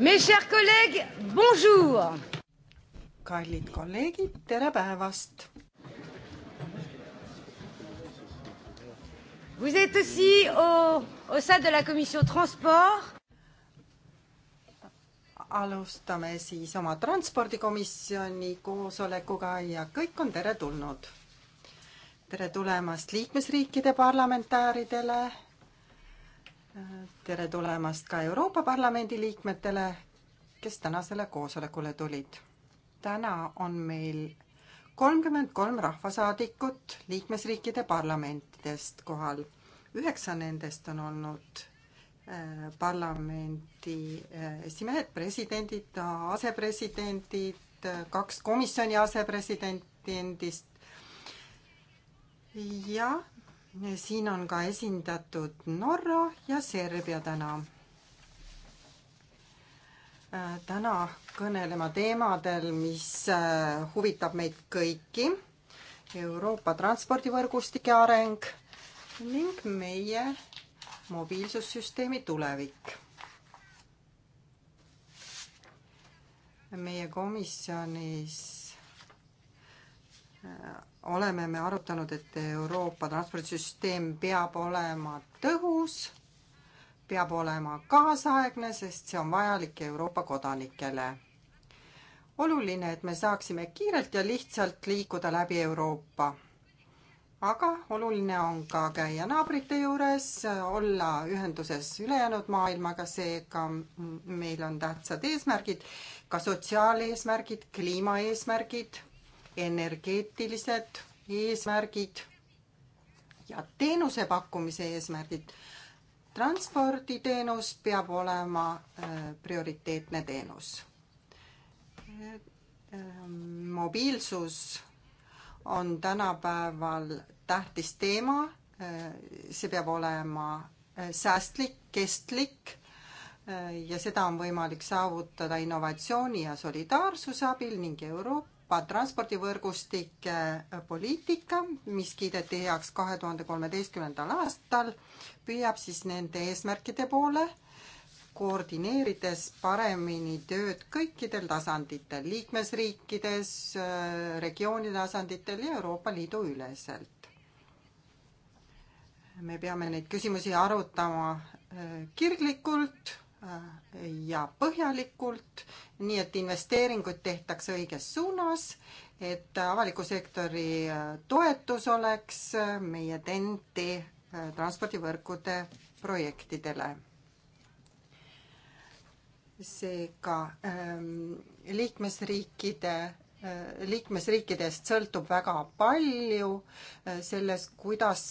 Mes chers collègues, bonjour! kallid kolleegid, tere päevast! Vous êtes aussi au, au sein de la commission transport. alustame siis oma transpordikomisjoni koosolekuga ja kõik on teretulnud. tere tulemast liikmesriikide parlamentääridele tere tulemast ka Euroopa Parlamendi liikmetele, kes tänasele koosolekule tulid. täna on meil kolmkümmend kolm rahvasaadikut liikmesriikide parlamentidest kohal. üheksa nendest on olnud äh, parlamendi äh, esimehed, presidendid, asepresidendid, äh, kaks komisjoni asepresidenti endist ja siin on ka esindatud Norra ja Serbia täna. Äh, täna kõnelema teemadel, mis äh, huvitab meid kõiki. Euroopa transpordivõrgustike areng ning meie mobiilsussüsteemi tulevik. meie komisjonis äh, oleme me arutanud, et Euroopa transpordisüsteem peab olema tõhus, peab olema kaasaegne, sest see on vajalik Euroopa kodanikele. oluline, et me saaksime kiirelt ja lihtsalt liikuda läbi Euroopa. aga oluline on ka käia naabrite juures, olla ühenduses ülejäänud maailmaga, seega meil on tähtsad eesmärgid, ka sotsiaaleesmärgid, kliimaeesmärgid energeetilised eesmärgid ja teenuse pakkumise eesmärgid. transporditeenus peab olema äh, prioriteetne teenus. Äh, mobiilsus on tänapäeval tähtis teema, äh, see peab olema säästlik, kestlik ja seda on võimalik saavutada innovatsiooni ja solidaarsuse abil ning Euroopa Euroopa transpordivõrgustike poliitika, mis kiideti heaks kahe tuhande kolmeteistkümnendal aastal, püüab siis nende eesmärkide poole, koordineerides paremini tööd kõikidel tasanditel, liikmesriikides, regiooni tasanditel ja Euroopa Liidu üleselt. me peame neid küsimusi arutama äh, kirglikult ja põhjalikult, nii et investeeringuid tehtaks õiges suunas, et avaliku sektori äh, toetus oleks äh, meie TEN-T äh, transpordivõrkude projektidele. seega ähm, liikmesriikide, liikmesriikidest sõltub väga palju selles, kuidas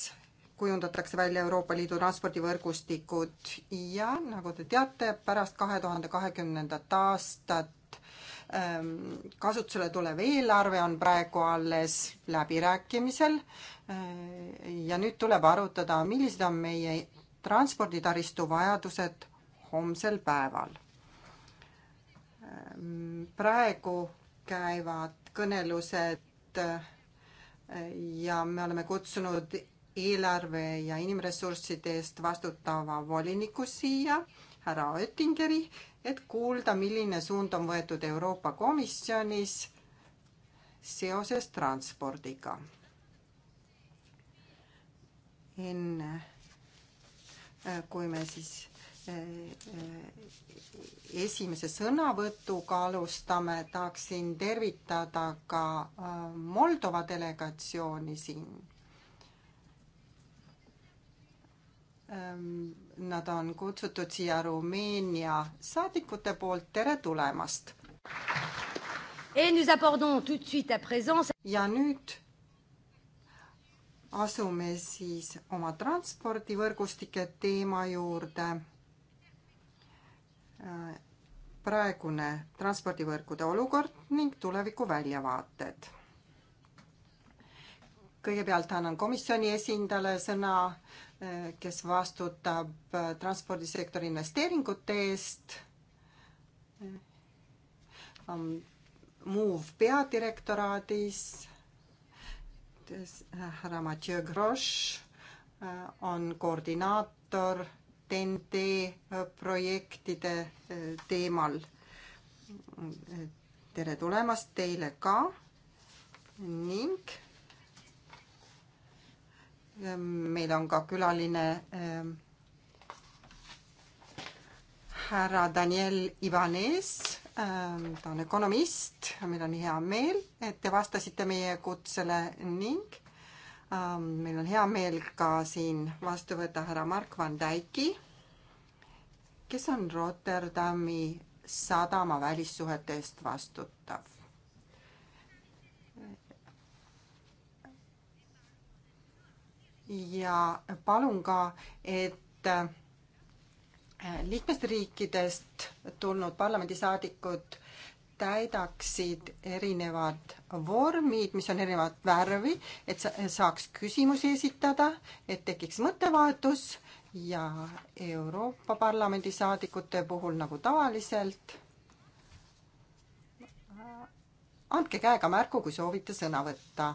kujundatakse välja Euroopa Liidu transpordivõrgustikud ja nagu te teate, pärast kahe tuhande kahekümnendat aastat ähm, kasutusele tulev eelarve on praegu alles läbirääkimisel äh, ja nüüd tuleb arutada, millised on meie transporditaristu vajadused homsel päeval. Ähm, praegu käivad kõnelused äh, ja me oleme kutsunud eelarve ja inimressursside eest vastutava voliniku siia, härra Oettingeri, et kuulda, milline suund on võetud Euroopa Komisjonis seoses transpordiga. enne äh, kui me siis äh, esimese sõnavõtuga alustame, tahaksin tervitada ka äh, Moldova delegatsiooni siin Ähm, nad on kutsutud siia Rumeenia saadikute poolt, tere tulemast! ja nüüd asume siis oma transpordivõrgustike teema juurde. Äh, praegune transpordivõrkude olukord ning tuleviku väljavaated. kõigepealt annan komisjoni esindajale sõna kes vastutab äh, transpordisektori investeeringute eest. Move peadirektoraadis härra Mathieu Grosch äh, on koordinaator TNT äh, projektide teemal. tere tulemast teile ka ning Ehm, meil on ka külaline ehm, härra Daniel Ivanes, ehm, ta on ökonomist, meil on hea meel, et te vastasite meie kutsele ning meil on hea meel ka siin vastu võtta härra Mark Van Dyki, kes on Rotterdami sadama välissuhete eest vastutav ja palun ka, et äh, liikmesriikidest tulnud parlamendisaadikud täidaksid erinevad vormid, mis on erinevat värvi, et saaks küsimusi esitada, et tekiks mõttevahetus ja Euroopa Parlamendi saadikute puhul nagu tavaliselt andke käega märku, kui soovite sõna võtta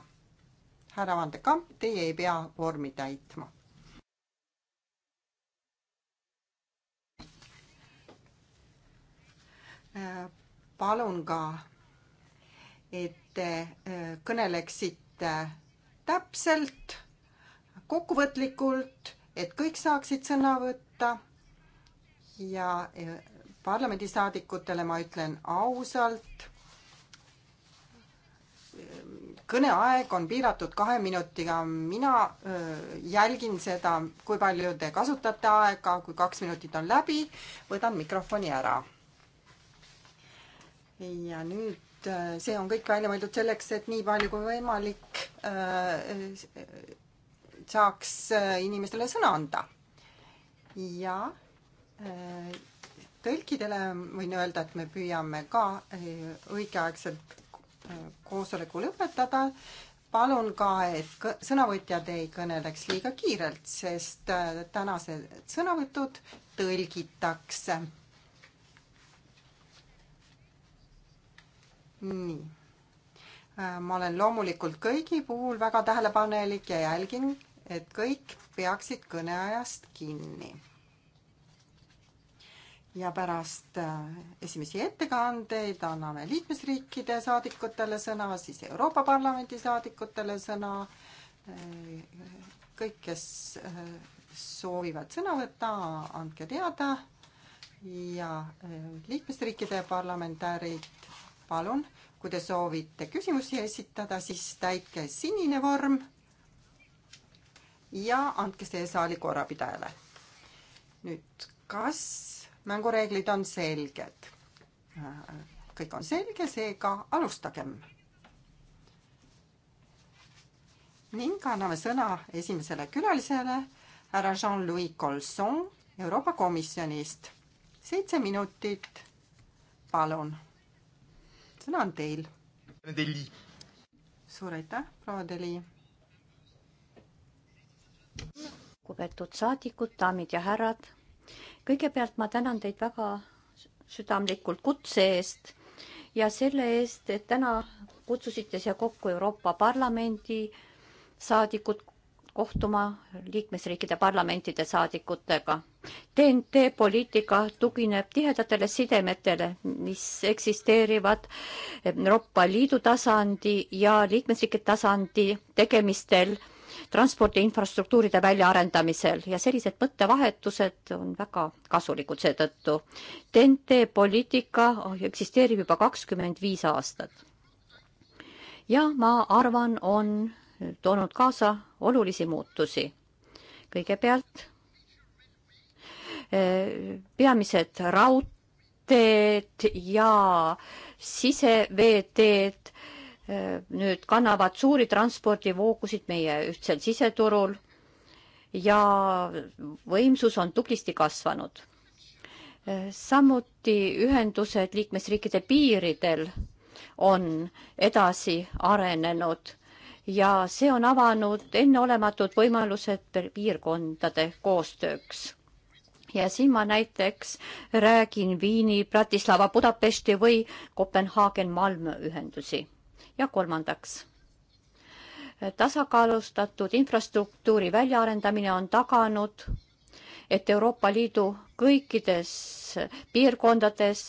härra Van de Kamp, teie ei pea vormi täitma. palun ka, et te äh, kõneleksite täpselt, kokkuvõtlikult, et kõik saaksid sõna võtta ja äh, parlamendisaadikutele ma ütlen ausalt kõneaeg on piiratud kahe minutiga, mina öö, jälgin seda, kui palju te kasutate aega, kui kaks minutit on läbi, võtan mikrofoni ära. ja nüüd see on kõik välja mõeldud selleks, et nii palju kui võimalik öö, saaks inimestele sõna anda. ja öö, tõlkidele võin öelda, et me püüame ka õigeaegselt koosoleku lõpetada. palun ka, et sõnavõtjad ei kõneleks liiga kiirelt, sest äh, tänased sõnavõtud tõlgitakse. nii. Äh, ma olen loomulikult kõigi puhul väga tähelepanelik ja jälgin, et kõik peaksid kõneajast kinni ja pärast äh, esimesi ettekandeid anname liikmesriikide saadikutele sõna, siis Euroopa Parlamendi saadikutele sõna. Äh, kõik, kes äh, soovivad sõna võtta, andke teada ja liikmesriikide parlamentäärid, palun, kui te soovite küsimusi esitada, siis täitke sinine vorm ja andke see saali korrapidajale. nüüd, kas mängureeglid on selged. kõik on selge, seega alustagem. ning anname sõna esimesele külalisele, härra Jean-Louis Colson Euroopa Komisjonist. seitse minutit, palun. sõna on teil. suur aitäh, proua Deli lugupeetud saadikud, daamid ja härrad kõigepealt ma tänan teid väga südamlikult kutse eest ja selle eest, et täna kutsusite siia kokku Euroopa Parlamendi saadikud kohtuma liikmesriikide parlamentide saadikutega. TNT poliitika tugineb tihedatele sidemetele, mis eksisteerivad Euroopa Liidu tasandi ja liikmesriikide tasandi tegemistel transpordi infrastruktuuride väljaarendamisel ja sellised mõttevahetused on väga kasulikud seetõttu. TNT poliitika eksisteerib juba kakskümmend viis aastat. ja ma arvan, on toonud kaasa olulisi muutusi. kõigepealt eh, peamised raudteed ja siseveeteed nüüd kannavad suuri transpordivoogusid meie ühtsel siseturul ja võimsus on tublisti kasvanud. samuti ühendused liikmesriikide piiridel on edasi arenenud ja see on avanud enneolematud võimalused piirkondade koostööks ja siin ma näiteks räägin Viini, Bratislava, Budapesti või Kopenhaagen-Malmö ühendusi ja kolmandaks, tasakaalustatud infrastruktuuri väljaarendamine on taganud, et Euroopa Liidu kõikides piirkondades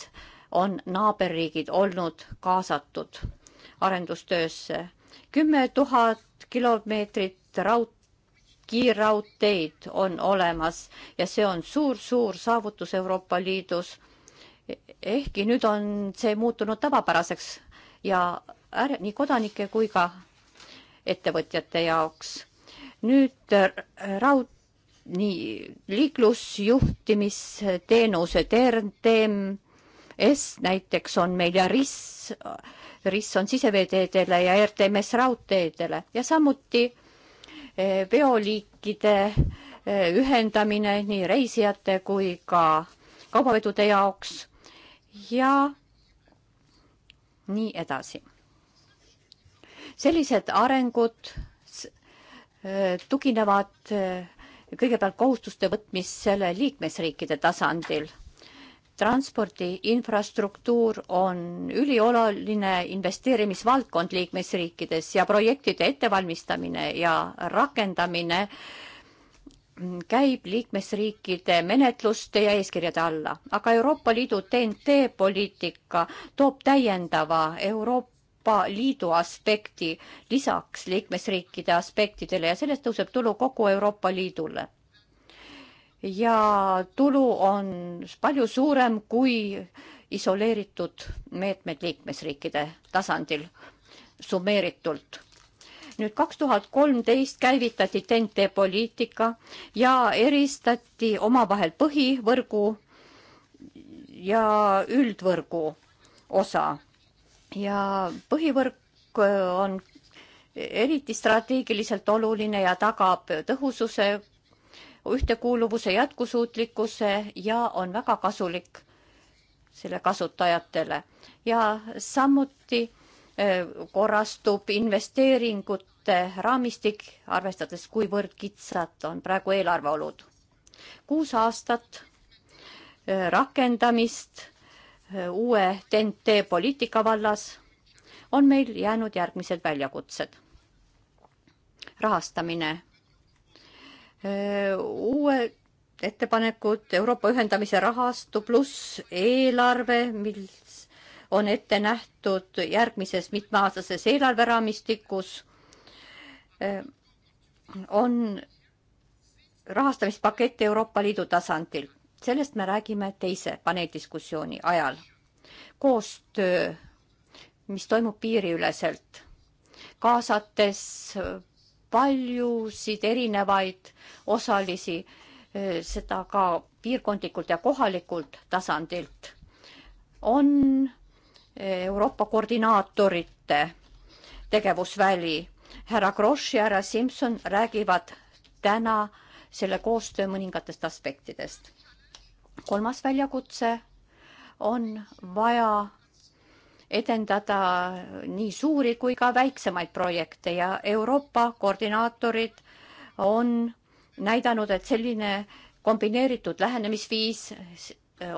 on naaberriigid olnud kaasatud arendustöösse. kümme tuhat kilomeetrit raud-, kiirraudteid on olemas ja see on suur-suur saavutus Euroopa Liidus. ehkki nüüd on see muutunud tavapäraseks ja nii kodanike kui ka ettevõtjate jaoks. nüüd äh, raud-, nii liiklusjuhtimisteenused, RTMS näiteks on meil ja RIS, RIS on siseveeteedele ja RTMS raudteedele ja samuti veoliikide äh, äh, ühendamine nii reisijate kui ka kaubavedude jaoks ja nii edasi sellised arengud äh, tuginevad äh, kõigepealt kohustuste võtmisele liikmesriikide tasandil. transpordi infrastruktuur on ülioluline investeerimisvaldkond liikmesriikides ja projektide ettevalmistamine ja rakendamine käib liikmesriikide menetluste ja eeskirjade alla, aga Euroopa Liidu TNT poliitika toob täiendava Euroopa Euroopa Liidu aspekti lisaks liikmesriikide aspektidele ja sellest tõuseb tulu kogu Euroopa Liidule. ja tulu on palju suurem kui isoleeritud meetmed liikmesriikide tasandil summeeritult nüüd kaks tuhat kolmteist käivitati TNT poliitika ja eristati omavahel põhivõrgu ja üldvõrgu osa ja põhivõrk äh, on eriti strateegiliselt oluline ja tagab tõhususe, ühtekuuluvuse, jätkusuutlikkuse ja on väga kasulik selle kasutajatele ja samuti äh, korrastub investeeringute raamistik, arvestades, kuivõrd kitsad on praegu eelarveolud. kuus aastat äh, rakendamist uue TNT poliitika vallas on meil jäänud järgmised väljakutsed. rahastamine. uued ettepanekud Euroopa ühendamise rahastu pluss eelarve, mis on ette nähtud järgmises mitmeaastases eelarveraamistikus, on rahastamispakett Euroopa Liidu tasandil sellest me räägime teise paneeldiskussiooni ajal. koostöö, mis toimub piiriüleselt, kaasates paljusid erinevaid osalisi, seda ka piirkondlikult ja kohalikult tasandilt, on Euroopa koordinaatorite tegevusväli. härra Grosch ja härra Simson räägivad täna selle koostöö mõningatest aspektidest kolmas väljakutse on vaja edendada nii suuri kui ka väiksemaid projekte ja Euroopa koordinaatorid on näidanud, et selline kombineeritud lähenemisviis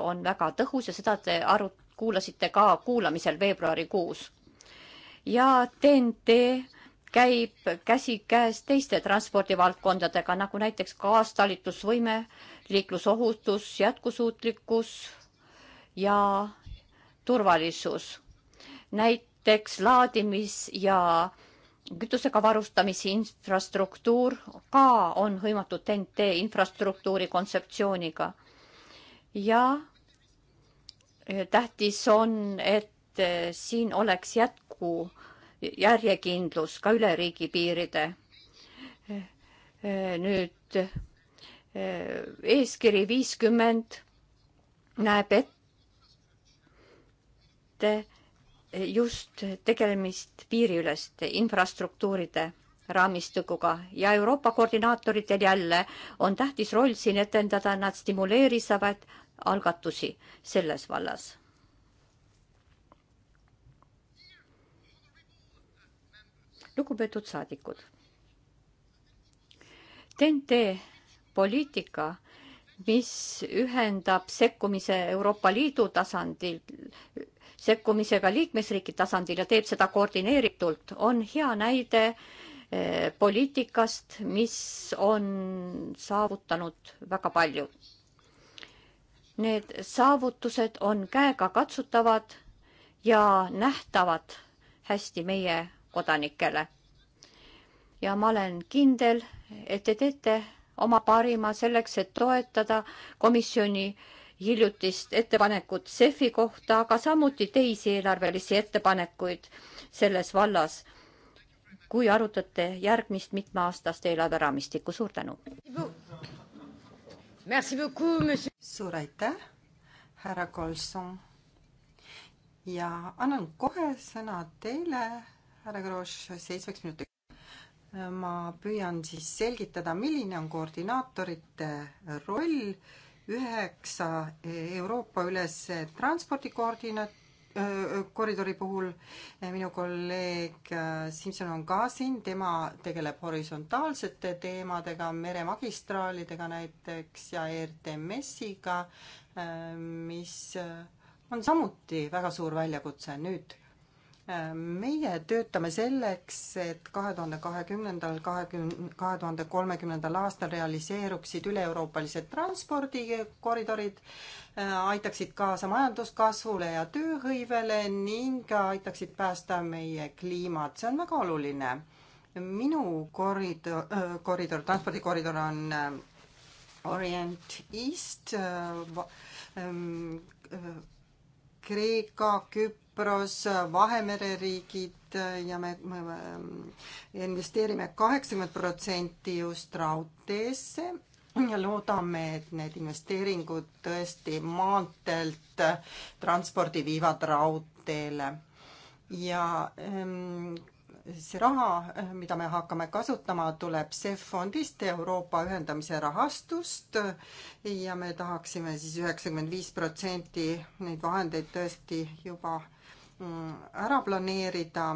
on väga tõhus ja seda te aru-, kuulasite ka kuulamisel veebruarikuus. ja TNT käib käsikäes teiste transpordivaldkondadega, nagu näiteks kaastalitlusvõime ka liiklusohutus, jätkusuutlikkus ja turvalisus. näiteks laadimis ja kütusega varustamise infrastruktuur ka on hõimatud TNT infrastruktuuri kontseptsiooniga. ja eh, tähtis on, et eh, siin oleks jätku järjekindlus ka üle riigipiiride. Eh, nüüd Eh, eeskiri viiskümmend näeb ette eh, just tegelemist piiriüleste infrastruktuuride raamistikuga ja Euroopa koordinaatoritel jälle on tähtis roll siin etendada nad stimuleerivad algatusi selles vallas. lugupeetud saadikud. TNT poliitika, mis ühendab sekkumise Euroopa Liidu tasandil sekkumisega liikmesriigi tasandil ja teeb seda koordineeritult, on hea näide eh, poliitikast, mis on saavutanud väga palju. Need saavutused on käegakatsutavad ja nähtavad hästi meie kodanikele. ja ma olen kindel, et te teete oma parima selleks, et toetada komisjoni hiljutist ettepanekut CEF-i kohta, aga samuti teisi eelarvelisi ettepanekuid selles vallas, kui arutate järgmist mitmeaastast eelarveraamistikku. suur tänu! suur aitäh, härra Kolson! ja annan kohe sõna teile, härra Grosch, seitsmeks minutiks ma püüan siis selgitada, milline on koordinaatorite roll üheksa Euroopa-ülese transpordikoordina-, koridori puhul. minu kolleeg äh, Simson on ka siin, tema tegeleb horisontaalsete teemadega, meremagistraalidega näiteks ja ERTMS-iga, äh, mis äh, on samuti väga suur väljakutse nüüd meie töötame selleks, et kahe tuhande kahekümnendal, kahekümne, kahe tuhande kolmekümnendal aastal realiseeruksid üle-euroopalised transpordikoridorid, aitaksid kaasa majanduskasvule ja tööhõivele ning aitaksid päästa meie kliimat, see on väga oluline. minu koridor, koridor, transpordikoridor on äh, Orient East äh, ähm, äh, Kreeka, Küpros, Vahemere riigid ja me, me investeerime kaheksakümmend protsenti just raudteesse ja loodame, et need investeeringud tõesti maanteelt transpordi viivad raudteele. ja ehm, see raha, eh, mida me hakkame kasutama, tuleb CEF fondist, Euroopa ühendamise rahastust ja me tahaksime siis üheksakümmend viis protsenti neid vahendeid tõesti juba mm, ära planeerida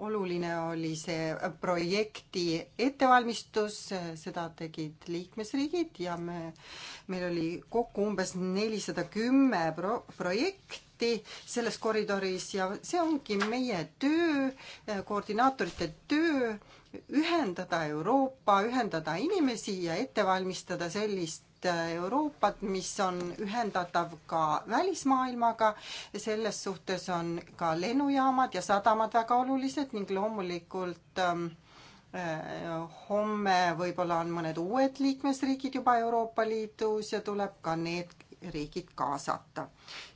oluline oli see projekti ettevalmistus, seda tegid liikmesriigid ja me, meil oli kokku umbes nelisada kümme pro-, projekti selles koridoris ja see ongi meie töö, koordinaatorite töö, ühendada Euroopa, ühendada inimesi ja ette valmistada sellist Äh, Euroopat, mis on ühendatav ka välismaailmaga. selles suhtes on ka lennujaamad ja sadamad väga olulised ning loomulikult ähm, äh, homme võib-olla on mõned uued liikmesriigid juba Euroopa Liidus ja tuleb ka need riigid kaasata.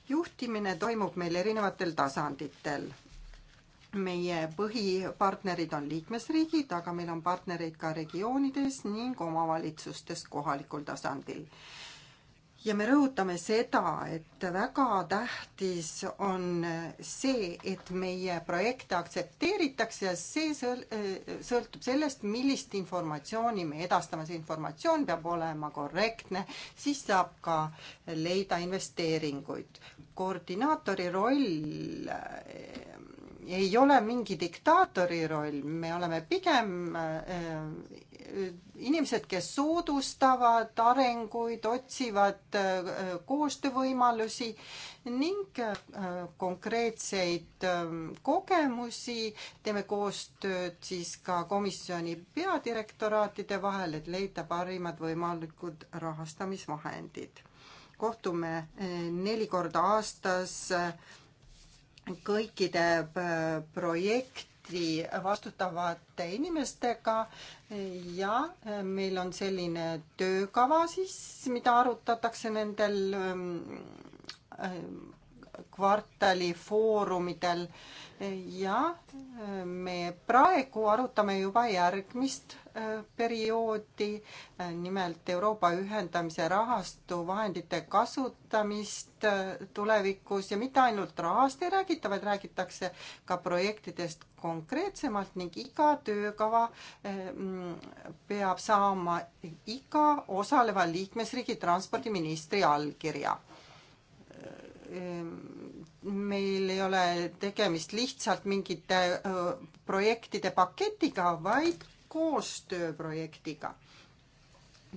juhtimine toimub meil erinevatel tasanditel meie põhipartnerid on liikmesriigid, aga meil on partnereid ka regioonides ning omavalitsustes kohalikul tasandil. ja me rõhutame seda, et väga tähtis on see, et meie projekte aktsepteeritakse ja see äh, sõltub sellest, millist informatsiooni me edastame, see informatsioon peab olema korrektne, siis saab ka leida investeeringuid. koordinaatori roll äh, ei ole mingi diktaatori roll, me oleme pigem äh, inimesed, kes soodustavad arenguid, otsivad äh, koostöövõimalusi ning äh, konkreetseid kogemusi. teeme koostööd siis ka komisjoni peadirektoraatide vahel, et leida parimad võimalikud rahastamisvahendid. kohtume neli korda aastas kõikide äh, projekti vastutavate inimestega ja äh, meil on selline töökava siis, mida arutatakse nendel ähm, äh, kvartalifoorumidel ja me praegu arutame juba järgmist perioodi, nimelt Euroopa ühendamise rahastu vahendite kasutamist äh, tulevikus ja mitte ainult rahast ei räägita, vaid räägitakse ka projektidest konkreetsemalt ning iga töökava äh, mm, peab saama iga osaleva liikmesriigi transpordiministri allkirja äh, meil ei ole tegemist lihtsalt mingite projektide paketiga, vaid koostööprojektiga.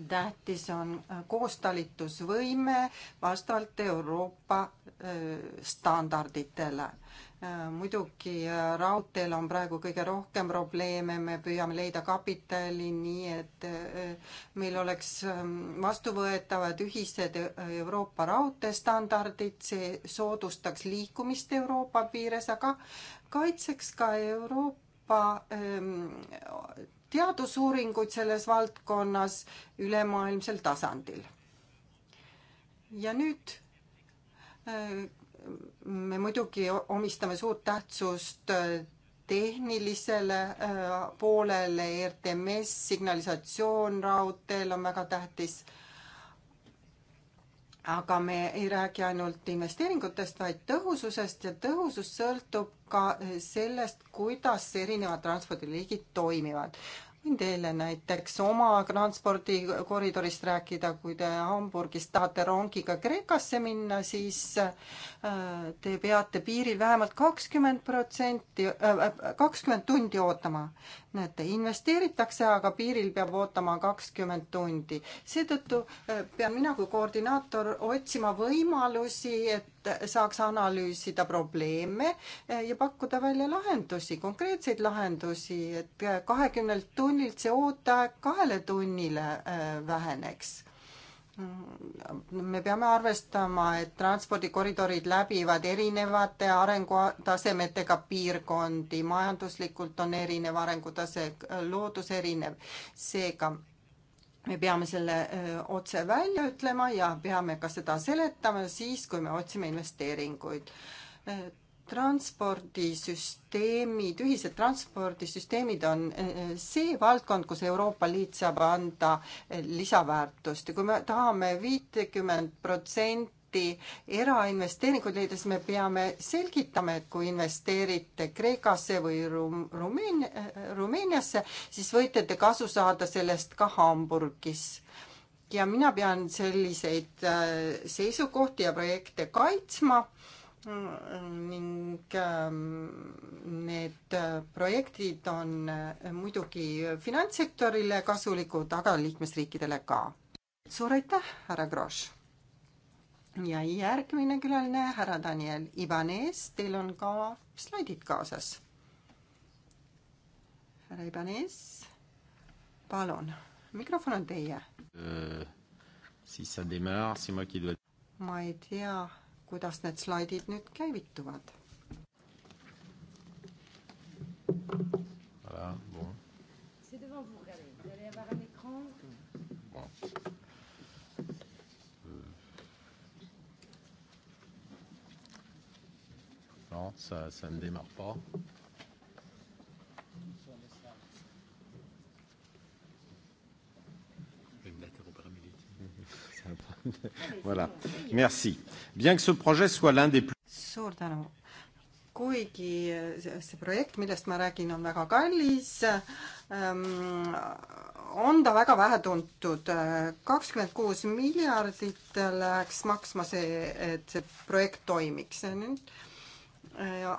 tähtis on äh, koostalitusvõime vastavalt Euroopa äh, standarditele äh, muidugi raudteel on praegu kõige rohkem probleeme, me püüame leida kapitali, nii et meil oleks ähm, vastuvõetavad ühised Euroopa raudteestandardid, see soodustaks liikumist Euroopa piires, aga kaitseks ka Euroopa ähm, teadusuuringuid selles valdkonnas ülemaailmsel tasandil. ja nüüd äh, me muidugi omistame suurt tähtsust äh, tehnilisele äh, poolele, RTMS, signalisatsioon raudteel on väga tähtis aga me ei räägi ainult investeeringutest, vaid tõhususest ja tõhusus sõltub ka sellest, kuidas erinevad transpordiliigid toimivad võin teile näiteks oma transpordikoridorist rääkida, kui te Hamburgist tahate rongiga Kreekasse minna, siis äh, te peate piiril vähemalt kakskümmend protsenti, äh, äh, kakskümmend tundi ootama. näete, investeeritakse, aga piiril peab ootama kakskümmend tundi. seetõttu pean mina kui koordinaator otsima võimalusi, et saaks analüüsida probleeme eh, ja pakkuda välja lahendusi, konkreetseid lahendusi, et kahekümnelt tunnilt see ooteaeg kahele tunnile eh, väheneks mm, me peame arvestama, et transpordikoridorid läbivad erinevate arengutasemetega piirkondi, majanduslikult on erinev arengutase, loodus erinev. seega me peame selle otse välja ütlema ja peame ka seda seletama siis, kui me otsime investeeringuid. transpordisüsteemid, ühised transpordisüsteemid on see valdkond, kus Euroopa Liit saab anda lisaväärtust ja kui me tahame viitekümmet protsenti eriti erainvesteeringuid leida, siis me peame selgitama, et kui investeerite Kreekasse või Rum-, Rumeenia, äh, Rumeeniasse, siis võite te kasu saada sellest ka Hamburgis. ja mina pean selliseid äh, seisukohti ja projekte kaitsma mm, ning ähm, need äh, projektid on muidugi finantssektorile kasulikud, aga liikmesriikidele ka. suur aitäh, härra Grosch! ja järgmine külaline, härra Daniel Ibanez, teil on ka slaidid kaasas. härra Ibanez, palun, mikrofon on teie uh,. siis sa demarre, siis ma kiidan. ma ei tea, kuidas need slaidid nüüd käivituvad. Non, ça, ça ne démarre pas. voilà, merci. Bien que ce projet soit l'un des plus... Suur tänu. kuigi äh, see projekt, millest ma räägin, on väga kallis ähm,, on ta väga vähetuntud. kakskümmend kuus miljardit läheks maksma see, et see projekt toimiks. see on nüüd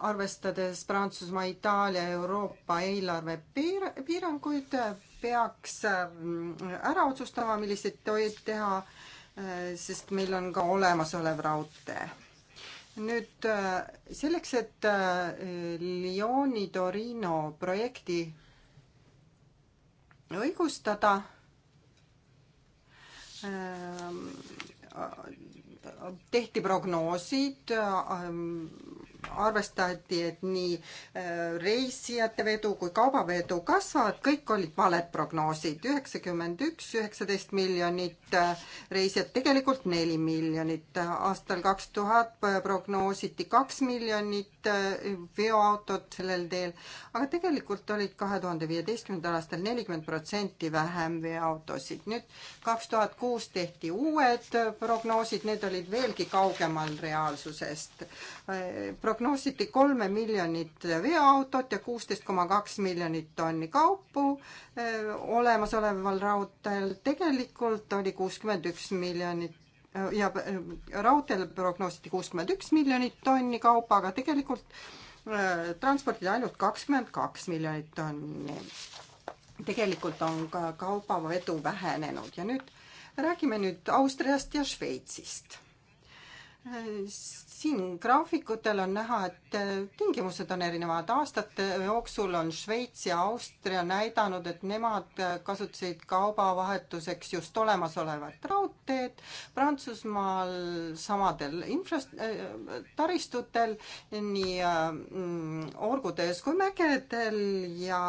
arvestades Prantsusmaa, Itaalia, Euroopa eelarve piir-, piiranguid, peaks mm, ära otsustama, milliseid tohib teha, äh, sest meil on ka olemasolev raudtee. nüüd äh, selleks, et äh, Lyoni-Torino projekti õigustada, ähm, tehti prognoosid arvestati, et nii äh, reisijate vedu kui kaubavedu kasvavad, kõik olid valed prognoosid. üheksakümmend üks, üheksateist miljonit äh, reisijat, tegelikult neli miljonit. aastal kaks tuhat äh, prognoositi kaks miljonit veoautod sellel teel, aga tegelikult olid kahe tuhande viieteistkümnendal aastal nelikümmend protsenti vähem veoautosid. nüüd kaks tuhat kuus tehti uued prognoosid, need olid veelgi kaugemal reaalsusest. prognoositi kolme miljonit veoautot ja kuusteist koma kaks miljonit tonni kaupu eh, olemasoleval raudteel, tegelikult oli kuuskümmend üks miljonit ja äh, raudteel prognoositi kuuskümmend üks miljonit tonni kaupa, aga tegelikult äh, transporditi ainult kakskümmend kaks miljonit tonni. tegelikult on ka kaubavedu vähenenud ja nüüd räägime nüüd Austriast ja Šveitsist siin graafikutel on näha, et äh, tingimused on erinevad. aastate jooksul on Šveits ja Austria näidanud, et nemad äh, kasutasid kaubavahetuseks just olemasolevat raudteed, Prantsusmaal samadel infras-, äh, taristutel, nii orgudes kui mägedel ja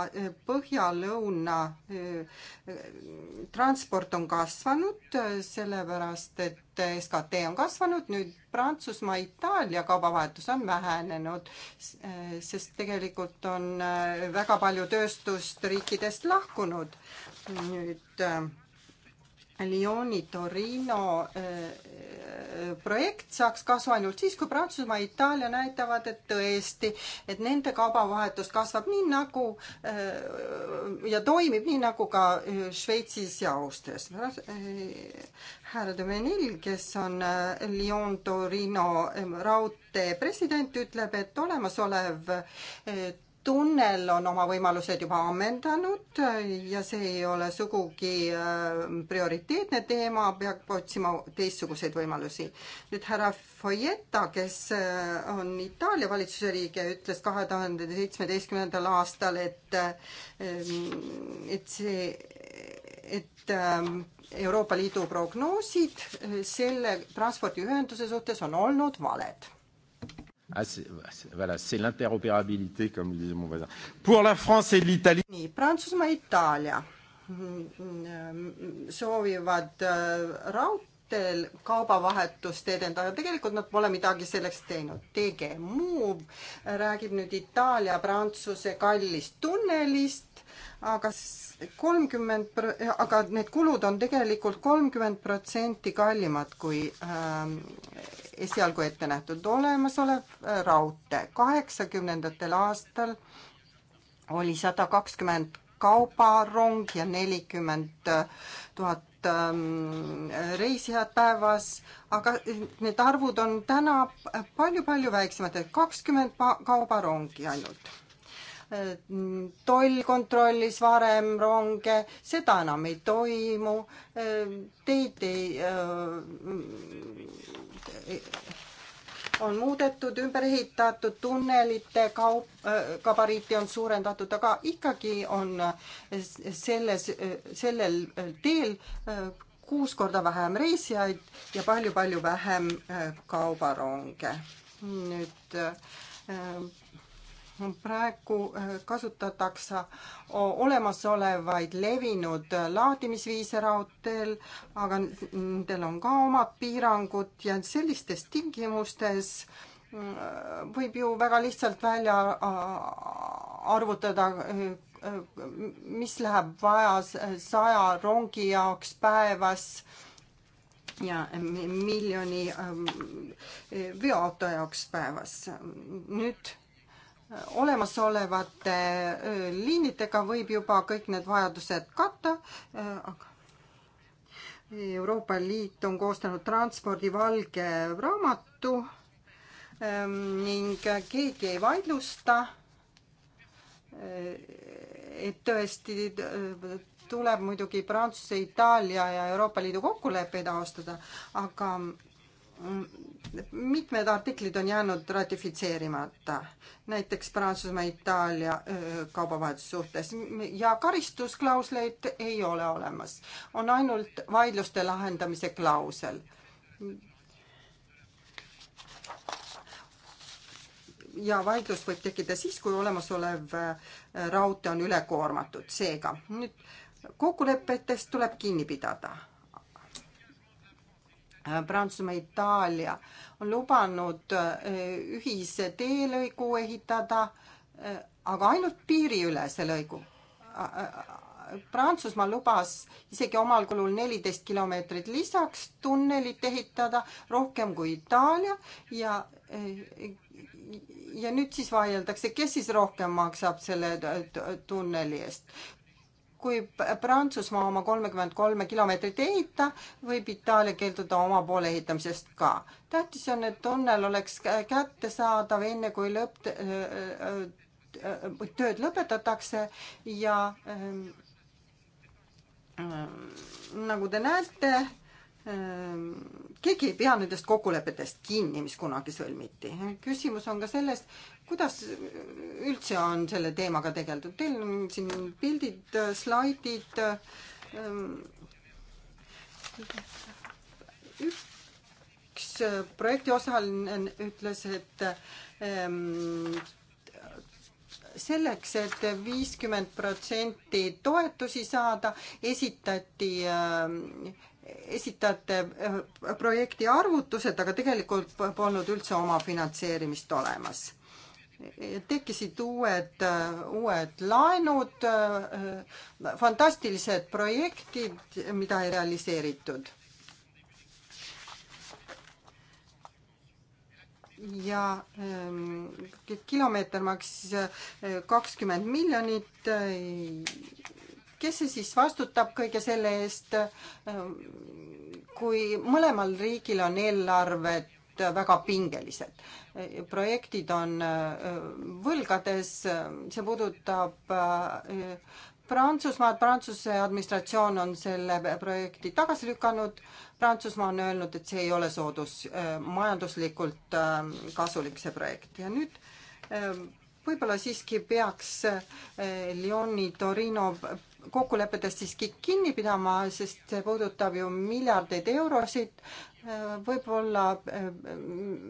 põhja-lõuna transport on kasvanud, sellepärast et SKT on kasvanud, nüüd Prantsusmaa, Itaalia kaubavahetus on vähenenud, sest tegelikult on äh, väga palju tööstust riikidest lahkunud. nüüd äh, Lyoni Torino äh, äh, projekt saaks kasu ainult siis, kui Prantsusmaa ja Itaalia näitavad, et tõesti, et nende kaubavahetus kasvab nii nagu äh, ja toimib nii nagu ka Šveitsis ja Austrias. härra de Menil, kes on Lyon Torino raudtee president, ütleb, et olemasolev et tunnel on oma võimalused juba ammendanud äh, ja see ei ole sugugi äh, prioriteetne teema, peab otsima teistsuguseid võimalusi. nüüd härra Foieta, kes äh, on Itaalia valitsuse liige, ütles kahe tuhande seitsmeteistkümnendal aastal, et et see, et Euroopa Liidu prognoosid selle transpordiühenduse suhtes on olnud valed Ah, voilà, c'est l'interopérabilité, comme disait mon voisin. Pour la France et l'Italie. nii, Prantsusmaa, Itaalia mm, mm, soovivad äh, raudteel kaubavahetust edendada, tegelikult nad pole midagi selleks teinud. TG Move räägib nüüd Itaalia-Prantsuse kallist tunnelist, aga kolmkümmend, aga need kulud on tegelikult kolmkümmend protsenti kallimad kui ähm, esialgu ette nähtud olemasolev äh, raudtee. kaheksakümnendatel aastal oli sada kakskümmend kaubarong ja nelikümmend tuhat ähm, reisijad päevas, aga need arvud on täna palju-palju väiksemad, et kakskümmend kaubarongi ainult toll kontrollis varem ronge, seda enam ei toimu, teid ei äh, on muudetud, ümber ehitatud, tunnelite kaup, gabariiti on suurendatud, aga ikkagi on selles, sellel teel äh, kuus korda vähem reisijaid ja palju-palju vähem äh, kaubaronge. nüüd praegu äh, kasutatakse olemasolevaid levinud äh, laadimisviise raudteel, aga nendel on ka omad piirangud ja sellistes tingimustes äh, võib ju väga lihtsalt välja arvutada, mis läheb vaja saja rongi jaoks päevas ja miljoni ähm, veoauto jaoks päevas. nüüd olemasolevate liinidega võib juba kõik need vajadused katta, aga Euroopa Liit on koostanud transpordi valge raamatu ning keegi ei vaidlusta, et tõesti tuleb muidugi Prantsuse, Itaalia ja Euroopa Liidu kokkuleppeid austada, aga Mm, mitmed artiklid on jäänud ratifitseerimata, näiteks Prantsusmaa, Itaalia kaubavahetussuhtes ja karistusklausleid ei ole olemas. on ainult vaidluste lahendamise klausel. ja vaidlus võib tekkida siis, kui olemasolev raudtee on ülekoormatud, seega nüüd kokkulepetest tuleb kinni pidada Prantsusmaa, Itaalia on lubanud eh, ühise teelõigu ehitada, eh, aga ainult piiriülese lõigu. Prantsusmaa lubas isegi omal kulul neliteist kilomeetrit lisaks tunnelit ehitada, rohkem kui Itaalia ja eh, ja nüüd siis vaieldakse, kes siis rohkem maksab selle tunneli eest kui Prantsusmaa oma kolmekümmend kolme kilomeetrit ei ehita, võib Itaalia keelduda oma poole ehitamisest ka. tähtis on, et tunnel oleks kättesaadav enne, kui lõpp, tööd lõpetatakse ja ähm, äh, nagu te näete, Ehm, keegi ei pea nendest kokkulepetest kinni, mis kunagi sõlmiti. küsimus on ka selles, kuidas üldse on selle teemaga tegeldud. Teil on siin pildid, slaidid. Ehm, üks projektiosaline ütles, et ehm, selleks et, et viiskümmend protsenti toetusi saada, esitati esitate eh, projekti arvutused, aga tegelikult polnud üldse omafinantseerimist olemas. tekkisid uued, uued laenud, eh, fantastilised projektid, mida ei realiseeritud. ja ehm, kilomeeter maksis eh, kakskümmend miljonit kes see siis vastutab kõige selle eest, kui mõlemal riigil on eelarved väga pingelised. projektid on võlgades, see puudutab Prantsusmaad, Prantsuse administratsioon on selle projekti tagasi lükanud. Prantsusmaa on öelnud, et see ei ole soodus, majanduslikult äh, kasulik, see projekt ja nüüd äh, võib-olla siiski peaks äh, Lyoni, Torino kokkulepetest siiski kinni pidama, sest see puudutab ju miljardeid eurosid. võib-olla eh,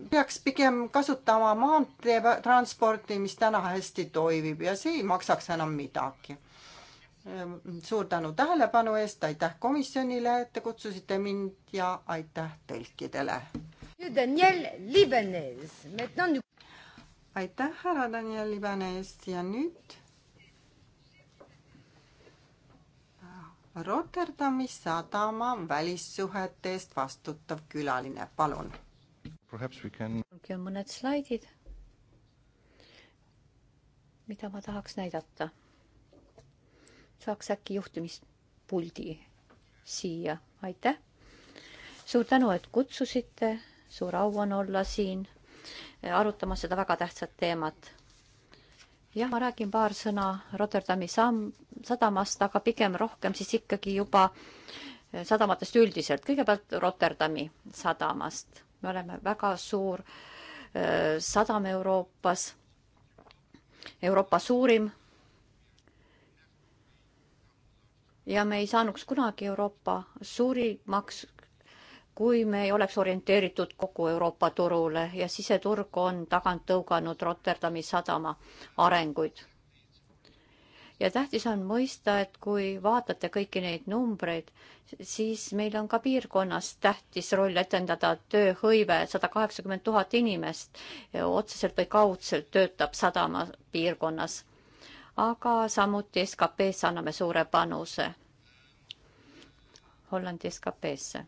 peaks pigem kasutama maanteetransporti, mis täna hästi toimib ja see ei maksaks enam midagi. Eh, suur tänu tähelepanu eest, aitäh komisjonile, et te kutsusite mind ja aitäh tõlkidele. Daniel Libanes, aitäh, härra Daniel Libanes ja nüüd Rotterdami sadama välissuhete eest vastutav külaline, palun. Can... on mõned slaidid, mida ma tahaks näidata. saaks äkki juhtimispuldi siia, aitäh. suur tänu, et kutsusite, suur au on olla siin arutama seda väga tähtsat teemat jah, ma räägin paar sõna Rotterdami samm, sadamast, aga pigem rohkem siis ikkagi juba eh, sadamatest üldiselt. kõigepealt Rotterdami sadamast. me oleme väga suur eh, sadam Euroopas, Euroopa suurim. ja me ei saanuks kunagi Euroopa suurimaks, kui me ei oleks orienteeritud kogu Euroopa turule ja siseturg on tagant tõuganud Rotterdami sadama arenguid. ja tähtis on mõista, et kui vaatate kõiki neid numbreid, siis meil on ka piirkonnas tähtis roll etendada tööhõive, sada kaheksakümmend tuhat inimest otseselt või kaudselt töötab sadama piirkonnas. aga samuti SKP-sse anname suure panuse. Hollandi SKP-sse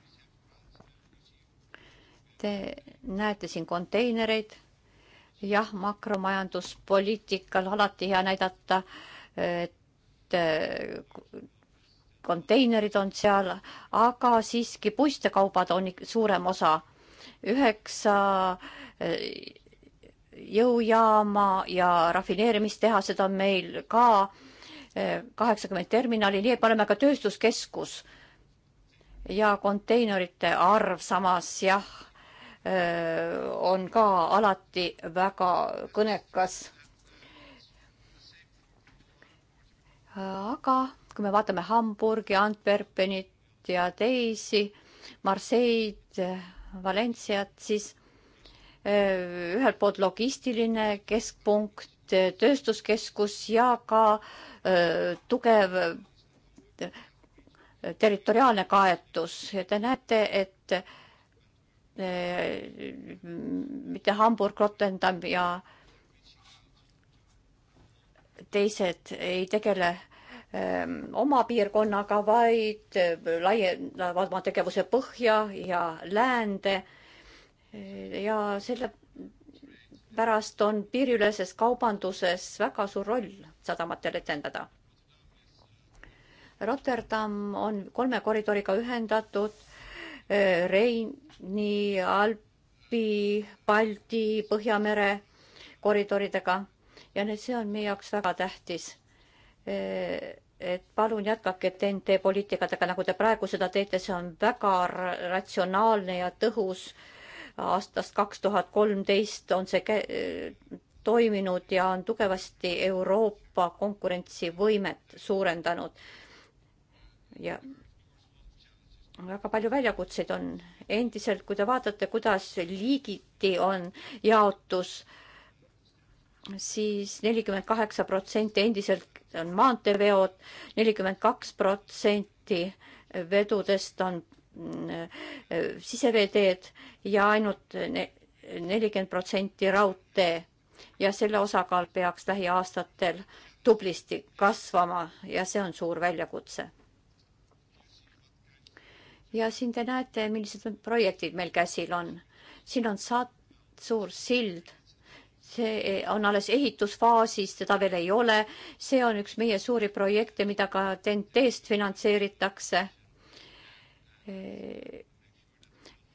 Te näete siin konteinereid. jah, makromajanduspoliitikal alati hea näidata, et eh, konteinerid on seal, aga siiski puistekaubad on suurem osa. üheksa eh, jõujaama ja rafineerimistehased on meil ka, eh, kaheksakümmend terminali, nii et me oleme ka tööstuskeskus. ja konteinerite arv samas jah on ka alati väga kõnekas. aga kui me vaatame Hamburgi, Antwerpenit ja teisi, Marseille'd, Valenciat, siis ühelt poolt logistiline keskpunkt, tööstuskeskus ja ka öö, tugev territoriaalne kaetus ja te näete, et mitte Hamburg, Rotterdam ja teised ei tegele ähm, oma piirkonnaga, vaid äh, laiendavad oma tegevuse põhja ja läände. ja sellepärast on piiriüleses kaubanduses väga suur roll sadamatel etendada. Rotterdam on kolme koridoriga ühendatud Reini, Alpi, Balti, Põhjamere koridoridega ja nüüd see on meie jaoks väga tähtis. E, et palun jätkake TNT poliitikatega, nagu te praegu seda teete, see on väga ratsionaalne ja tõhus. aastast kaks tuhat kolmteist on see e, toiminud ja on tugevasti Euroopa konkurentsivõimet suurendanud. ja väga palju väljakutseid on endiselt, kui te vaatate, kuidas liigiti on jaotus siis, siis nelikümmend kaheksa protsenti endiselt on maanteeveod, nelikümmend kaks protsenti vedudest on mm, siseveeteed ja ainult nelikümmend protsenti raudtee ja selle osakaal peaks lähiaastatel tublisti kasvama ja see on suur väljakutse ja siin te näete, millised projektid meil käsil on. siin on saat-, suur sild, see on alles ehitusfaasis, seda veel ei ole. see on üks meie suuri projekte, mida ka TNT-st finantseeritakse. E,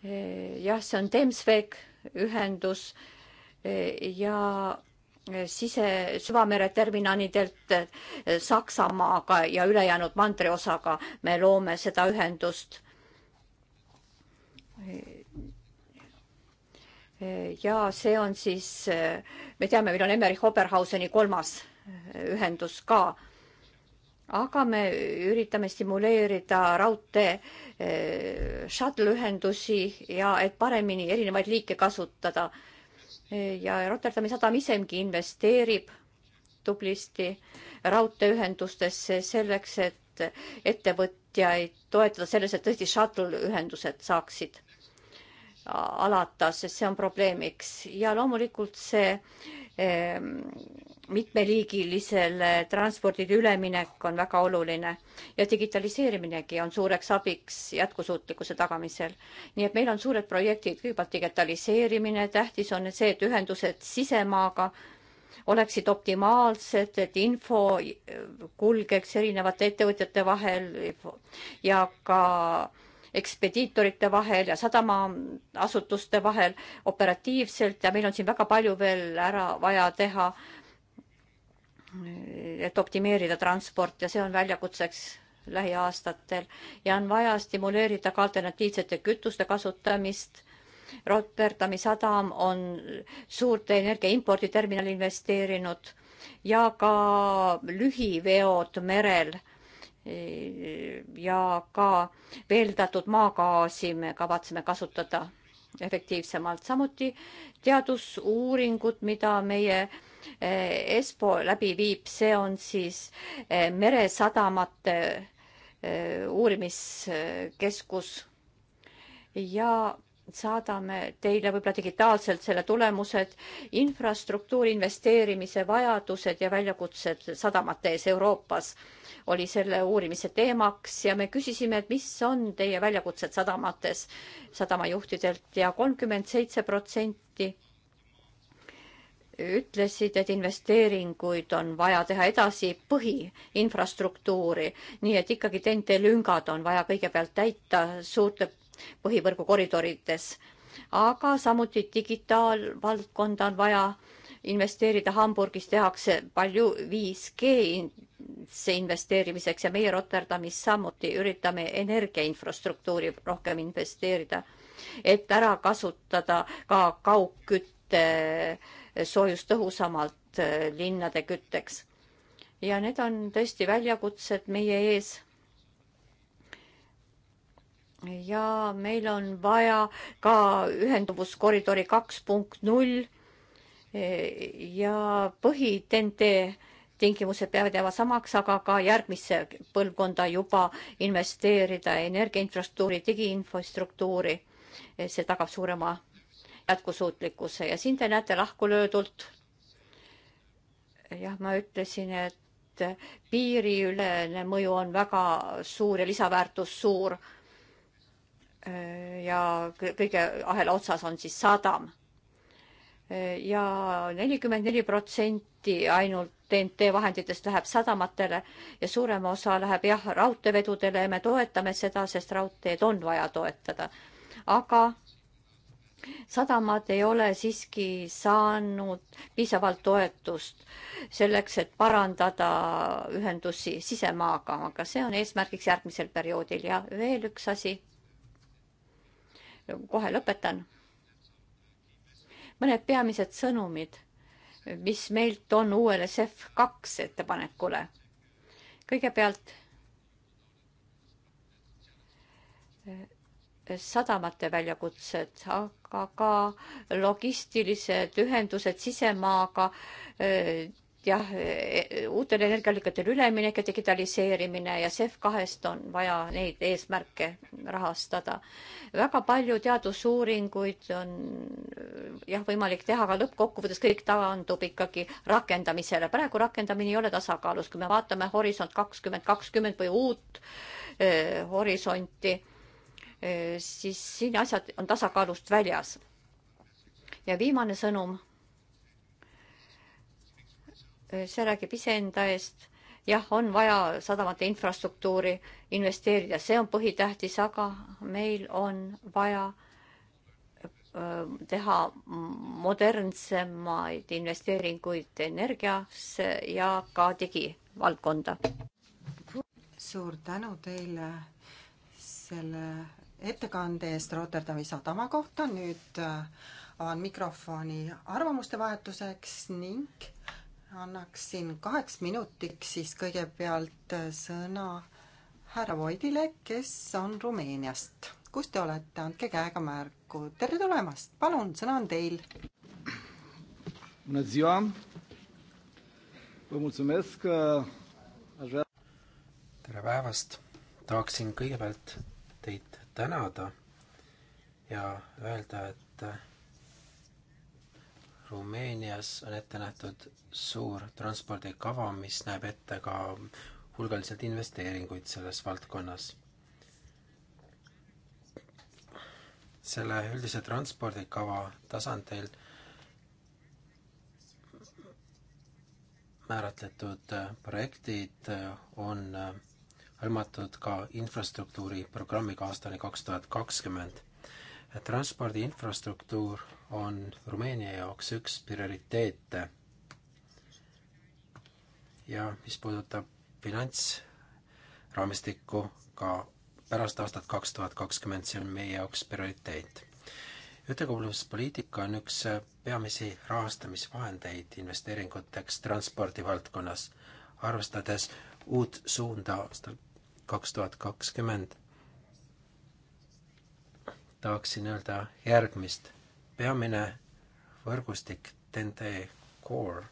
e, jah, see on Temsvek ühendus e, ja sise, süvamere terminalidelt Saksamaaga ja ülejäänud mandriosaga me loome seda ühendust ja see on siis, me teame, meil on Emmerich Oberhauseni kolmas ühendus ka. aga me üritame stimuleerida raudtee eh, shuttle ühendusi ja et paremini erinevaid liike kasutada. ja Rotterdami sadam isegi investeerib tublisti raudteeühendustesse selleks, et ettevõtjaid toetada selles, et tõesti shuttle ühendused saaksid alata, sest see on probleemiks ja loomulikult see eh, mitmeliigilisele transpordile üleminek on väga oluline ja digitaliseeriminegi on suureks abiks jätkusuutlikkuse tagamisel. nii et meil on suured projektid, kõigepealt digitaliseerimine, tähtis on see, et ühendused sisemaaga oleksid optimaalsed, et info kulgeks erinevate ettevõtjate vahel ja ka ekspediitorite vahel ja sadamaasutuste vahel operatiivselt ja meil on siin väga palju veel ära vaja teha, et optimeerida transport ja see on väljakutseks lähiaastatel ja on vaja stimuleerida ka alternatiivsete kütuste kasutamist Rotterdami sadam on suurte energiaimpordi terminali investeerinud ja ka lühiveod merel ja ka veeldatud maagaasi me kavatseme kasutada efektiivsemalt, samuti teadusuuringud, mida meie e, ESPO läbi viib, see on siis e, meresadamate e, uurimiskeskus ja saadame teile võib-olla digitaalselt selle tulemused, infrastruktuuri investeerimise vajadused ja väljakutsed sadamate ees Euroopas oli selle uurimise teemaks ja me küsisime, et mis on teie väljakutsed sadamates, sadamajuhtidelt ja kolmkümmend seitse protsenti ütlesid, et investeeringuid on vaja teha edasi põhiinfrastruktuuri, nii et ikkagi TNT lüngad on vaja kõigepealt täita suurte põhivõrgukoridorides. aga samuti digitaalvaldkonda on vaja investeerida, Hamburgis tehakse palju 5G-sse investeerimiseks ja meie Rotterdamis samuti üritame energiainfrastruktuuri rohkem investeerida, et ära kasutada ka kaugkütte soojust tõhusamalt äh, linnade kütteks. ja need on tõesti väljakutsed meie ees ja meil on vaja ka ühenduvuskoridori kaks punkt null ja põhi-TNT tingimused peavad jääma samaks, aga ka järgmisse põlvkonda juba investeerida energiainfrastruktuuri, digiinfrastruktuuri. see tagab suurema jätkusuutlikkuse ja siin te näete lahkulöödult. jah, ma ütlesin, et piiriülene mõju on väga suur ja lisaväärtus suur. ja kõige ahela otsas on siis sadam ja nelikümmend neli protsenti ainult TNT vahenditest läheb sadamatele ja suurem osa läheb jah, raudteevedudele ja me toetame seda, sest raudteed on vaja toetada. aga sadamad ei ole siiski saanud piisavalt toetust selleks, et parandada ühendusi sisemaaga, aga see on eesmärgiks järgmisel perioodil ja veel üks asi. kohe lõpetan mõned peamised sõnumid, mis meilt on uuele CEF kaks ettepanekule. kõigepealt eh, sadamate väljakutsed, aga ka logistilised ühendused sisemaaga eh, jah, e, e, uutele energiaallikatele üleminek ja digitaliseerimine ja CEF kahest on vaja neid eesmärke rahastada. väga palju teadusuuringuid on e, jah, võimalik teha, aga lõppkokkuvõttes kõik taandub ikkagi rakendamisele. praegu rakendamine ei ole tasakaalus, kui me vaatame Horisont kakskümmend kakskümmend või uut eh, horisonti eh,, siis siin asjad on tasakaalust väljas. ja viimane sõnum Äh, see räägib iseenda eest. jah, on vaja sadamate infrastruktuuri investeerida, see on põhitähtis, aga meil on vaja äh, teha modernsemaid investeeringuid energiasse ja ka digivaldkonda. suur tänu teile selle ettekande eest Rotterdami sadama kohta, nüüd äh, avan mikrofoni arvamuste vahetuseks ning annaksin kaheks minutiks siis kõigepealt sõna härra Voidile, kes on Rumeeniast. kus te olete, andke käega märku. tere tulemast, palun, sõna on teil. Uh, tere päevast, tahaksin kõigepealt teid tänada ja öelda, et Rumeenias on ette nähtud suur transpordikava, mis näeb ette ka hulgaliselt investeeringuid selles valdkonnas. selle üldise transpordikava tasandil määratletud projektid on hõlmatud ka infrastruktuuri programmiga aastani kaks tuhat kakskümmend. transpordi infrastruktuur on Rumeenia jaoks üks prioriteete. ja mis puudutab finantsraamistikku ka pärast aastat kaks tuhat kakskümmend, see on meie jaoks prioriteet. ühtekuuluvuspoliitika on üks peamisi rahastamisvahendeid investeeringuteks transpordi valdkonnas, arvestades uut suunda aastal kaks tuhat kakskümmend tahaksin öelda järgmist peamine võrgustik TNT Core.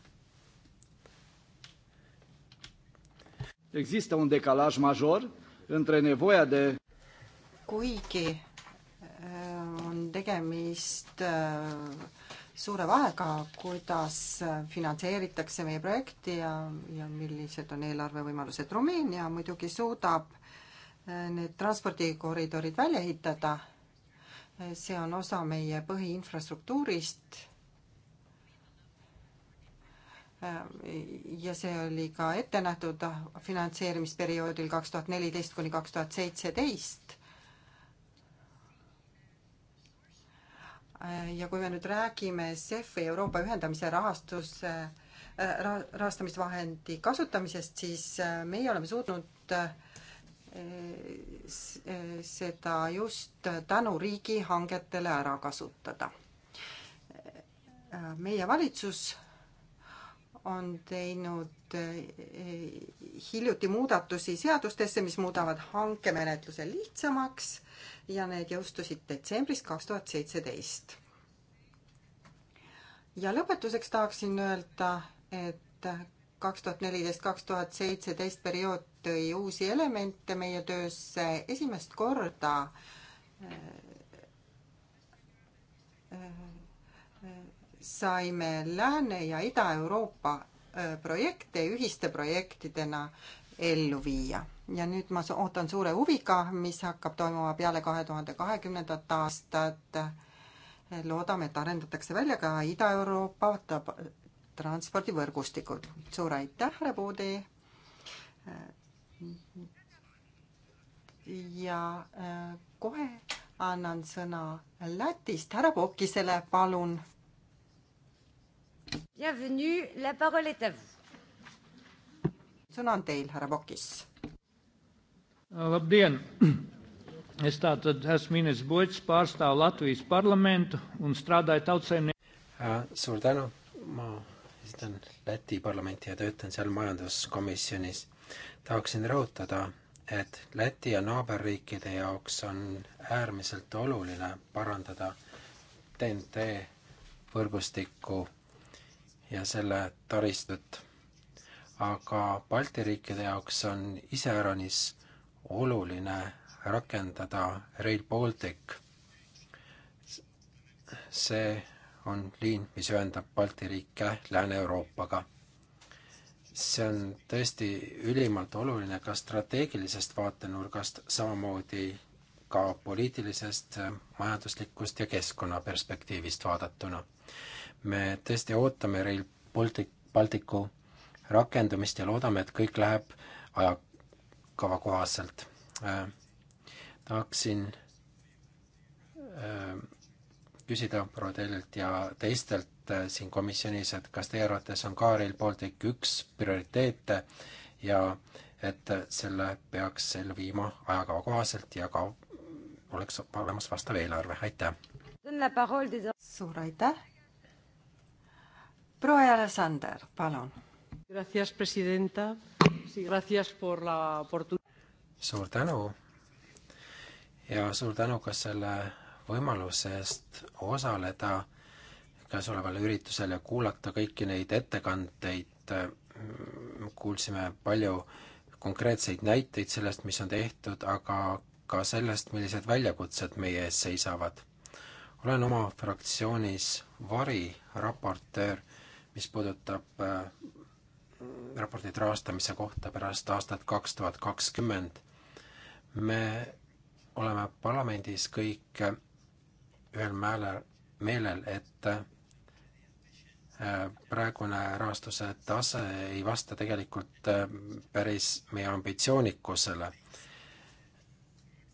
Există un decalaj major între nevoia de kuigi äh, on tegemist äh, suure vahega, kuidas finantseeritakse meie projekti ja, ja millised on eelarvevõimalused. Rumeenia muidugi suudab äh, need transpordikoridorid välja ehitada see on osa meie põhiinfrastruktuurist. ja see oli ka ette nähtud finantseerimisperioodil kaks tuhat neliteist kuni kaks tuhat seitseteist. ja kui me nüüd räägime CEF-i Euroopa ühendamise rahastuse äh, rahastamisvahendi kasutamisest, siis äh, meie oleme suutnud äh, seda just tänu riigihangetele ära kasutada. meie valitsus on teinud hiljuti muudatusi seadustesse, mis muudavad hankemenetluse lihtsamaks ja need jõustusid detsembris kaks tuhat seitseteist. ja lõpetuseks tahaksin öelda, et kaks tuhat neliteist, kaks tuhat seitseteist periood tõi uusi elemente meie töösse. esimest korda äh, äh, saime Lääne- ja Ida-Euroopa äh, projekte ühiste projektidena ellu viia. ja nüüd ma ootan suure huviga, mis hakkab toimuma peale kahe tuhande kahekümnendat aastat. loodame, et arendatakse välja ka Ida-Euroopa transpordivõrgustikud. suur aitäh, härra Puudi! ja äh, kohe annan sõna Lätist härra Pokisele, palun. Bienvenue, la parole est à vous. sõna on teil, härra Pokis. Äh, Labdien! Es tātad esmu Ines Boits, pārstāvu Latvijas parlamentu un strādāju tautsaimnie-. suur tänu, ma esindan Läti parlamenti ja töötan seal majanduskomisjonis tahaksin rõhutada, et Läti ja naaberriikide jaoks on äärmiselt oluline parandada TNT võrgustikku ja selle taristut. aga Balti riikide jaoks on iseäranis oluline rakendada Rail Baltic. see on liin, mis ühendab Balti riike Lääne-Euroopaga see on tõesti ülimalt oluline ka strateegilisest vaatenurgast, samamoodi ka poliitilisest, majanduslikust ja keskkonna perspektiivist vaadatuna. me tõesti ootame Rail Baltic, Balticu rakendumist ja loodame, et kõik läheb ajakava kohaselt äh,. tahaksin äh, küsida Brodelilt ja teistelt Äh, siin komisjonis, et kas teie arvates on ka Rail Baltic üks prioriteete ja et selle peaks ellu viima ajakava kohaselt ja ka oleks olemas vastav eelarve, aitäh! suur aitäh! proua Aleksander, palun! suur tänu ja suur tänu ka selle võimaluse eest osaleda käesolevale üritusele, kuulata kõiki neid ettekandeid, mm, kuulsime palju konkreetseid näiteid sellest, mis on tehtud, aga ka sellest, millised väljakutsed meie ees seisavad. olen oma fraktsioonis variraportöör, mis puudutab mm, raportit rahastamise kohta pärast aastat kaks tuhat kakskümmend. me oleme parlamendis kõik ühel määlel, meelel, et praegune rahastuse tase ei vasta tegelikult äh, päris meie ambitsioonikusele.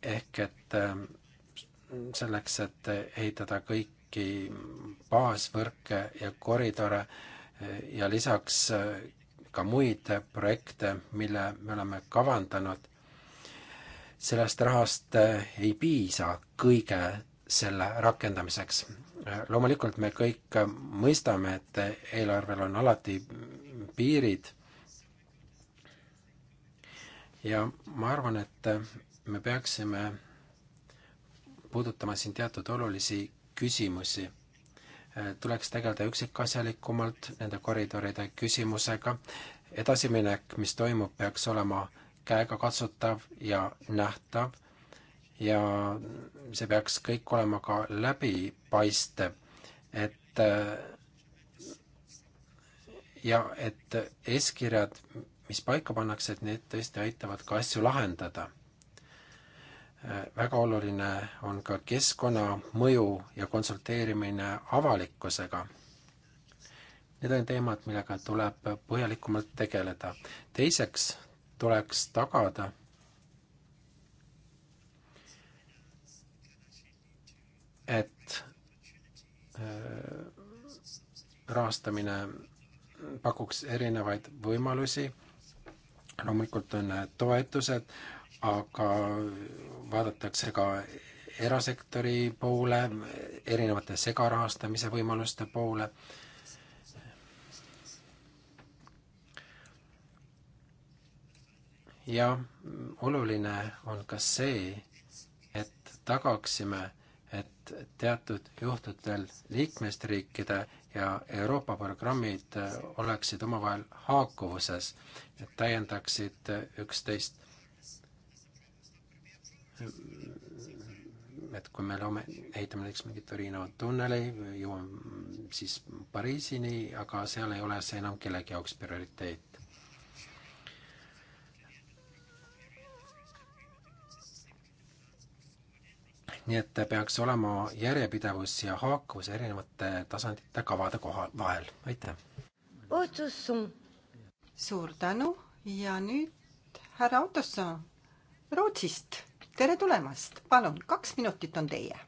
ehk et äh, selleks, et ehitada kõiki baasvõrke ja koridore äh, ja lisaks ka muid projekte, mille me oleme kavandanud, sellest rahast ei piisa kõige selle rakendamiseks loomulikult me kõik mõistame, et eelarvel on alati piirid ja ma arvan, et me peaksime puudutama siin teatud olulisi küsimusi. tuleks tegeleda üksikasjalikumalt nende koridoride küsimusega, edasiminek, mis toimub, peaks olema käegakatsutav ja nähtav ja see peaks kõik olema ka läbipaistev, et ja et eeskirjad, mis paika pannakse, et need tõesti aitavad ka asju lahendada. väga oluline on ka keskkonnamõju ja konsulteerimine avalikkusega. Need on teemad, millega tuleb põhjalikumalt tegeleda. teiseks tuleks tagada et äh, rahastamine pakuks erinevaid võimalusi, loomulikult on toetused, aga vaadatakse ka erasektori poole, erinevate segarahastamise võimaluste poole. ja oluline on ka see, et tagaksime et teatud juhtudel liikmesriikide ja Euroopa programmid äh, oleksid omavahel haakuvuses, et täiendaksid äh, üksteist. et kui me loome, ehitame näiteks mingi Torino tunneli, jõuame siis Pariisini, aga seal ei ole see enam kellegi jaoks prioriteet nii et peaks olema järjepidevus ja haakuvus erinevate tasandite kavade koha, vahel, aitäh! suur tänu ja nüüd härra Ottoson Rootsist, tere tulemast, palun, kaks minutit on teie.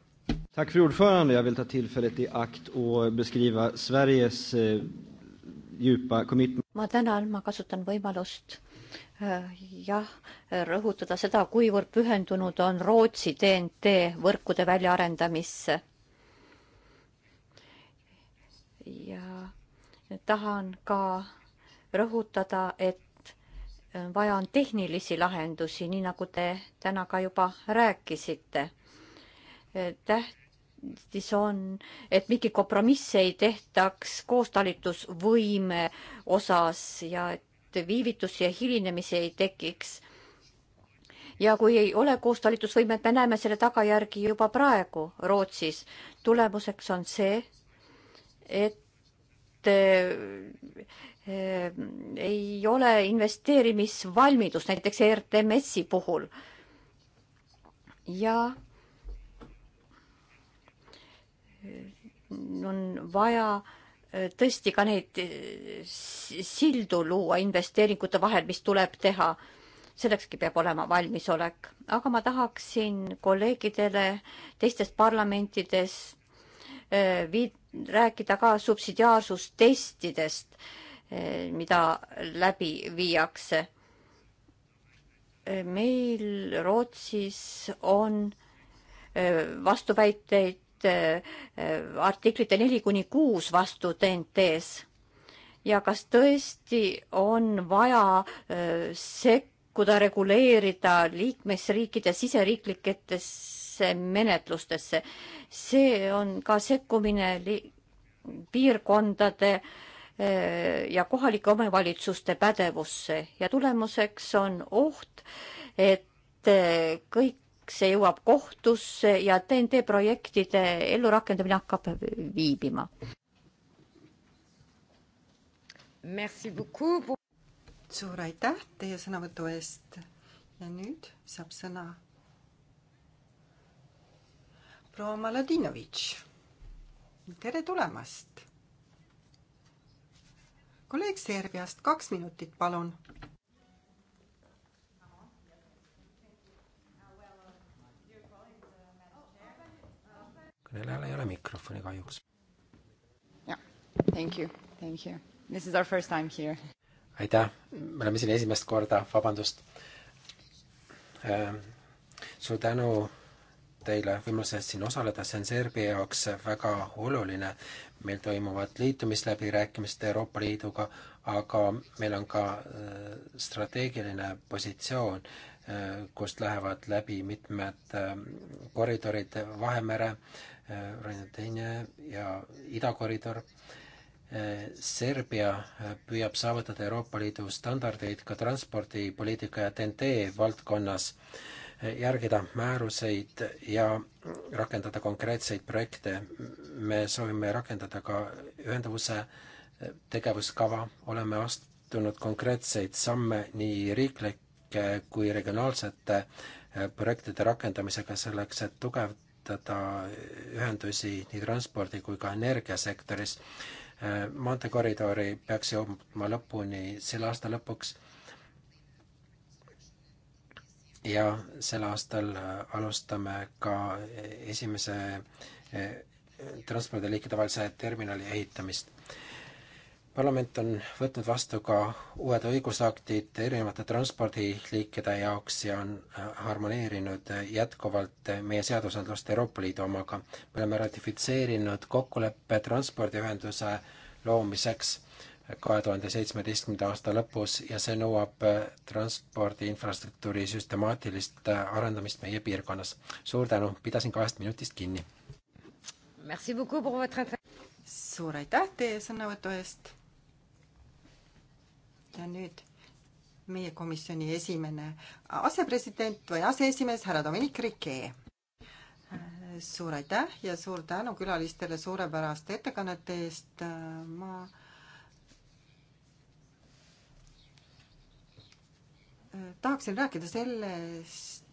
Tack för ordförande, jag vill ta tillfället i akt och beskriva Sveriges eh, djupa commitment. ma tänan, ma kasutan võimalust Äh, jah, äh, rõhutada seda, kuivõrd pühendunud on Rootsi TNT võrkude väljaarendamisse. ja tahan ka rõhutada, et äh, vaja on tehnilisi lahendusi, nii nagu te täna ka juba rääkisite. tähtis on, et mingi kompromisse ei tehtaks koostalitusvõime osas ja et et viivitusi ja hilinemisi ei tekiks. ja kui ei ole koostalitusvõimet, me näeme selle tagajärgi juba praegu Rootsis. tulemuseks on see, et eh, ei ole investeerimisvalmidust näiteks ERTMS-i puhul. ja eh, on vaja äh, tõesti ka neid eh, sildu luua investeeringute vahel, mis tuleb teha. sellekski peab olema valmisolek, aga ma tahaksin kolleegidele teistest parlamentidest eh, viit-, rääkida ka subsidiaarsustestidest, eh, mida läbi viiakse. meil Rootsis on vastuväiteid Äh, artiklite neli kuni kuus vastu TNT-s. ja kas tõesti on vaja äh, sekkuda, reguleerida liikmesriikide siseriiklikesse menetlustesse? see on ka sekkumine piirkondade äh, ja kohalike omavalitsuste pädevusse ja tulemuseks on oht, et kõik see jõuab kohtusse ja TNT projektide ellurakendamine hakkab viibima. suur aitäh teie sõnavõtu eest ja nüüd saab sõna proua Maladinovitš. tere tulemast. kolleeg Serbiast, kaks minutit, palun kõnelejal ei ole mikrofoni kahjuks. jah, thank you, thank you. This is our first time here. aitäh, me oleme siin esimest korda, vabandust ähm,. suur tänu teile võimaluse eest siin osaleda, see on Serbia jaoks väga oluline. meil toimuvad liitumisläbirääkimised Euroopa Liiduga, aga meil on ka ehm, strateegiline positsioon, ehm, kust lähevad läbi mitmed ehm, koridorid Vahemere Ukraina teine ja idakoridor. Serbia püüab saavutada Euroopa Liidu standardeid ka transpordipoliitika ja TNT valdkonnas, järgida määruseid ja rakendada konkreetseid projekte. me soovime rakendada ka ühenduvuse tegevuskava, oleme astunud konkreetseid samme nii riiklike kui regionaalsete projektide rakendamisega selleks, et tugevdada ehitada ühendusi nii transpordi kui ka energiasektoris. maanteekoridori peaks jõudma lõpuni selle aasta lõpuks. ja sel aastal alustame ka esimese eh, transpordiliikide vahelise terminali ehitamist parlament on võtnud vastu ka uued õigusaktid erinevate transpordiliikide jaoks ja on äh, harmoneerinud jätkuvalt meie seadusandlust Euroopa Liidu omaga. me oleme ratifitseerinud kokkuleppe transpordiühenduse loomiseks kahe tuhande seitsmeteistkümnenda aasta lõpus ja see nõuab äh, transpordi infrastruktuuri süstemaatilist äh, arendamist meie piirkonnas. suur tänu, pidasin kahest minutist kinni. suur aitäh teie sõnavõtu eest ja nüüd meie komisjoni esimene asepresident või aseesimees härra Dominic Riquet. suur aitäh ja suur tänu külalistele suurepäraste ettekannete eest. ma tahaksin rääkida sellest,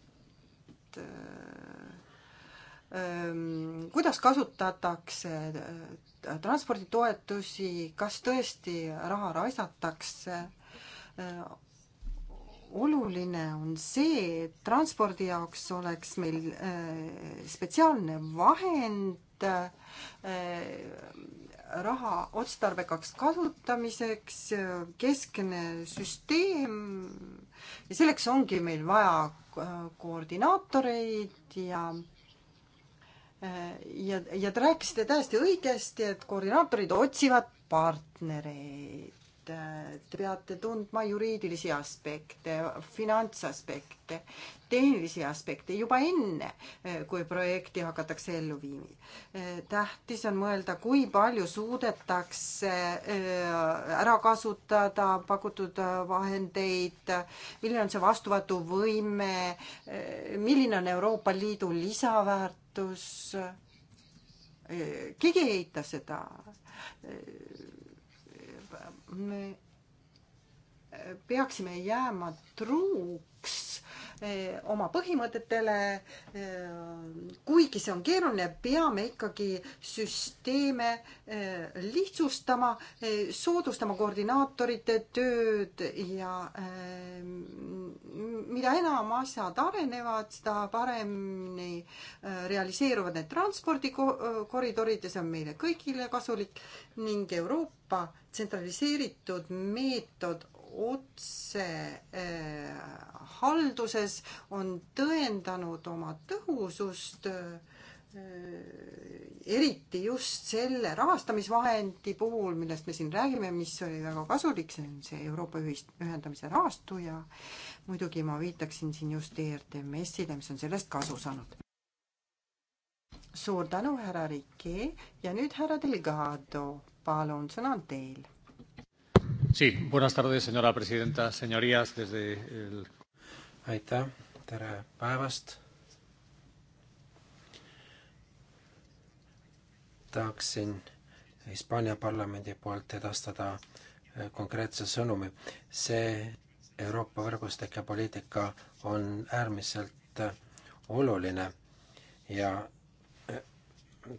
ähm, kuidas kasutatakse transporditoetusi, kas tõesti raha raisatakse. oluline on see, et transpordi jaoks oleks meil äh, spetsiaalne vahend äh, raha otstarbekaks kasutamiseks, keskne süsteem ja selleks ongi meil vaja äh, koordinaatoreid ja ja, ja te rääkisite täiesti õigesti, et koordinaatorid otsivad partnereid. Te peate tundma juriidilisi aspekte, finantsaspekte, tehnilisi aspekte juba enne, kui projekti hakatakse ellu viima. tähtis on mõelda, kui palju suudetakse äh, ära kasutada pakutud vahendeid, milline on see vastuvõtuvõime, äh, milline on Euroopa Liidu lisaväärtus, toetus, keegi ei eita seda. me peaksime jääma truuks Eh, oma põhimõtetele. Eh, kuigi see on keeruline, peame ikkagi süsteeme eh, lihtsustama, soodustama koordinaatorite tööd ja mida enam asjad arenevad, seda paremini realiseeruvad need transpordikoridorid ja see on meile kõigile kasulik ning Euroopa tsentraliseeritud meetod otse äh, halduses, on tõendanud oma tõhusust äh, eriti just selle rahastamisvahendi puhul, millest me siin räägime, mis oli väga kasulik, see on see Euroopa ühist, ühendamise rahastu ja muidugi ma viitaksin siin just ERTMS-ile, mis on sellest kasu saanud. suur tänu, härra Riki ja nüüd härra Delgado, palun, sõna on teil Sí, buenas tardes, senora presidenta, señorías, desde el... aitäh, tere päevast. tahaksin Hispaania parlamendi poolt edastada eh, konkreetse sõnumi. see Euroopa võrgustike poliitika on äärmiselt eh, oluline ja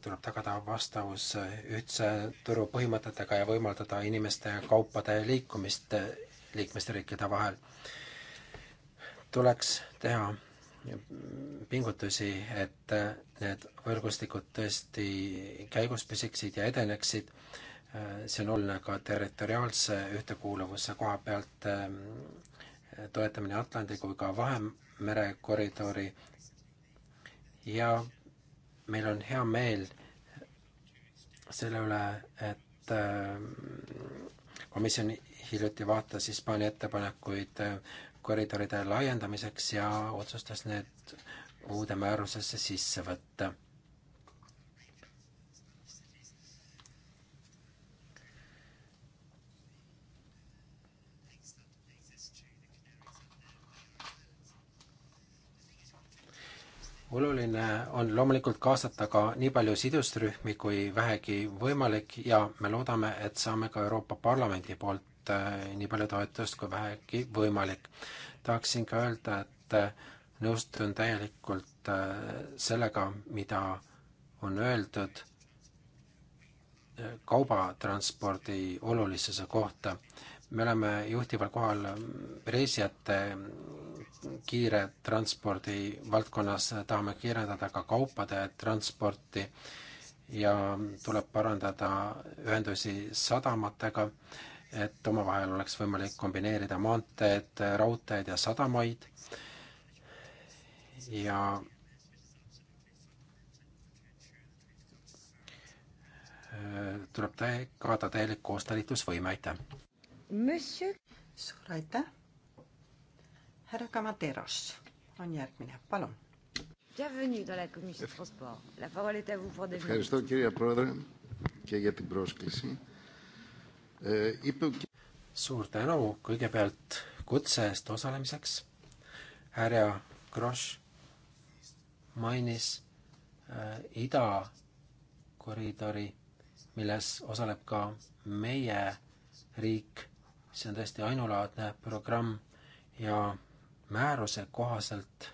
tuleb tagada vastavus ühtse turu põhimõtetega ja võimaldada inimeste ja kaupade liikumist liikmesriikide vahel. tuleks teha pingutusi, et need võrgustikud tõesti käigus püsiksid ja edeneksid, see on oluline ka territoriaalse ühtekuuluvuse koha pealt, ehm, toetamine Atlandi kui ka Vahemere koridori ja meil on hea meel selle üle, et äh, komisjon hiljuti vaatas Hispaania ettepanekuid äh, koridoride laiendamiseks ja otsustas need uude määrusesse sisse võtta oluline on loomulikult kaasata ka nii palju sidusrühmi kui vähegi võimalik ja me loodame, et saame ka Euroopa Parlamendi poolt äh, nii palju toetust kui vähegi võimalik. tahaksin ka öelda, et äh, nõustun täielikult äh, sellega, mida on öeldud kaubatranspordi olulisuse kohta. me oleme juhtival kohal reisijate kiire transpordi valdkonnas tahame kiirendada ka kaupade transporti ja tuleb parandada ühendusi sadamatega, et omavahel oleks võimalik kombineerida maanteed, raudteed ja sadamaid. ja tuleb tagada täielik koostalitusvõime, aitäh! suur aitäh! härra Kamateros on järgmine, palun. Bienvenue dans la commission transport. La parole est à vous pour des Ευχαριστώ κύριε Πρόεδρε και για την πρόσκληση. Ε, είπε... Suur tänu kõigepealt kutse eest osalemiseks. härra Kross mainis äh, idakoridori, milles osaleb ka meie riik. see on tõesti ainulaadne programm ja määruse kohaselt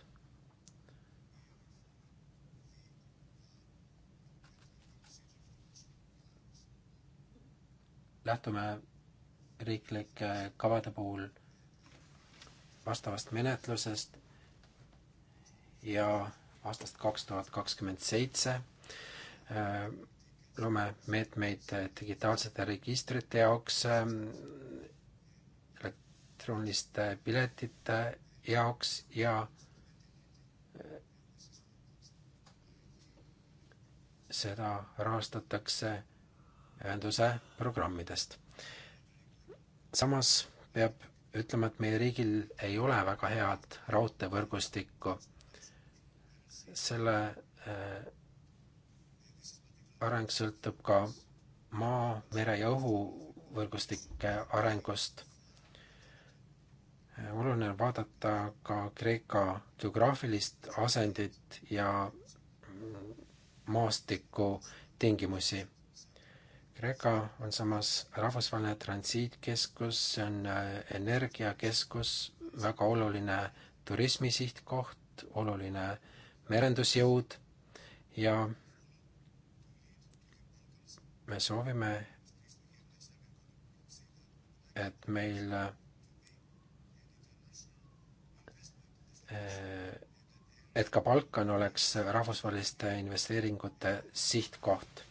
lähtume riiklike kavade puhul vastavast menetlusest ja aastast kaks tuhat kakskümmend seitse äh, loome meetmeid digitaalsete registrite jaoks, äh, elektrooniliste piletite jaoks ja äh, seda rahastatakse ühenduse programmidest. samas peab ütlema, et meie riigil ei ole väga head raudteevõrgustikku. selle äh, areng sõltub ka maa, mere ja õhuvõrgustike arengust oluline on vaadata ka Kreeka geograafilist asendit ja maastiku tingimusi. Kreeka on samas rahvusvaheline transiitkeskus, see on äh, energiakeskus, väga oluline turismisihtkoht, oluline merendusjõud ja me soovime, et meil Äh, et ka Balkan oleks rahvusvaheliste investeeringute sihtkoht.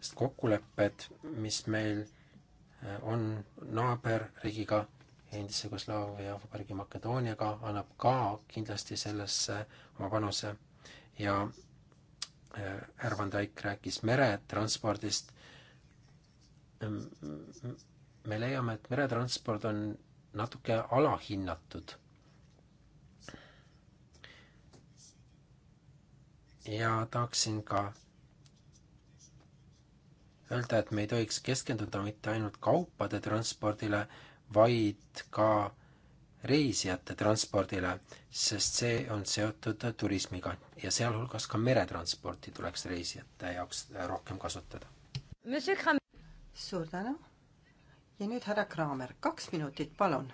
sest kokkulepped, mis meil äh, on naaberriigiga, endise Jugoslaavia Vabariigi Makedooniaga, annab ka kindlasti sellesse oma panuse ja härra äh, Van Dijk rääkis meretranspordist. me leiame, et meretransport on natuke alahinnatud. ja tahaksin ka öelda, et me ei tohiks keskenduda mitte ainult kaupade transpordile, vaid ka reisijate transpordile, sest see on seotud turismiga ja sealhulgas ka meretransporti tuleks reisijate jaoks rohkem kasutada. suur tänu ja nüüd härra Kraamer, kaks minutit, palun.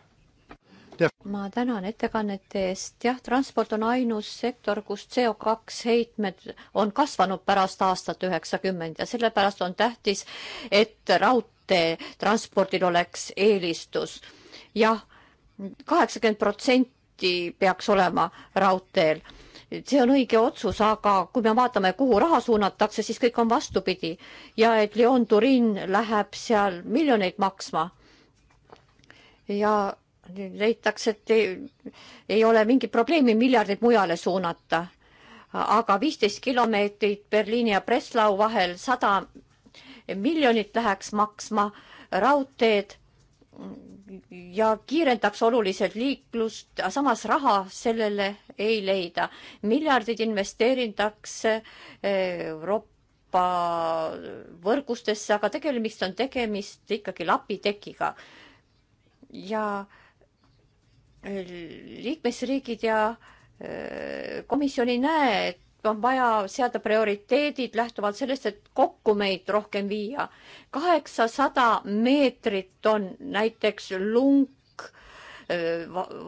ma tänan ettekannete eest, jah, transport on ainus sektor, kus CO kaks heitmed on kasvanud pärast aastat üheksakümmend ja sellepärast on tähtis, et raudteetranspordil oleks eelistus jah,. jah, kaheksakümmend protsenti protsenti peaks olema raudteel see on õige otsus, aga kui me vaatame, kuhu raha suunatakse, siis kõik on vastupidi ja et Lyon Turin läheb seal miljoneid maksma. ja leitakse, et ei, ei ole mingit probleemi miljardeid mujale suunata. aga viisteist kilomeetrit Berliini ja Breslau vahel sada miljonit läheks maksma raudteed ja kiirendaks oluliselt liiklust, aga samas raha sellele ei leida. miljardid investeeritakse eh, Euroopa võrgustesse, aga tegelemist on tegemist ikkagi lapitekiga. ja eh, liikmesriigid ja eh, komisjon ei näe, et on vaja seada prioriteedid lähtuvalt sellest, et kokku meid rohkem viia. kaheksasada meetrit on näiteks lunk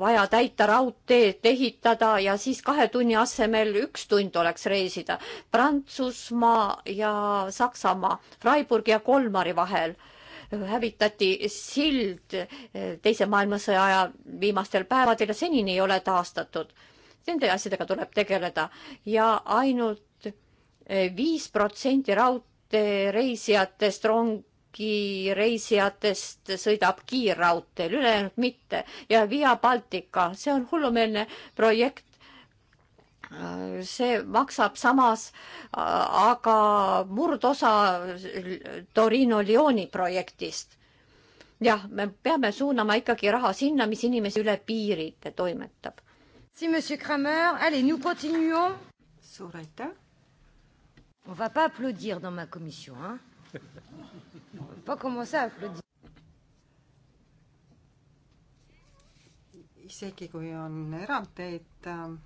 vaja täita raudteed, ehitada ja siis kahe tunni asemel üks tund oleks reisida Prantsusmaa ja Saksamaa, Freiburgi ja Kolmari vahel hävitati sild Teise maailmasõja aja viimastel päevadel ja senini ei ole taastatud nende asjadega tuleb tegeleda ja ainult eh, viis protsenti raudteereisijatest, rongireisijatest sõidab kiirraudteel, ülejäänud mitte. ja Via Baltica, see on hullumeelne projekt. see maksab samas, aga murdosa Torino-Lyoni projektist jah, me peame suunama ikkagi raha sinna, mis inimesi üle piirite toimetab Si, monsieur Kramer, allez, nous continuons. suur aitäh. On va pas applaudir dans ma commission, hein. On va pas commencer à applaudir. isegi kui on erandeid äh,,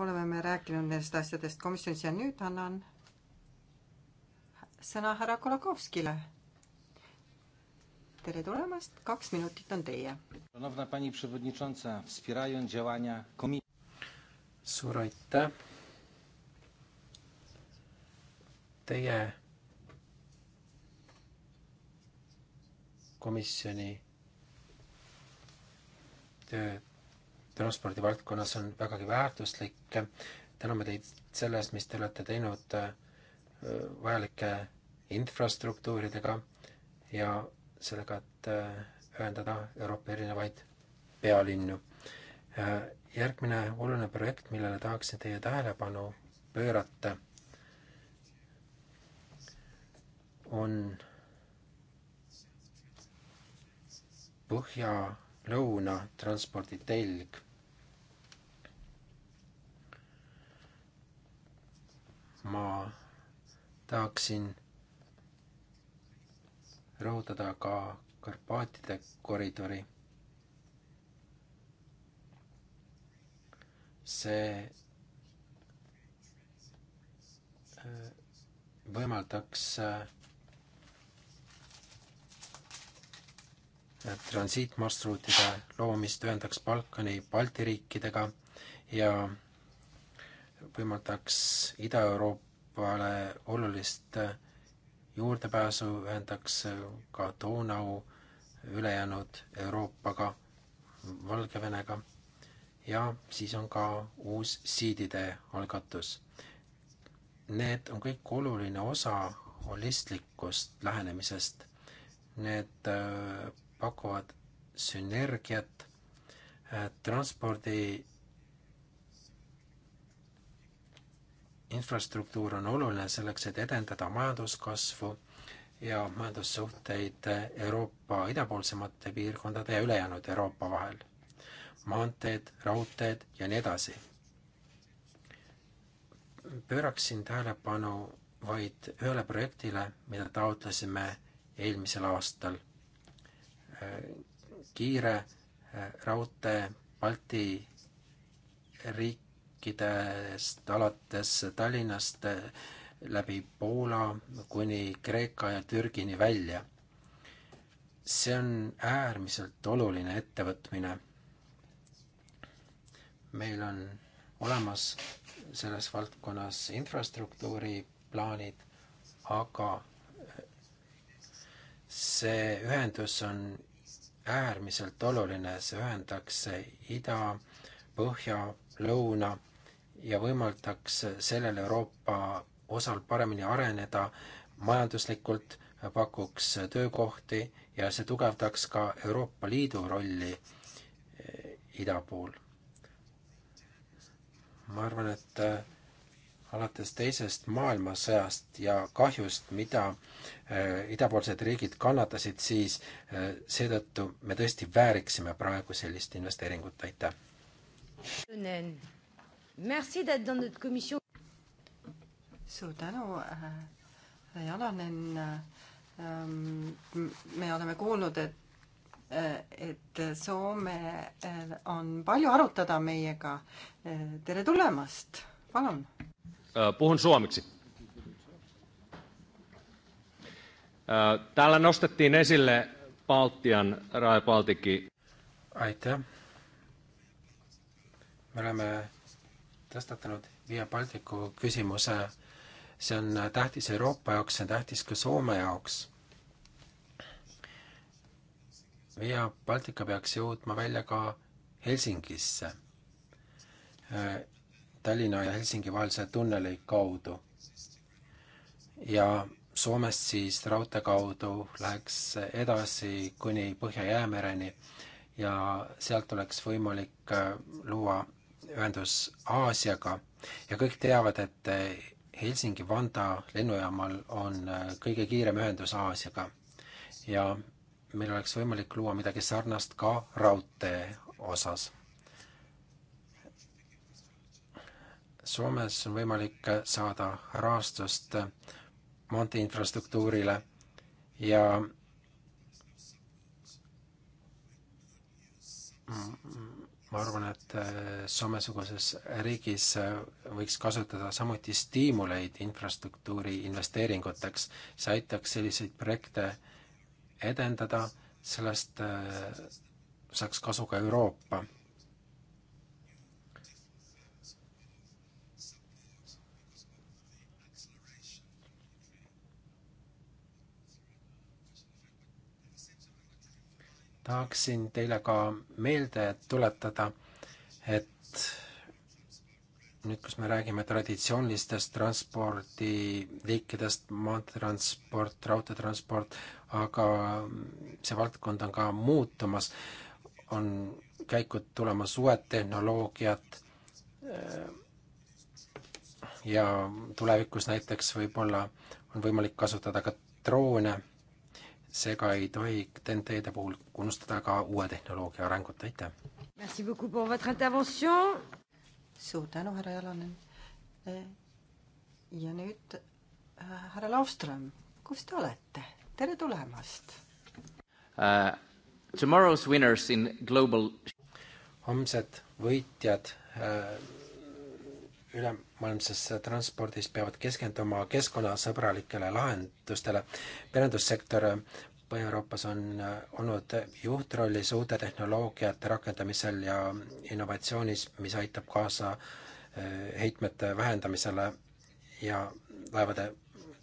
oleme me rääkinud nendest asjadest komisjonis ja nüüd annan sõna härra Kolakovskile tere tulemast, kaks minutit on teie. suur aitäh. Teie komisjoni töö transpordivaldkonnas on vägagi väärtuslik. täname teid selle eest, mis te olete teinud äh, vajalike infrastruktuuridega ja sellega, et äh, ühendada Euroopa erinevaid pealinnu. Äh, järgmine oluline projekt, millele tahaksin teie tähelepanu pöörata, on põhja-lõuna transporditelg. ma tahaksin rõhutada ka Karpaatide koridori. see äh, võimaldaks äh, transiitmarsruutide loomist, ühendaks Balkani Balti riikidega ja võimaldaks Ida-Euroopale olulist äh, juurdepääsu ühendaks ka Donau ülejäänud Euroopaga, Valgevenega ja siis on ka uus siidide algatus. Need on kõik oluline osa holistlikust lähenemisest. Need äh, pakuvad sünergiat äh, transpordi infrastruktuur on oluline selleks, et edendada majanduskasvu ja majandussuhteid Euroopa idapoolsemate piirkondade ja ülejäänud Euroopa vahel. maanteed, raudteed ja nii edasi. pööraksin tähelepanu vaid ühele projektile, mida taotlesime eelmisel aastal. kiire raudtee Balti riik, riikidest alates Tallinnast eh, läbi Poola kuni Kreeka ja Türgini välja. see on äärmiselt oluline ettevõtmine. meil on olemas selles valdkonnas infrastruktuuriplaanid, aga eh, see ühendus on äärmiselt oluline, see ühendaks ida, põhja, lõuna ja võimaldaks sellel Euroopa osal paremini areneda majanduslikult, pakuks töökohti ja see tugevdaks ka Euroopa Liidu rolli eh, ida pool. ma arvan, et eh, alates teisest maailmasõjast ja kahjust, mida eh, idapoolsed riigid kannatasid, siis seetõttu me tõesti vääriksime praegu sellist investeeringut, aitäh! Merci d'être dans notre commission. suur tänu äh,, Jalanen ähm,. me oleme kuulnud, et äh,, et Soome äh, on palju arutada meiega äh,. tere tulemast, palun äh,. puhun suomeksi. Äh, täällä nostettiin esille Baltian, Rae Baltiki. Aitäh. Me oleme tõstatanud Via Balticu küsimuse. see on tähtis Euroopa jaoks, see on tähtis ka Soome jaoks. Via Baltica peaks jõudma välja ka Helsingisse, Tallinna ja Helsingi vahelise tunneli kaudu. ja Soomest siis raudtee kaudu läheks edasi kuni Põhja-Jäämereni ja sealt oleks võimalik äh, luua ühendus Aasiaga ja kõik teavad, et eh, Helsingi-Vanda lennujaamal on eh, kõige kiirem ühendus Aasiaga. ja meil oleks võimalik luua midagi sarnast ka raudtee osas. Soomes on võimalik saada rahastust maanteeinfrastruktuurile ja ma arvan, et äh, Soome-suguses riigis äh, võiks kasutada samuti stiimuleid infrastruktuuri investeeringuteks. see aitaks selliseid projekte edendada, sellest äh, saaks kasu ka Euroopa tahaksin teile ka meelde tuletada, et nüüd, kus me räägime traditsioonilistest transpordiliikidest, maanteetransport, raudteetransport, aga see valdkond on ka muutumas, on käikud tulemas uued tehnoloogiad ja tulevikus näiteks võib-olla on võimalik kasutada ka droone seega ei tohi TNT-de puhul unustada ka uue tehnoloogia arengut, aitäh! suur tänu, härra Jalanen! ja nüüd äh, härra Laustram, kus te olete? tere tulemast uh,! Tomorrow's winners in global homsed võitjad uh, üle ülemaailmses transpordis peavad keskenduma keskkonnasõbralikele lahendustele. merendussektor Põhja-Euroopas on äh, olnud juhtrollis uute tehnoloogiate rakendamisel ja innovatsioonis, mis aitab kaasa äh, heitmete vähendamisele ja laevade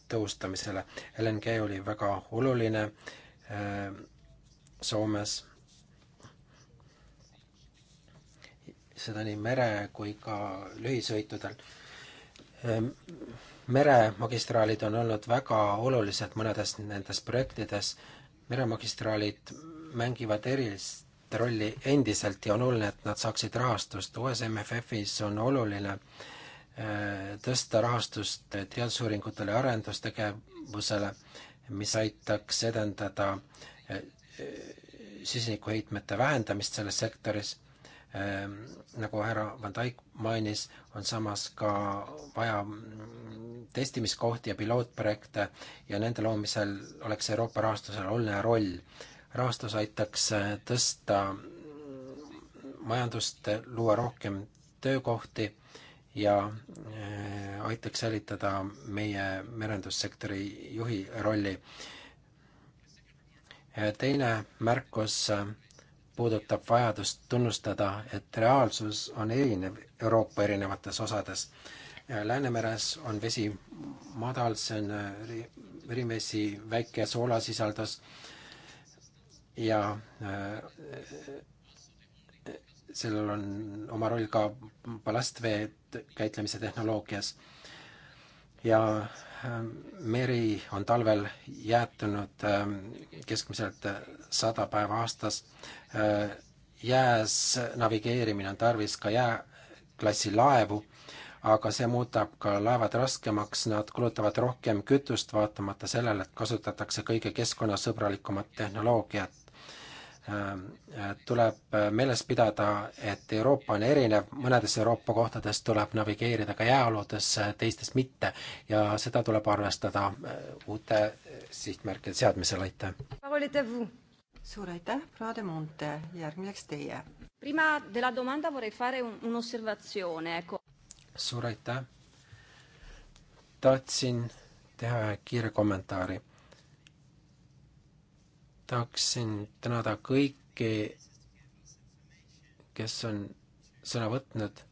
tõhustamisele. LNG oli väga oluline äh, Soomes, seda nii mere kui ka lühisõitudel Ehm, meremagistraalid on olnud väga olulised mõnedes nendes projektides. meremagistraalid mängivad erilist rolli endiselt ja on oluline, et nad saaksid rahastust. uues MFF-is on oluline ehm, tõsta rahastust teadusuuringutele ja arendustegevusele, mis aitaks edendada ehm, süsinikuheitmete vähendamist selles sektoris Ehm, nagu härra Van Dijk mainis, on samas ka vaja mm, testimiskohti ja pilootprojekte ja nende loomisel oleks Euroopa rahastusel oluline roll. rahastus aitaks eh, tõsta mm, majandust, luua rohkem töökohti ja eh, aitaks säilitada meie merendussektori juhi rolli. Eh, teine märkus puudutab vajadust tunnustada, et reaalsus on erinev Euroopa erinevates osades. Läänemeres on vesi madal, see on äh, rimesi väike soolasisaldus ja äh, äh, sellel on oma roll ka ballastvee käitlemise tehnoloogias. ja meri on talvel jäätunud ähm, keskmiselt äh, sada päeva aastas. Äh, jääs navigeerimine on tarvis ka jääklassi laevu, aga see muudab ka laevad raskemaks, nad kulutavad rohkem kütust, vaatamata sellele, et kasutatakse kõige keskkonnasõbralikumat tehnoloogiat Äh, tuleb äh, meeles pidada, et Euroopa on erinev, mõnedes Euroopa kohtades tuleb navigeerida ka jääoludesse, teistes mitte ja seda tuleb arvestada äh, uute sihtmärkide seadmisel, aitäh! suur aitäh, proua De Monte, järgmiseks teie. suur aitäh! tahtsin teha kiire kommentaari tahaksin tänada kõiki, kes on sõna võtnud.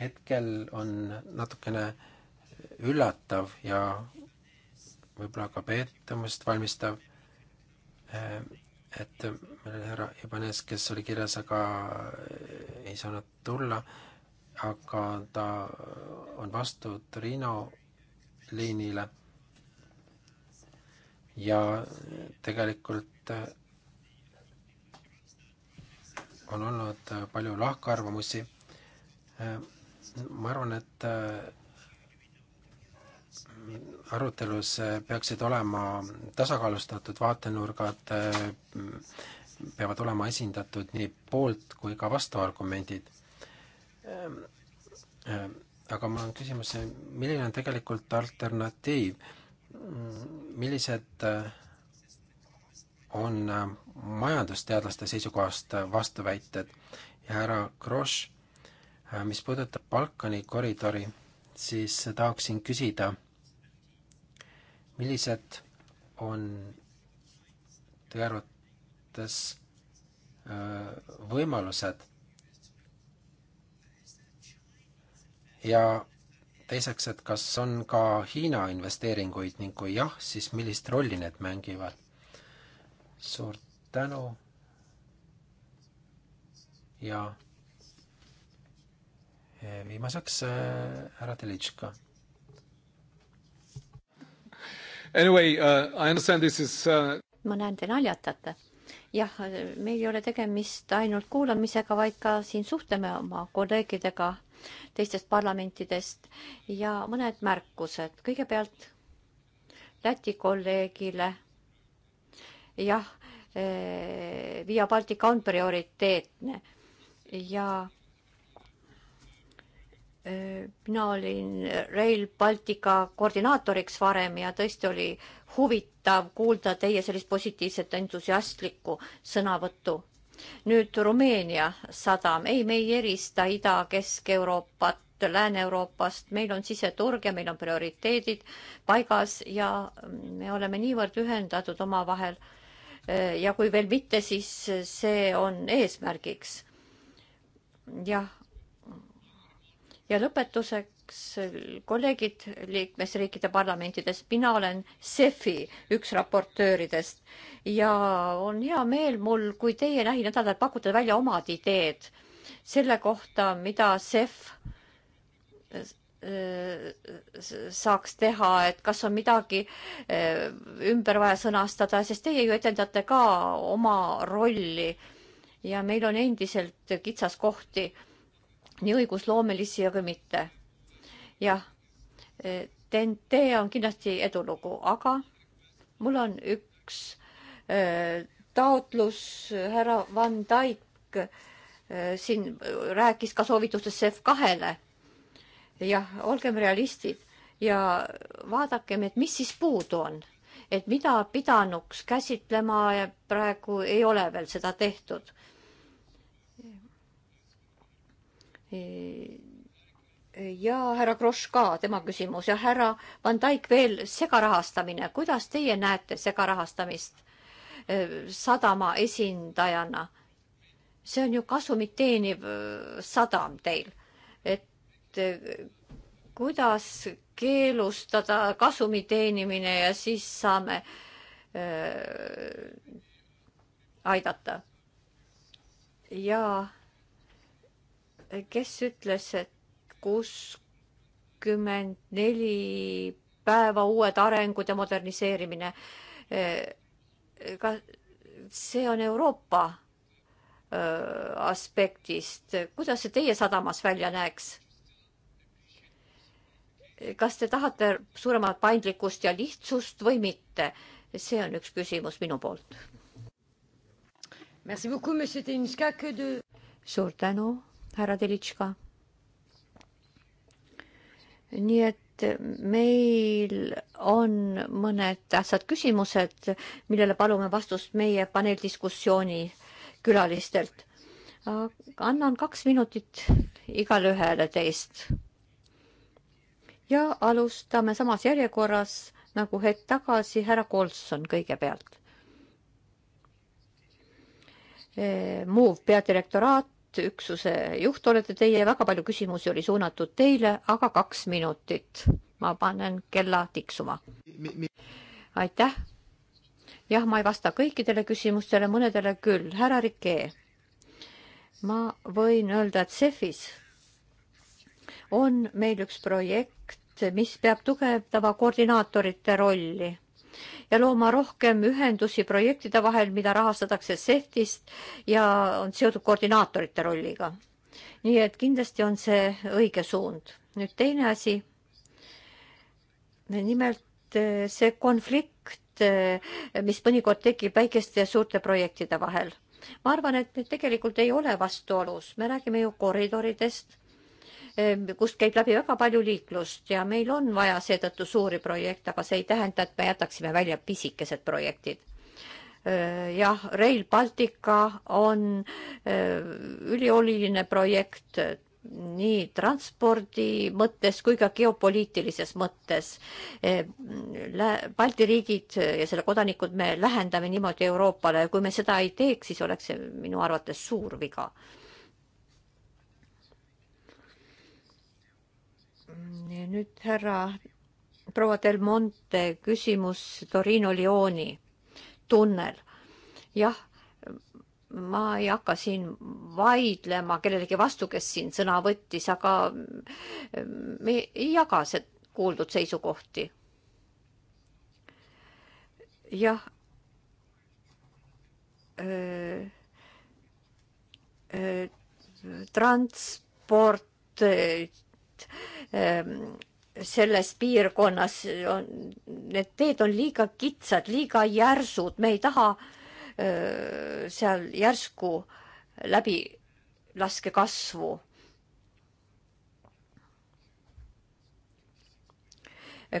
hetkel on natukene üllatav ja võib-olla ka pettumust valmistav, eh, et meil oli härra Ibanes, kes oli kirjas, aga ei saanud tulla aga ta äh, on vastu Torino liinile. ja tegelikult äh, on olnud äh, palju lahkarvamusi. ma arvan, et arutelus peaksid olema tasakaalustatud vaatenurgad, peavad olema esindatud nii poolt kui ka vastuargumendid Ehm, ehm, aga mul on küsimus, milline on tegelikult alternatiiv? Mm, millised äh, on äh, majandusteadlaste seisukohast äh, vastuväited ja härra Grosch, mis puudutab Balkani koridori, siis tahaksin küsida, millised on teie arvates võimalused ja teiseks, et kas on ka Hiina investeeringuid ning kui jah, siis millist rolli need mängivad? suur tänu ja eh, viimaseks eh, härra Telitška. Anyway uh,, I understand this is uh... ma näen, te naljatate. jah, meil ei ole tegemist ainult kuulamisega, vaid ka siin suhtleme oma kolleegidega teistest parlamentidest ja mõned märkused. kõigepealt Läti kolleegile. jah, eh, Via Baltica on prioriteetne ja eh, mina olin Rail Baltica koordinaatoriks varem ja tõesti oli huvitav kuulda teie sellist positiivset entusiastlikku sõnavõttu nüüd Rumeenia sadam, ei, me ei erista Ida, Kesk-Euroopat, Lääne-Euroopast, meil on siseturg ja meil on prioriteedid paigas ja me oleme niivõrd ühendatud omavahel. ja kui veel mitte, siis see on eesmärgiks. jah. ja lõpetuseks heaks äh, kolleegid liikmesriikide parlamentidest, mina olen CEF-i üks raportööridest ja on hea meel mul, kui teie lähinädalal pakute välja omad ideed selle kohta, mida CEF äh, saaks teha, et kas on midagi äh, ümber vaja sõnastada, sest teie ju etendate ka oma rolli ja meil on endiselt kitsaskohti nii õigusloomelisi, aga mitte jah, TNT eh, on kindlasti edulugu, aga mul on üks eh, taotlus, härra Van Dyck eh, siin rääkis ka soovitustest CEF kahele. jah, olgem realistid ja vaadakem, et mis siis puudu on, et mida pidanuks käsitlema ja praegu ei ole veel seda tehtud ja härra Kross ka, tema küsimus ja härra Van Dijk veel segarahastamine, kuidas teie näete segarahastamist äh, sadama esindajana? see on ju kasumit teeniv äh, sadam teil, et äh, kuidas keelustada kasumi teenimine ja siis saame äh, aidata. ja kes ütles, et kuuskümmend neli päeva uued arengud ja moderniseerimine. ka see on Euroopa aspektist, kuidas see teie sadamas välja näeks? kas te tahate suuremat paindlikkust ja lihtsust või mitte? see on üks küsimus minu poolt. suur tänu, härra Telitška nii et meil on mõned tähtsad küsimused, millele palume vastust meie paneeldiskussiooni külalistelt. annan kaks minutit igale ühele teist. ja alustame samas järjekorras nagu hetk tagasi, härra Kolson kõigepealt. Eh, Move peadirektoraat üksuse juht olete teie ja väga palju küsimusi oli suunatud teile, aga kaks minutit. ma panen kella tiksuma. aitäh. jah, ma ei vasta kõikidele küsimustele, mõnedele küll. härra Rikee, ma võin öelda, et CEF-is on meil üks projekt, mis peab tugevdama koordinaatorite rolli ja looma rohkem ühendusi projektide vahel, mida rahastatakse CEF-ist ja on seotud koordinaatorite rolliga. nii et kindlasti on see õige suund. nüüd teine asi. nimelt eh, see konflikt, eh, mis mõnikord tekib väikeste ja suurte projektide vahel. ma arvan, et need tegelikult ei ole vastuolus, me räägime ju koridoridest Ehm, kust käib läbi väga palju liiklust ja meil on vaja seetõttu suuri projekte, aga see ei tähenda, et me jätaksime välja pisikesed projektid. Ehm, jah, Rail Baltica on ehm, ülioluline projekt nii transpordi mõttes kui ka geopoliitilises mõttes. Balti riigid ja selle kodanikud me lähendame niimoodi Euroopale ja kui me seda ei teeks, siis oleks see minu arvates suur viga nüüd härra proua Del Monte küsimus Torino Lioni tunnel. jah, ma ei hakka siin vaidlema kellelegi vastu, kes siin sõna võttis, aga mm, me ei jaga kuuldud seisukohti. jah äh,. Äh, transport äh, Ehm, selles piirkonnas on, need teed on liiga kitsad, liiga järsud, me ei taha öö, seal järsku läbi laske kasvu.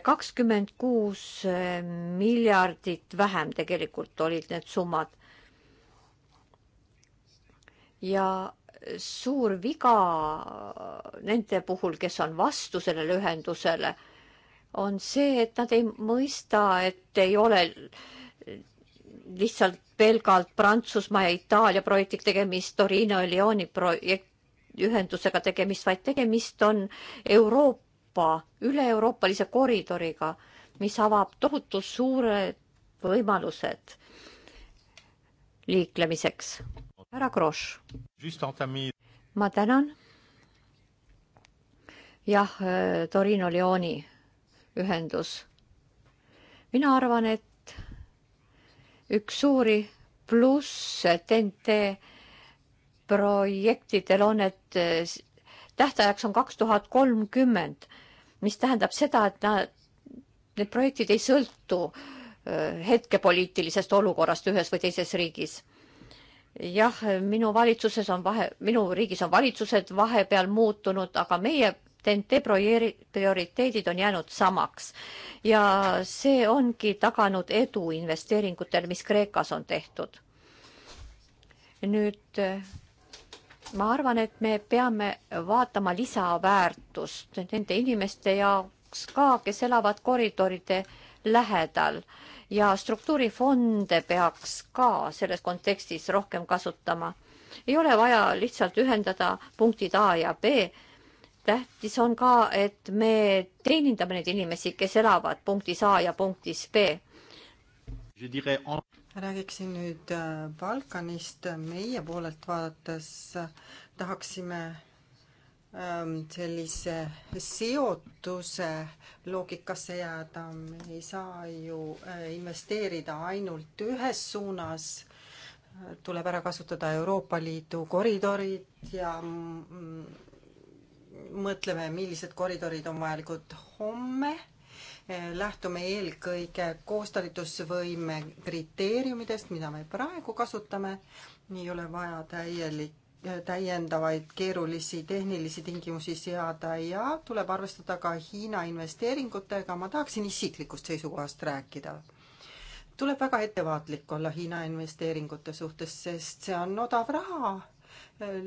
kakskümmend kuus ehm, miljardit vähem tegelikult olid need summad. ja suur viga nende puhul, kes on vastu sellele ühendusele, on see, et nad ei mõista, et ei ole lihtsalt pelgalt Prantsusmaa ja Itaalia projekti tegemist, Torino ja Lyoni projekt, ühendusega tegemist, vaid tegemist on Euroopa, üle-euroopalise koridoriga, mis avab tohutu suured võimalused liiklemiseks härra Grosch. ma tänan. jah, äh, Torino Leoni ühendus. mina arvan, et üks suuri plusse TNT projektidel on, et äh, tähtajaks on kaks tuhat kolmkümmend, mis tähendab seda, et nad, need projektid ei sõltu äh, hetkepoliitilisest olukorrast ühes või teises riigis jah, minu valitsuses on vahe, minu riigis on valitsused vahepeal muutunud, aga meie TNT prioriteedid on jäänud samaks ja see ongi taganud edu investeeringutel, mis Kreekas on tehtud. nüüd ma arvan, et me peame vaatama lisaväärtust nende inimeste jaoks ka, kes elavad koridoride lähedal ja struktuurifonde peaks ka selles kontekstis rohkem kasutama. ei ole vaja lihtsalt ühendada punktid A ja B. tähtis on ka, et me teenindame neid inimesi, kes elavad punktis A ja punktis B. räägiksin nüüd äh, Balkanist meie poolelt vaadates äh, tahaksime Ähm, sellise seotuse loogikasse jääda, me ei saa ju äh, investeerida ainult ühes suunas, tuleb ära kasutada Euroopa Liidu koridorid ja mm, mõtleme, millised koridorid on vajalikud homme, äh, lähtume eelkõige koostalitusvõime kriteeriumidest, mida me praegu kasutame, ei ole vaja täielik täiendavaid keerulisi tehnilisi tingimusi seada ja tuleb arvestada ka Hiina investeeringutega, ma tahaksin isiklikust seisukohast rääkida. tuleb väga ettevaatlik olla Hiina investeeringute suhtes, sest see on odav raha,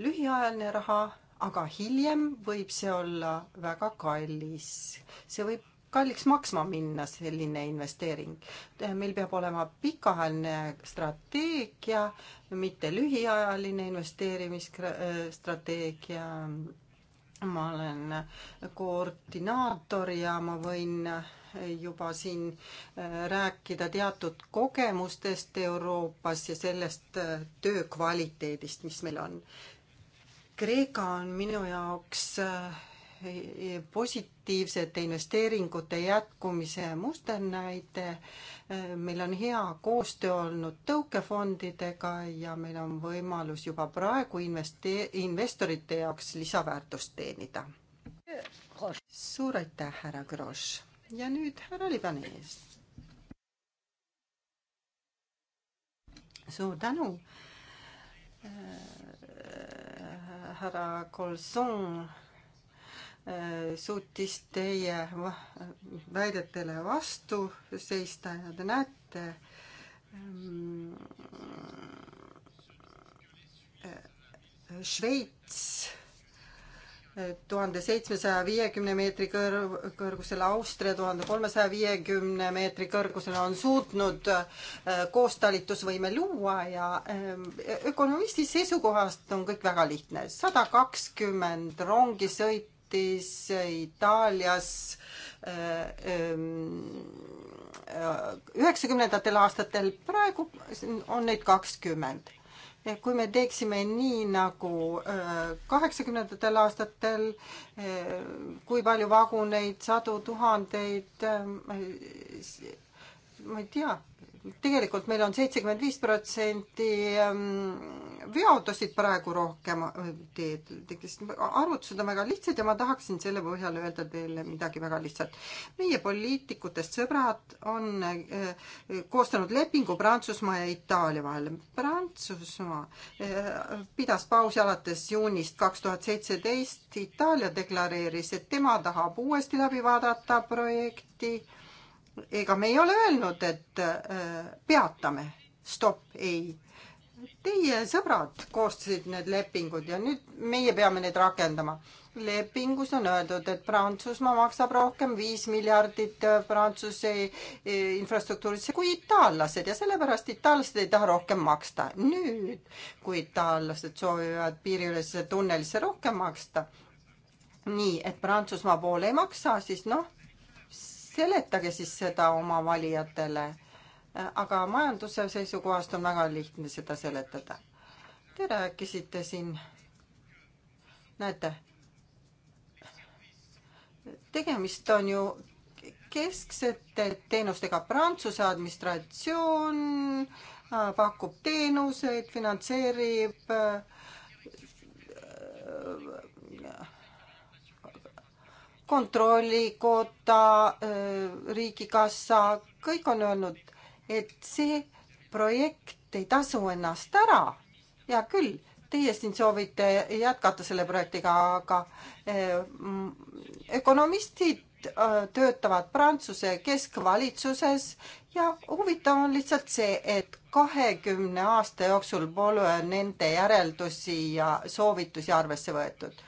lühiajaline raha, aga hiljem võib see olla väga kallis. see võib kalliks maksma minna, selline investeering. meil peab olema pikaajaline strateegia, mitte lühiajaline investeerimisstrateegia. ma olen koordinaator ja ma võin juba siin äh, rääkida teatud kogemustest Euroopas ja sellest äh, töö kvaliteedist, mis meil on. Kreeka on minu jaoks äh, positiivsete investeeringute jätkumise musternäide. meil on hea koostöö olnud tõukefondidega ja meil on võimalus juba praegu investee-, investorite jaoks lisaväärtust teenida. suur aitäh, härra Grosch ja nüüd härra Libanees. suur tänu äh, härra Colson suutis teie väidetele vastu seista ja te näete, mm, Šveits tuhande seitsmesaja viiekümne meetri kõr-, kõrgusel, Austria tuhande kolmesaja viiekümne meetri kõrgusel on suutnud äh, koostalitusvõime luua ja äh, ökonomisti seisukohast on kõik väga lihtne. sada kakskümmend rongisõitu Lätis, Itaalias äh, ähm, äh, üheksakümnendatel aastatel, praegu on neid kakskümmend. kui me teeksime nii nagu äh, kaheksakümnendatel aastatel, kui palju vaguneid, sadu tuhandeid, ma ei tea, tegelikult meil on seitsekümmend viis protsenti ähm, veoautosid praegu rohkem äh, teedel. arvutused on väga lihtsad ja ma tahaksin selle põhjal öelda teile midagi väga lihtsat. meie poliitikutest sõbrad on äh, koostanud lepingu Prantsusmaa ja Itaalia vahel. Prantsusmaa äh, pidas pausi alates juunist kaks tuhat seitseteist. Itaalia deklareeris, et tema tahab uuesti läbi vaadata projekti ega me ei ole öelnud, et äh, peatame, stopp, ei. Teie sõbrad koostasid need lepingud ja nüüd meie peame need rakendama. lepingus on öeldud, et Prantsusmaa maksab rohkem viis miljardit äh, Prantsuse äh, infrastruktuurisse kui itaallased ja sellepärast itaallased ei taha rohkem maksta. nüüd, kui itaallased soovivad piiriülesesse tunnelisse rohkem maksta, nii et Prantsusmaa pool ei maksa, siis noh seletage siis seda oma valijatele. aga majanduse seisukohast on väga lihtne seda seletada. Te rääkisite siin, näete, tegemist on ju kesksete teenustega. Prantsuse administratsioon äh, pakub teenuseid, finantseerib äh, kontrollikoda, Riigikassa, kõik on öelnud, et see projekt ei tasu ennast ära. hea küll, teie siin soovite jätkata selle projektiga, aga mm, ökonomistid töötavad Prantsuse keskvalitsuses ja huvitav on lihtsalt see, et kahekümne aasta jooksul pole nende järeldusi ja soovitusi arvesse võetud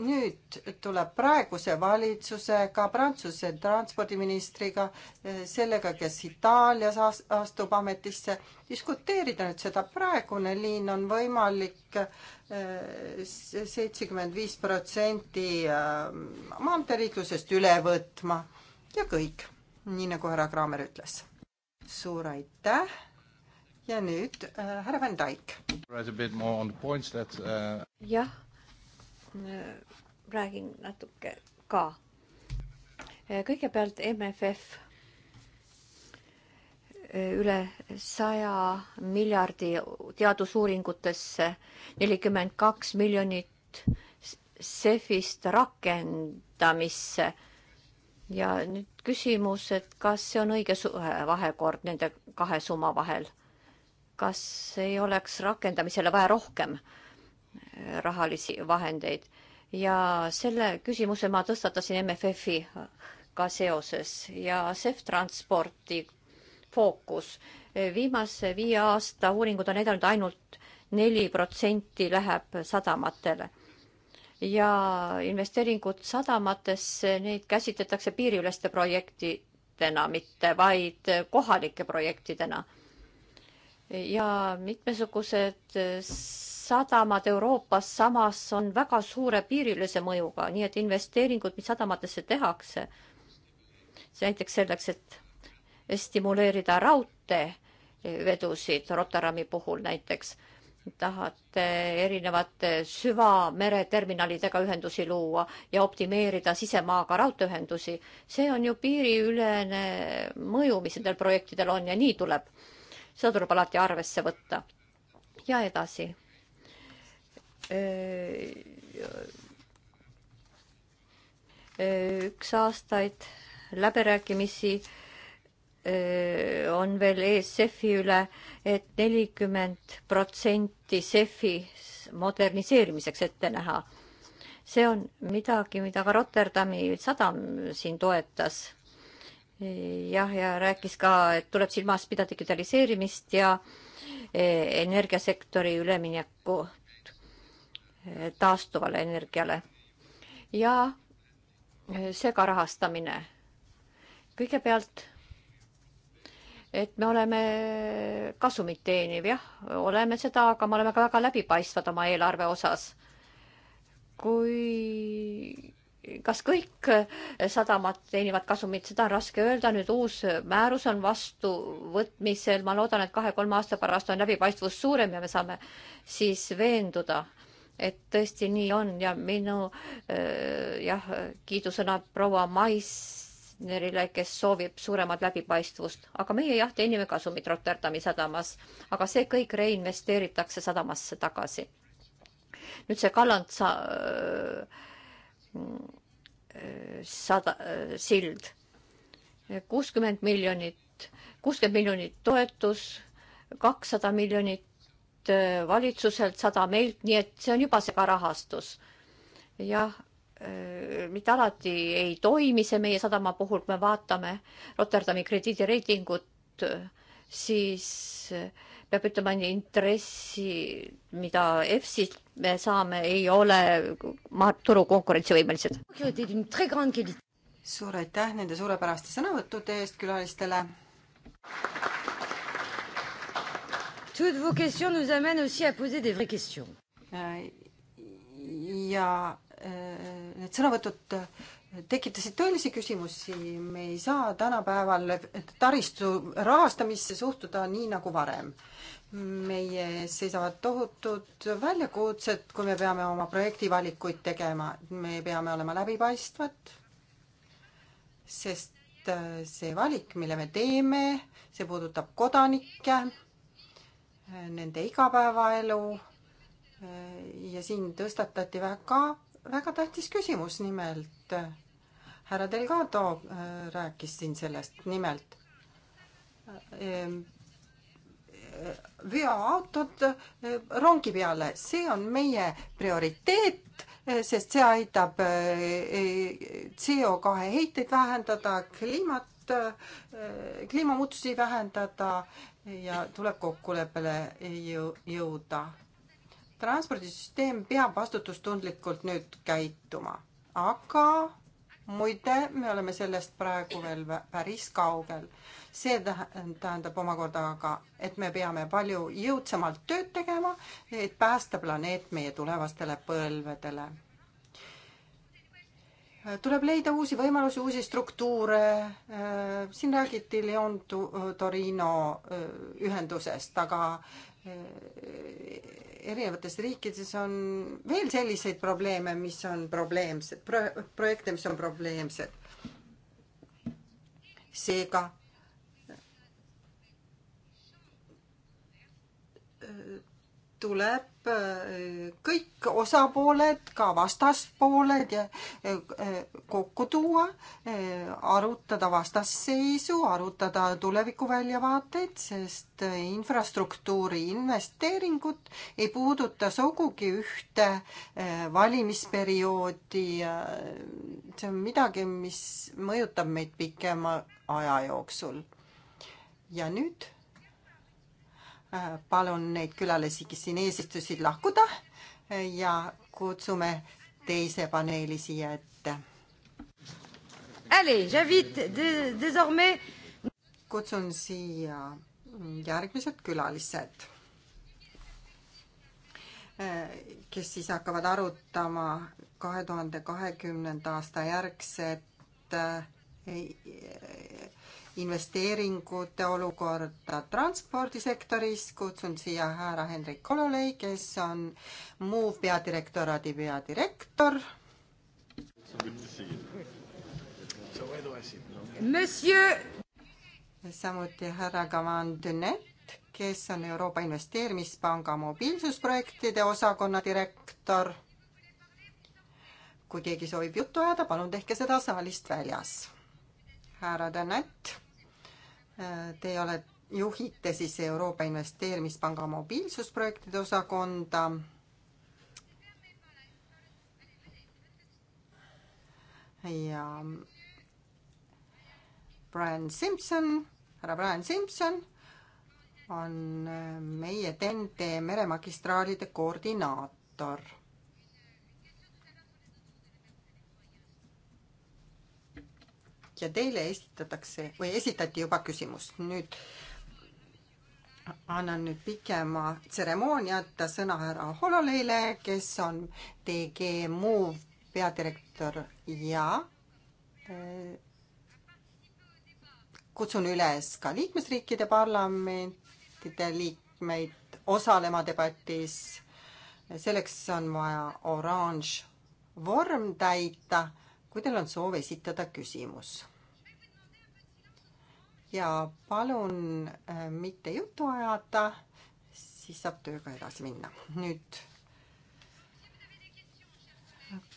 nüüd tuleb praeguse valitsusega, Prantsuse transpordiministriga, eh, sellega, kes Itaalias astub ametisse, diskuteerida nüüd seda. praegune liin on võimalik eh, seitsekümmend viis protsenti eh, maanteeliiklusest üle võtma ja kõik, nii nagu härra Kraamer ütles. suur aitäh ja nüüd härra Van Dijk. jah räägin natuke ka. Äh, kõigepealt MFF äh, üle saja miljardi teadusuuringutesse, nelikümmend kaks miljonit CEF-ist rakendamisse. ja nüüd küsimus, et kas see on õige vahekord nende kahe summa vahel? kas ei oleks rakendamisele vaja rohkem rahalisi vahendeid ja selle küsimuse ma tõstatasin MFF-iga seoses ja CEF transporti fookus. viimase viie aasta uuringud on näidanud ainult neli protsenti läheb sadamatele ja investeeringud sadamatesse, neid käsitletakse piiriüleste projektidena, mitte vaid kohalike projektidena. ja mitmesugused sadamad Euroopas samas on väga suure piirilise mõjuga, nii et investeeringud, mis sadamatesse tehakse, see näiteks selleks, et stimuleerida raudteevedusid Rotterdami puhul näiteks, tahate erinevate süvamereterminalidega ühendusi luua ja optimeerida sisemaaga raudteeühendusi, see on ju piiriülene mõju, mis nendel projektidel on ja nii tuleb, seda tuleb alati arvesse võtta ja edasi. Äh, üks aastaid läbirääkimisi äh, on veel ees CEF-i üle et, et nelikümmend protsenti CEF-i moderniseerimiseks ette näha. see on midagi, mida ka Rotterdami sadam siin toetas jah, ja rääkis ka, et tuleb silmas pidada digitaliseerimist ja äh, energiasektori ülemineku taastuvale energiale ja eh, segarahastamine. kõigepealt, et me oleme kasumit teeniv, jah, oleme seda, aga me oleme ka väga läbipaistvad oma eelarve osas. kui kas kõik sadamad teenivad kasumit, seda on raske öelda, nüüd uus määrus on vastuvõtmisel, ma loodan, et kahe-kolme aasta pärast on läbipaistvus suurem ja me saame siis veenduda, et tõesti nii on ja minu äh, jah, kiidusõnad proua Maisnerile, kes soovib suuremat läbipaistvust, aga meie jah, teenime kasumit Rotterdami sadamas, aga see kõik reinvesteeritakse sadamasse tagasi. nüüd see Kalland sa, äh, sada äh,, sild, kuuskümmend miljonit, kuuskümmend miljonit toetus, kakssada miljonit Äh, valitsuselt, sada meilt, nii et see on juba segarahastus. jah, äh, mitte alati ei toimi see meie sadama puhul, kui me vaatame Rotterdami krediidireitingut, siis äh, peab ütlema, intressi, mida EFSilt me saame, ei ole turu konkurentsivõimelised. suur aitäh nende suurepäraste sõnavõttude eest külalistele. Toutes vos questions nous amènent aussi à poser des vraies questions. Äh, ja äh, need sõnavõtud äh, tekitasid tõelisi küsimusi, me ei saa tänapäeval taristu rahastamisse suhtuda nii nagu varem. meie ees seisavad tohutud väljakutsed, kui me peame oma projektivalikuid tegema, me peame olema läbipaistvad, sest see valik, mille me teeme, see puudutab kodanikke nende igapäevaelu ja siin tõstatati väga, väga tähtis küsimus, nimelt härra Delgado äh, rääkis siin sellest, nimelt veoautod ähm, äh, äh, rongi peale, see on meie prioriteet, sest see aitab CO2 heiteid vähendada, kliimat Äh, kliimamuutusi vähendada ja tuleb kokkuleppele jõuda. transpordisüsteem peab vastutustundlikult nüüd käituma, aga muide, me oleme sellest praegu veel päris kaugel. see tähendab omakorda aga, et me peame palju jõudsamalt tööd tegema, et päästa planeet meie tulevastele põlvedele tuleb leida uusi võimalusi, uusi struktuure. Äh, siin räägiti Leon Torino äh, ühendusest, aga äh, erinevates riikides on veel selliseid probleeme, mis on probleemsed pro, projekte, mis on probleemsed. seega tuleb Äh, kõik osapooled, ka vastaspooled ja äh, äh, kokku tuua, arutada vastasseisu, arutada tulevikuväljavaateid, sest infrastruktuuri investeeringud ei puuduta sugugi ühte valimisperioodi. see on midagi, mis mõjutab meid pikema aja jooksul. ja nüüd palun neid külalisi, kes siin eesistusid, lahkuda ja kutsume teise paneeli siia ette. kutsun siia järgmised külalised, kes siis hakkavad arutama kahe tuhande kahekümnenda aasta järgset eh, investeeringute olukorda transpordisektoris. kutsun siia härra Hendrik Kololei, kes on Move peadirektoraadi peadirektor. Monsieur. samuti härra Gavan Dünet, kes on Euroopa Investeerimispanga mobiilsusprojektide osakonna direktor. kui keegi soovib juttu ajada, palun tehke seda saalist väljas härra Danett. Teie olete, juhite siis Euroopa Investeerimispanga mobiilsusprojektide osakonda. ja Brian Simson, härra Brian Simson on meie TNT meremagistraalide koordinaator ja teile esitatakse või esitati juba küsimus. nüüd annan nüüd pikema tseremooniata sõna härra Hololeile, kes on DG Move peadirektor ja äh, kutsun üles ka liikmesriikide parlamentide liikmeid osalema debatis. selleks on vaja oranž vorm täita, kui teil on soov esitada küsimus ja palun äh, mitte juttu ajada, siis saab tööga edasi minna. nüüd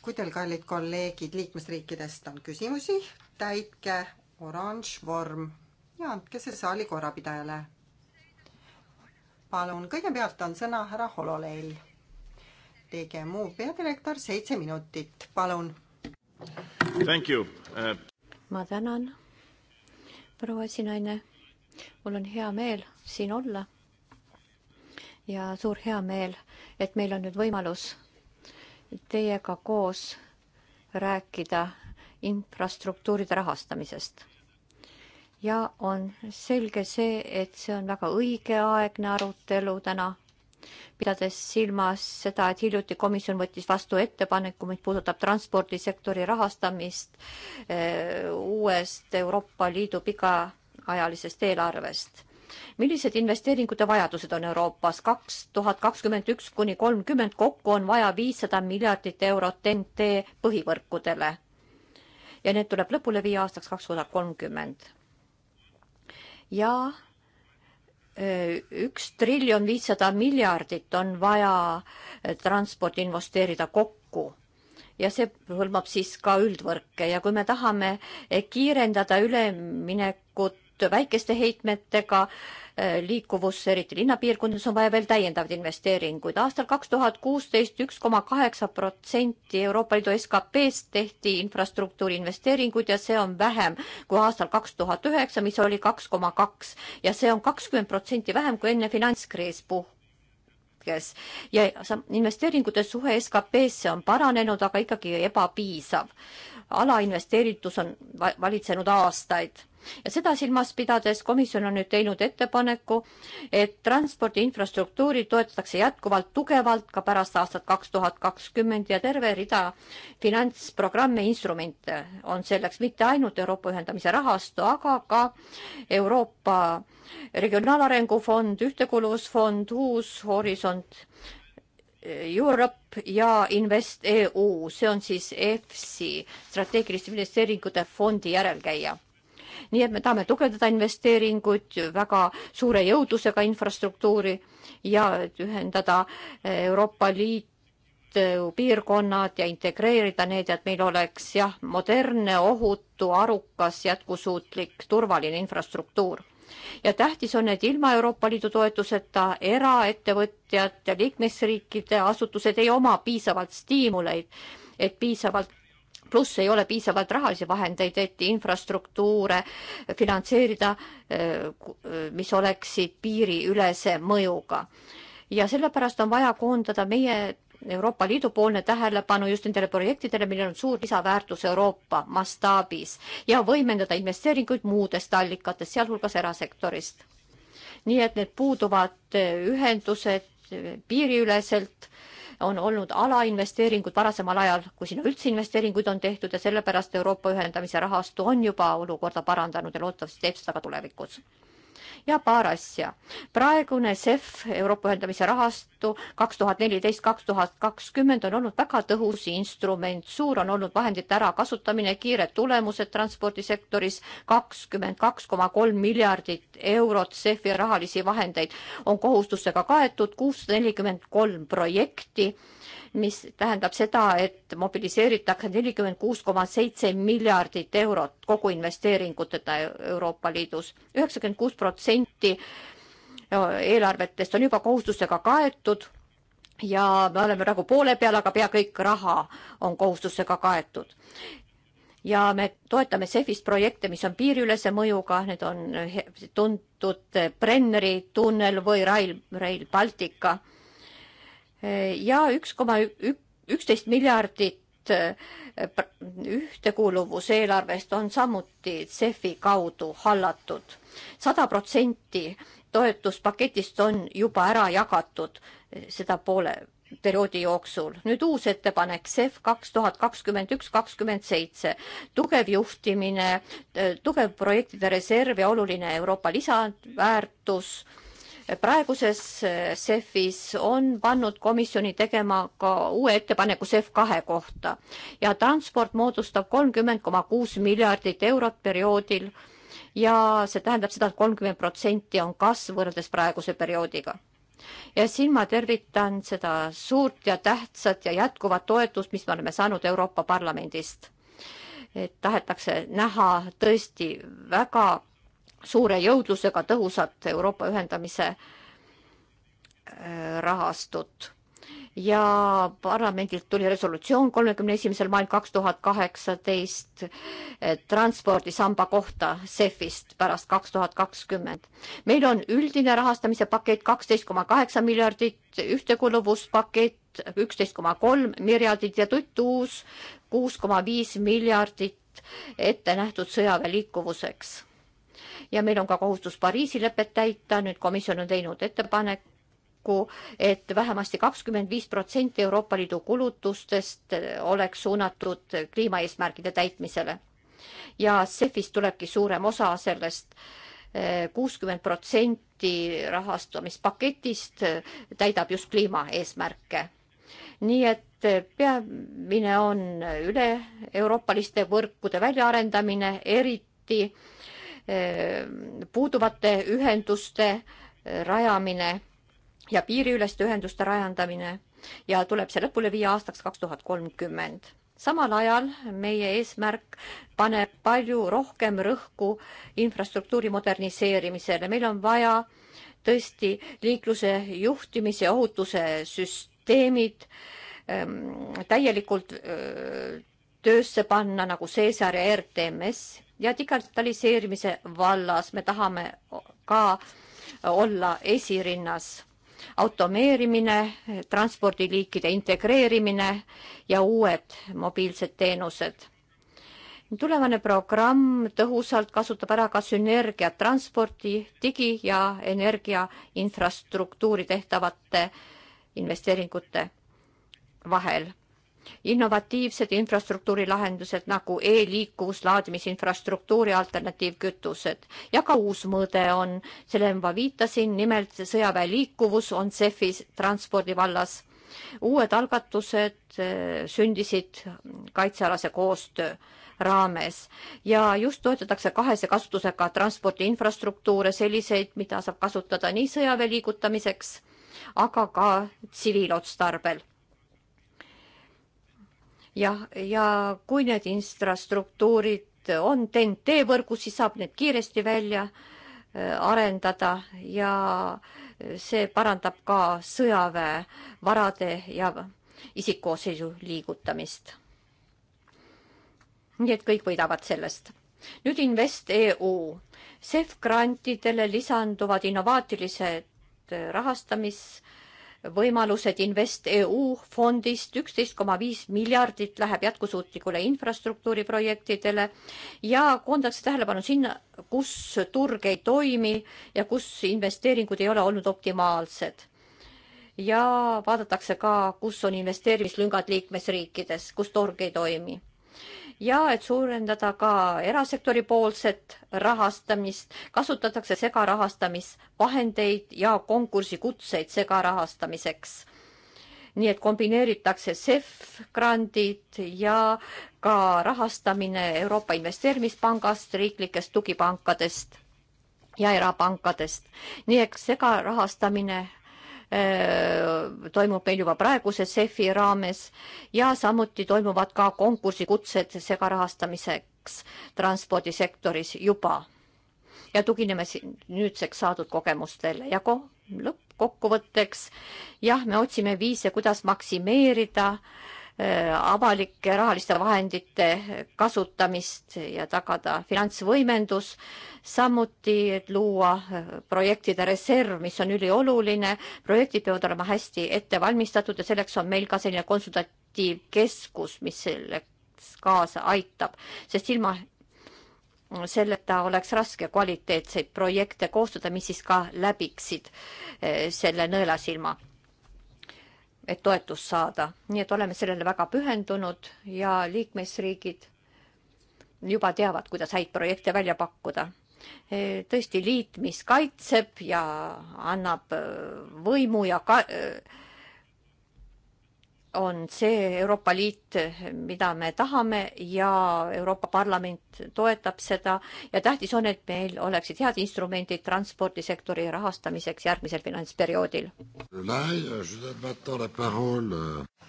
kui teil, kallid kolleegid liikmesriikidest on küsimusi, täitke oranž vorm ja andke see saali korrapidajale. palun, kõigepealt on sõna härra Hololeil. DGMU peadirektor, seitse minutit, palun. Uh... ma tänan proua esinaine. mul on hea meel siin olla. ja suur heameel, et meil on nüüd võimalus teiega koos rääkida infrastruktuuride rahastamisest. ja on selge see, et see on väga õigeaegne arutelu täna pidades silmas seda, et hiljuti komisjon võttis vastu ettepaneku, mis puudutab transpordisektori rahastamist eh, uuest Euroopa Liidu pikaajalisest eelarvest. millised investeeringute vajadused on Euroopas? kaks tuhat kakskümmend üks kuni kolmkümmend kokku on vaja viissada miljardit eurot NT põhivõrkudele ja need tuleb lõpule viia aastaks kaks tuhat kolmkümmend ja üks triljon viissada miljardit on vaja transporti investeerida kokku ja see hõlmab siis ka üldvõrke ja kui me tahame eh, kiirendada üleminekut väikeste heitmetega äh, liikuvusse, eriti linnapiirkondades on vaja veel täiendavaid investeeringuid. aastal kaks tuhat kuusteist üks koma kaheksa protsenti Euroopa Liidu SKP-st tehti infrastruktuuri investeeringuid ja see on vähem kui aastal kaks tuhat üheksa, mis oli kaks koma kaks ja see on kakskümmend protsenti vähem kui enne finantskriis puhkes ja investeeringute suhe SKP-sse on paranenud, aga ikkagi ebapiisav. alainvesteeritus on valitsenud aastaid ja seda silmas pidades komisjon on nüüd teinud ettepaneku, et transpordi infrastruktuuri toetatakse jätkuvalt tugevalt ka pärast aastat kaks tuhat kakskümmend ja terve rida finantsprogramme, instrumente on selleks mitte ainult Euroopa ühendamise rahastu, aga ka Euroopa Regionaalarengu Fond, Ühtekuuluvusfond, uus Horisont Europe ja InvestEU, see on siis EFSI, strateegiliste investeeringute fondi järelkäija nii et me tahame tugevdada investeeringuid väga suure jõudlusega infrastruktuuri ja ühendada eh, Euroopa Liit piirkonnad ja integreerida need, et meil oleks jah, modernne, ohutu, arukas, jätkusuutlik, turvaline infrastruktuur ja tähtis on, et ilma Euroopa Liidu toetuseta eraettevõtjad ja liikmesriikide asutused ei oma piisavalt stiimuleid, et piisavalt pluss ei ole piisavalt rahalisi vahendeid, et infrastruktuure finantseerida, mis oleksid piiriülese mõjuga. ja sellepärast on vaja koondada meie Euroopa Liidu poolne tähelepanu just nendele projektidele, millel on suur lisaväärtus Euroopa mastaabis ja võimendada investeeringuid muudest allikatest, sealhulgas erasektorist. nii et need puuduvad ühendused piiriüleselt äh, on olnud alainvesteeringud varasemal ajal, kui sinna üldse investeeringuid on tehtud ja sellepärast Euroopa ühendamise rahastu on juba olukorda parandanud ja loodetavasti teeb seda ka tulevikus ja paar asja. praegune CEF, Euroopa ühendamise rahastu kaks tuhat neliteist, kaks tuhat kakskümmend on olnud väga tõhus instrument, suur on olnud vahendite ärakasutamine, kiired tulemused transpordisektoris, kakskümmend kaks koma kolm miljardit eurot CEF-i rahalisi vahendeid on kohustustega kaetud, kuussada nelikümmend kolm projekti mis tähendab seda, et mobiliseeritakse nelikümmend kuus koma seitse miljardit eurot kogu investeeringuteta Euroopa Liidus. üheksakümmend kuus protsenti protsenti äh, eelarvetest on juba kohustustega kaetud ja me oleme nagu poole peal, aga pea kõik raha on kohustustega kaetud. ja me toetame CEF-ist projekte, mis on piiriülese mõjuga, need on tuntud Brenneri tunnel või Rail, Rail Baltica. Äh, ja üks koma üksteist miljardit Eh, ühtekuuluvuseelarvest on samuti CEF-i kaudu hallatud. sada protsenti toetuspaketist on juba ära jagatud eh, seda poole perioodi jooksul. nüüd uus ettepanek CEF kaks tuhat kakskümmend üks, kakskümmend seitse. tugev juhtimine, eh, tugev projektide reserv ja oluline Euroopa lisandväärtus praeguses CEF-is eh, on pannud komisjoni tegema ka uue ettepaneku CEF kahe kohta ja transport moodustab kolmkümmend koma kuus miljardit eurot perioodil ja see tähendab seda et, et kolmkümmend protsenti on kasv võrreldes praeguse perioodiga. ja siin ma tervitan seda suurt ja tähtsat ja jätkuvat toetust, mis me oleme saanud Euroopa Parlamendist. et tahetakse näha tõesti väga suure jõudlusega tõhusat Euroopa ühendamise äh, rahastut ja parlamendilt tuli resolutsioon kolmekümne esimesel mail kaks tuhat kaheksateist äh, transpordisamba kohta CEF-ist pärast kaks tuhat kakskümmend. meil on üldine rahastamise pakett kaksteist koma kaheksa miljardit, ühtekuuluvuspakett üksteist koma kolm miljardit ja tutt uus kuus koma viis miljardit ette nähtud sõjaväe liikuvuseks ja meil on ka kohustus Pariisi lepet täita, nüüd komisjon on teinud ettepaneku, et vähemasti kakskümmend viis protsenti Euroopa Liidu kulutustest oleks suunatud kliimaeesmärgide täitmisele. ja CEF-ist tulebki suurem osa sellest eh, kuuskümmend protsenti rahastamispaketist täidab just kliimaeesmärke. nii et peamine on üle-euroopaliste võrkude väljaarendamine, eriti Ehm, puuduvate ühenduste eh, rajamine ja piiriüleste ühenduste rajandamine ja tuleb see lõpule viia aastaks kaks tuhat kolmkümmend. samal ajal meie eesmärk paneb palju rohkem rõhku infrastruktuuri moderniseerimisele, meil on vaja tõesti liikluse juhtimise ohutuse süsteemid ähm, täielikult öö, töösse panna nagu Cesar ja RTMS ja digitaliseerimise vallas me tahame ka olla esirinnas. automeerimine, transpordiliikide integreerimine ja uued mobiilsed teenused. tulevane programm tõhusalt kasutab ära ka sünergiat transpordi, digi- ja energiainfrastruktuuri tehtavate investeeringute vahel innovatiivsed infrastruktuurilahendused nagu e-liikuvus, laadimisinfrastruktuuri alternatiivkütused ja ka uus mõõde on, sellele ma viitasin, nimelt sõjaväe liikuvus on CEF-is transpordi vallas. uued algatused äh, sündisid kaitsealase koostöö raames ja just toetatakse kahese kasutusega transpordi infrastruktuure, selliseid, mida saab kasutada nii sõjaväe liigutamiseks, aga ka tsiviilotstarbel jah, ja kui need infrastruktuurid on TNT võrgus, siis saab need kiiresti välja äh, arendada ja äh, see parandab ka sõjaväe varade ja isikkoosseisu liigutamist. nii et kõik võidavad sellest. nüüd InvestEU. CEF grantidele lisanduvad innovaatilised äh, rahastamisvõimalused võimalused InvestEU fondist, üksteist koma viis miljardit läheb jätkusuutlikule infrastruktuuriprojektidele ja koondatakse tähelepanu sinna, kus turg ei toimi ja kus investeeringud ei ole olnud optimaalsed. ja vaadatakse ka, kus on investeerimislüngad liikmesriikides, kus turg ei toimi ja et suurendada ka erasektori poolset rahastamist, kasutatakse segarahastamisvahendeid ja konkursikutseid segarahastamiseks. nii et kombineeritakse CEF grandid ja ka rahastamine Euroopa Investeerimispangast, riiklikest tugipankadest ja erapankadest. nii et segarahastamine Äh, toimub meil juba praeguse CEF-i raames ja samuti toimuvad ka konkursikutsed segarahastamiseks transpordisektoris juba. ja tugineme siin nüüdseks saadud kogemustele ja ko lõppkokkuvõtteks jah, me otsime viise, kuidas maksimeerida äh, Äh, avalike rahaliste vahendite kasutamist ja tagada finantsvõimendus, samuti luua äh, projektide reserv, mis on ülioluline. projektid peavad olema hästi ette valmistatud ja selleks on meil ka selline konsultatiivkeskus, mis selleks kaasa aitab, sest ilma selleta oleks raske kvaliteetseid projekte koostada, mis siis ka läbiksid äh, selle nõelasilma et toetust saada, nii et oleme sellele väga pühendunud ja liikmesriigid juba teavad, kuidas häid projekte välja pakkuda. E, tõesti, liit, mis kaitseb ja annab e, võimu ja ka-, e, on see Euroopa Liit, mida me tahame ja Euroopa Parlament toetab seda ja tähtis on, et meil oleksid head instrumendid transpordisektori rahastamiseks järgmisel finantsperioodil.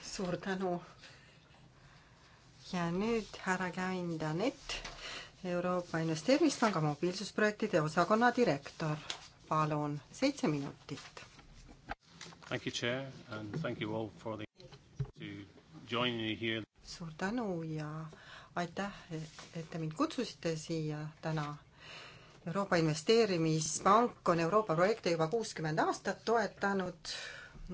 suur tänu. ja nüüd härra Käin Danett, Euroopa Investeerimispanga mobiilsusprojektide osakonna direktor. palun, seitse minutit. Thank you, Chair, and thank you all for the suur tänu ja aitäh, et te mind kutsusite siia täna. Euroopa Investeerimispank on Euroopa projekte juba kuuskümmend aastat toetanud,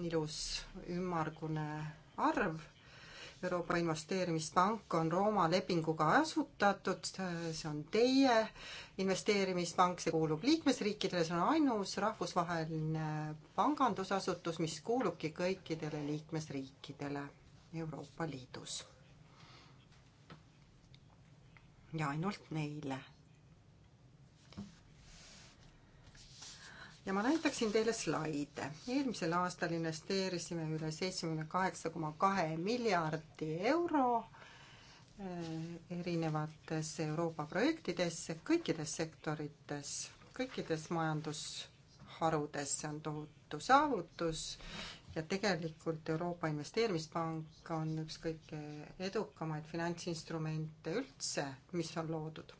ilus ümmargune arv Euroopa Investeerimispank on Rooma lepinguga asutatud, see on teie investeerimispank, see kuulub liikmesriikidele, see on ainus rahvusvaheline pangandusasutus, mis kuulubki kõikidele liikmesriikidele Euroopa Liidus. ja ainult neile. ja ma näitaksin teile slaide. eelmisel aastal investeerisime üle seitsmekümne kaheksa koma kahe miljardi euro eh, erinevatesse Euroopa projektidesse kõikides sektorites, kõikides majandusharudes, see on tohutu saavutus ja tegelikult Euroopa Investeerimispank on üks kõige edukamaid finantsinstrumente üldse, mis on loodud.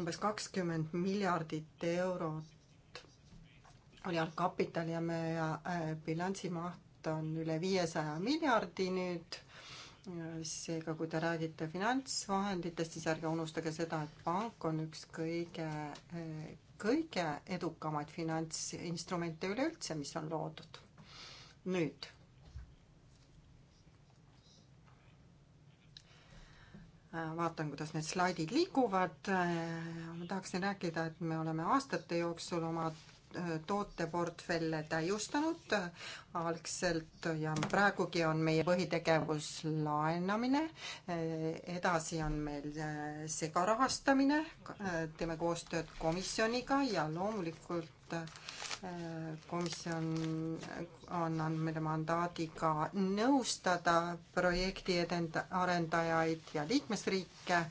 umbes kakskümmend miljardit eurot oli algkapitali ja meie äh, bilansimaht on üle viiesaja miljardi nüüd seega, kui te räägite finantsvahenditest, siis ärge unustage seda, et pank on üks kõige äh, kõige edukamaid finantsinstrumente üleüldse, mis on loodud. nüüd. vaatan, kuidas need slaidid liiguvad. ma tahaksin rääkida, et me oleme aastate jooksul oma Äh, tooteportfelle täiustanud algselt ja praegugi on meie põhitegevus laenamine, äh, edasi on meil äh, segarahastamine, teeme koostööd komisjoniga ja loomulikult komisjon on andnud meile mandaadi ka nõustada projekti edenda-, arendajaid ja liikmesriike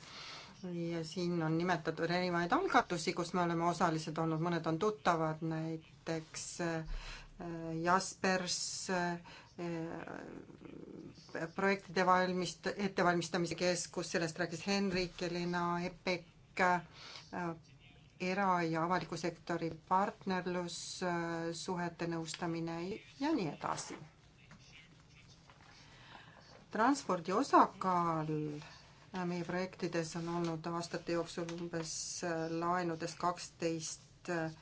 ja siin on nimetatud erinevaid algatusi, kus me oleme osalised olnud, mõned on tuttavad, näiteks äh, Jaspers äh, projektide valmist-, ettevalmistamise keskus, sellest rääkis Henrik, Helena Epek, äh, era- ja avaliku sektori partnerlus, suhete nõustamine ja nii edasi. transpordi osakaal meie projektides on olnud aastate jooksul umbes äh, laenudest kaksteist äh,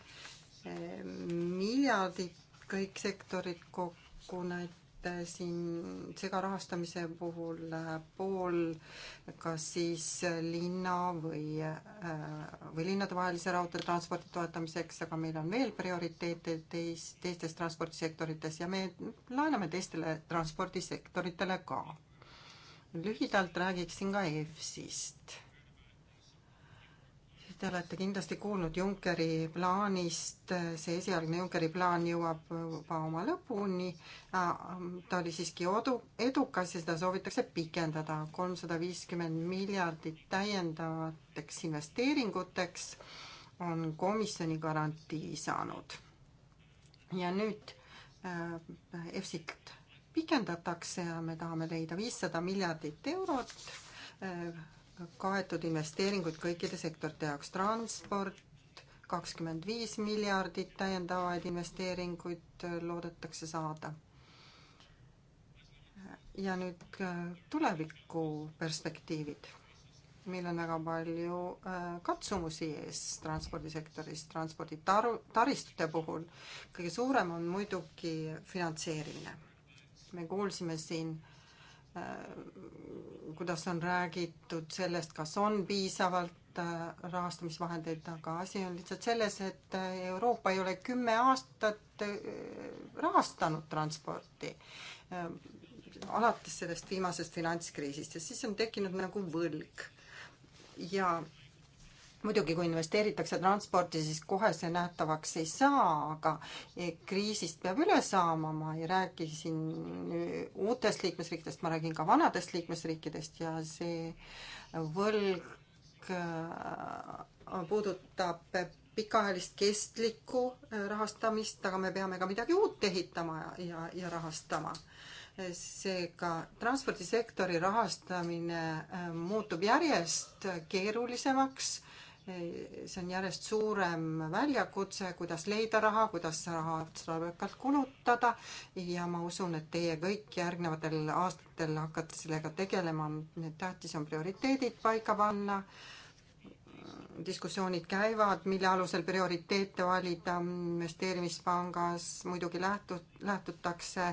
miljardit, kõik sektorid kokku, näete äh, siin segarahastamise puhul pool kas siis linna või, või linnadevahelise raudteetranspordi toetamiseks, aga meil on veel prioriteete teis, teistes transpordisektorites ja me laename teistele transpordisektoritele ka lühidalt räägiksin ka EFSist. Te olete kindlasti kuulnud Junckeri plaanist, see esialgne Junckeri plaan jõuab juba oma lõpuni, äh, ta oli siiski odu-, edukas ja seda soovitakse pikendada, kolmsada viiskümmend miljardit täiendavateks investeeringuteks on komisjoni garantii saanud. ja nüüd äh, EFSilt pikendatakse ja me tahame leida viissada miljardit eurot äh, kaetud investeeringuid kõikide sektorite jaoks, transport, kakskümmend viis miljardit täiendavaid investeeringuid äh, loodetakse saada. ja nüüd äh, tuleviku perspektiivid. meil on väga palju katsumusi ees transpordisektoris, transpordi taru, taristute puhul. kõige suurem on muidugi finantseerimine me kuulsime siin, äh, kuidas on räägitud sellest, kas on piisavalt äh, rahastamisvahendeid, aga asi on lihtsalt selles, et äh, Euroopa ei ole kümme aastat rahastanud transporti alates sellest viimasest finantskriisist ja siis on tekkinud nagu võlg. ja muidugi, kui investeeritakse transporti, siis kohe see nähtavaks ei saa, aga kriisist peab üle saama, ma ei räägi siin uutest liikmesriikidest, ma räägin ka vanadest liikmesriikidest ja see võlg äh, puudutab pikaajalist kestlikku äh, rahastamist, aga me peame ka midagi uut ehitama ja, ja, ja rahastama seega transpordisektori rahastamine äh, muutub järjest keerulisemaks see on järjest suurem väljakutse, kuidas leida raha, kuidas raha otstarbekalt kulutada ja ma usun, et teie kõik järgnevatel aastatel hakkate sellega tegelema, nii et tähtis on prioriteedid paika panna, diskussioonid käivad, mille alusel prioriteete valida, investeerimispangas muidugi lähtu-, lähtutakse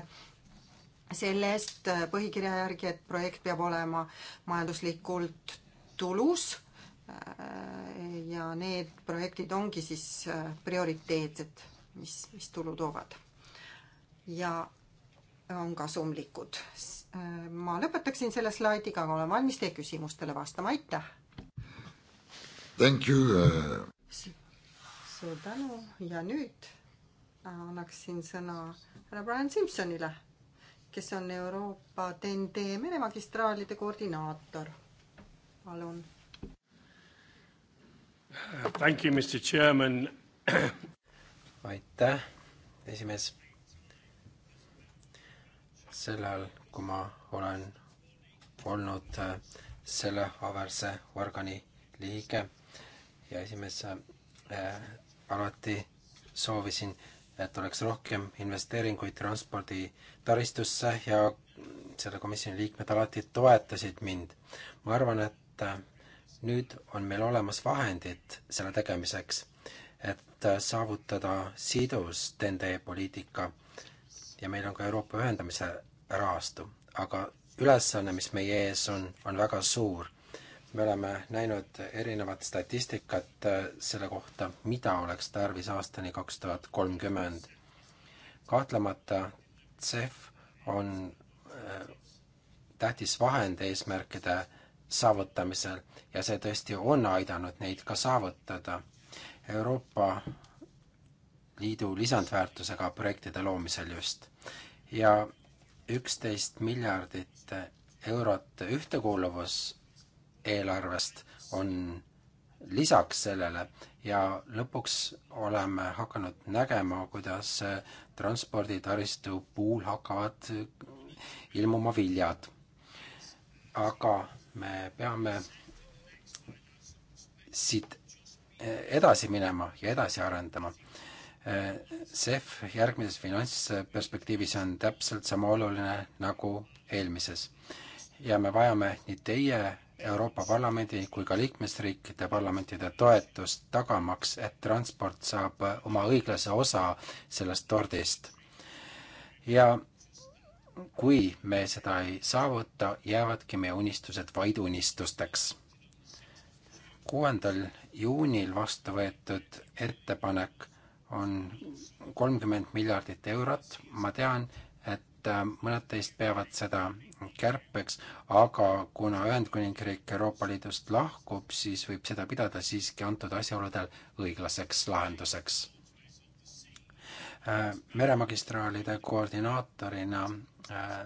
sellest põhikirja järgi, et projekt peab olema majanduslikult tulus Äh, ja need projektid ongi siis äh, prioriteetsed, mis, mis tulu toovad. ja on kasumlikud. Äh, ma lõpetaksin selle slaidiga, aga olen valmis teie küsimustele vastama, aitäh! Thank you uh...! suur tänu ja nüüd annaksin sõna härra Brian Simsonile, kes on Euroopa TNT meremagistraalide koordinaator. palun Thank you, Mr Chairman. aitäh, esimees. sel ajal, kui ma olen olnud äh, selle auväärse organi liige ja esimees äh,, alati soovisin, et oleks rohkem investeeringuid transpordi taristusse ja selle komisjoni liikmed alati toetasid mind. ma arvan, et äh, nüüd on meil olemas vahendid selle tegemiseks, et äh, saavutada sidus TNT poliitika ja meil on ka Euroopa ühendamise rahastu, aga ülesanne, mis meie ees on, on väga suur. me oleme näinud erinevat statistikat äh, selle kohta, mida oleks tarvis aastani kaks tuhat kolmkümmend. kahtlemata CEF on äh, tähtis vahend eesmärkide saavutamisel ja see tõesti on aidanud neid ka saavutada. Euroopa Liidu lisandväärtusega projektide loomisel just. ja üksteist miljardit eurot ühtekuuluvuseelarvest on lisaks sellele ja lõpuks oleme hakanud nägema, kuidas transporditaristu puhul hakkavad ilmuma viljad. aga me peame siit eh, edasi minema ja edasi arendama. CEF eh, järgmises finantsperspektiivis on täpselt sama oluline nagu eelmises. ja me vajame nii teie Euroopa Parlamendi kui ka liikmesriikide parlamentide toetust tagamaks, et transport saab oma õiglase osa sellest tordist. ja kui me seda ei saavuta, jäävadki meie unistused vaid unistusteks. kuuendal juunil vastu võetud ettepanek on kolmkümmend miljardit eurot, ma tean, et äh, mõned teist peavad seda kärpeks, aga kuna Ühendkuningriik Euroopa Liidust lahkub, siis võib seda pidada siiski antud asjaoludel õiglaseks lahenduseks Äh, meremagistraalide koordinaatorina äh,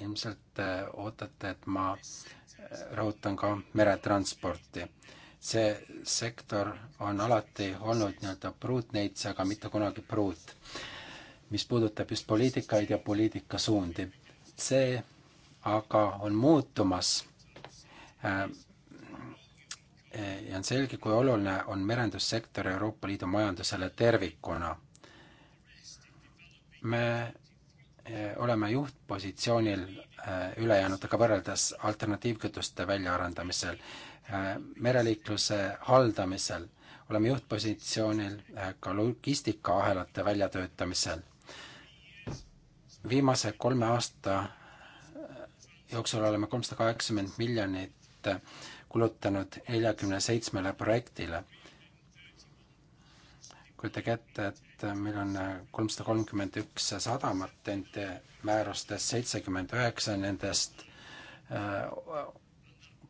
ilmselt äh, ootate, et ma rõhutan ka meretransporti. see sektor on alati olnud nii-öelda pruutneits, aga mitte kunagi pruut, mis puudutab just poliitikaid ja poliitikasuundi. see aga on muutumas ja on selge, kui oluline on merendussektor Euroopa Liidu majandusele tervikuna me eh, oleme juhtpositsioonil eh, ülejäänutega võrreldes alternatiivkütuste väljaarendamisel, eh, mereliikluse haldamisel, oleme juhtpositsioonil ka logistikaahelate väljatöötamisel. viimase kolme aasta jooksul oleme kolmsada kaheksakümmend miljonit kulutanud neljakümne seitsmele projektile kujutage ette, et meil on kolmsada kolmkümmend üks sadamat NT määrustes, seitsekümmend üheksa nendest äh,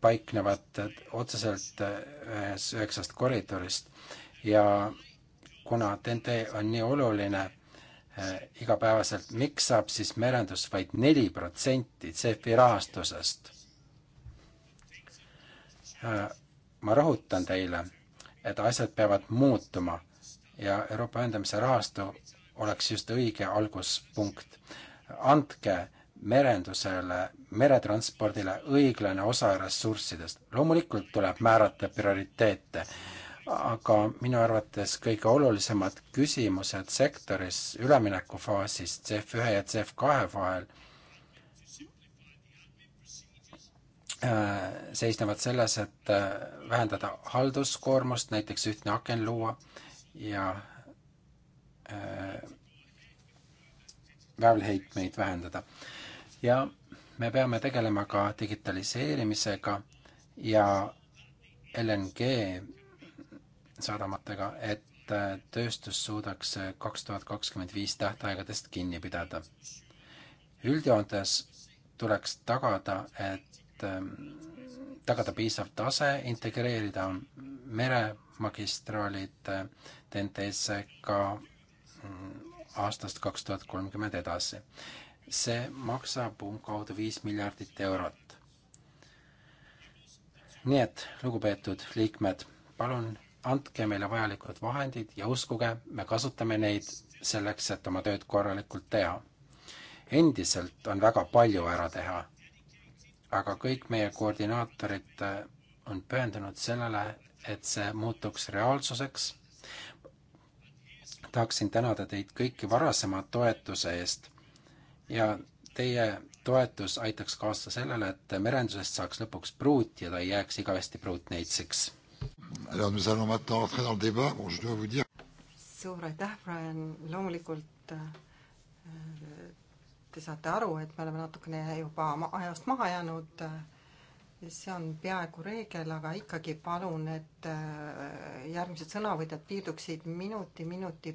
paiknevad otseselt ühes üheksast koridorist ja kuna TNT on nii oluline äh, igapäevaselt, miks saab siis merendus vaid neli protsenti CEF-i rahastusest? Äh, ma rõhutan teile, et asjad peavad muutuma ja Euroopa ühendamise rahastu oleks just õige alguspunkt. andke merendusele, meretranspordile õiglane osa ressurssidest. loomulikult tuleb määrata prioriteete, aga minu arvates kõige olulisemad küsimused sektoris üleminekufaasis CF ühe ja CF kahe vahel äh, seisnevad selles, et äh, vähendada halduskoormust, näiteks ühtne aken luua ja äh, väävliheitmeid vähendada. ja me peame tegelema ka digitaliseerimisega ja LNG sadamatega, et äh, tööstus suudaks äh, kaks tuhat kakskümmend viis tähtaegadest kinni pidada. üldjoontes tuleks tagada, et ähm, tagada piisav tase, integreerida meremagistraalid äh, TNT-ga mm, aastast kaks tuhat kolmkümmend edasi. see maksab umbkaudu viis miljardit eurot. nii et, lugupeetud liikmed, palun andke meile vajalikud vahendid ja uskuge, me kasutame neid selleks, et oma tööd korralikult teha. endiselt on väga palju ära teha, aga kõik meie koordinaatorid äh, on pühendunud sellele, et see muutuks reaalsuseks tahaksin tänada teid kõiki varasema toetuse eest ja teie toetus aitaks kaasa sellele, et merendusest saaks lõpuks pruut ja ta ei jääks igavesti pruutneitsiks. suur aitäh, Brian, loomulikult äh, te saate aru, et me oleme natukene juba ajast maha jäänud äh, see on peaaegu reegel, aga ikkagi palun, et äh, järgmised sõnavõtjad piirduksid minuti, minuti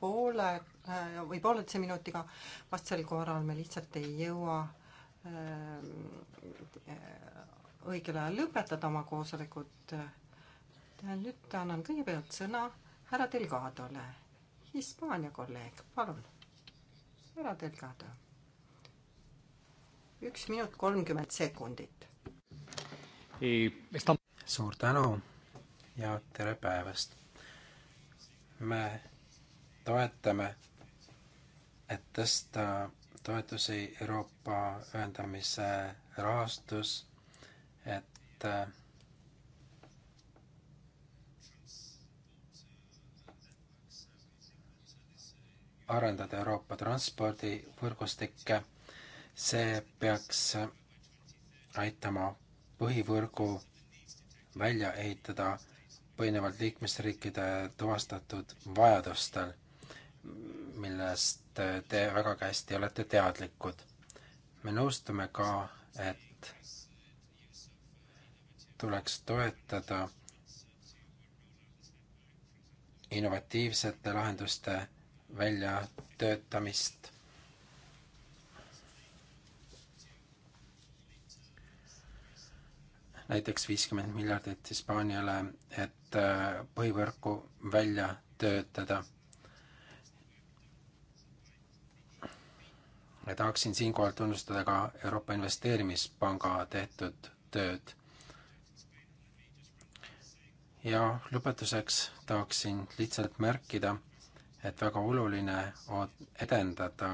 poole äh, või pooleteise minutiga, vastasel korral me lihtsalt ei jõua äh, õigel ajal lõpetada oma koosolekut. nüüd annan kõigepealt sõna härra Delgadole, Hispaania kolleeg, palun, härra Delgado. üks minut kolmkümmend sekundit suur tänu ja tere päevast! me toetame, et tõsta toetusi Euroopa ühendamise rahastus, et äh, arendada Euroopa transpordivõrgustikke, see peaks aitama põhivõrgu välja ehitada põhinevalt liikmesriikide tuvastatud vajadustel, millest te vägagi hästi olete teadlikud. me nõustume ka, et tuleks toetada innovatiivsete lahenduste väljatöötamist näiteks viiskümmend miljardit Hispaaniale, et äh, põhivõrku välja töötada. ja tahaksin siinkohal tunnustada ka Euroopa Investeerimispanga tehtud tööd. ja lõpetuseks tahaksin lihtsalt märkida, et väga oluline on edendada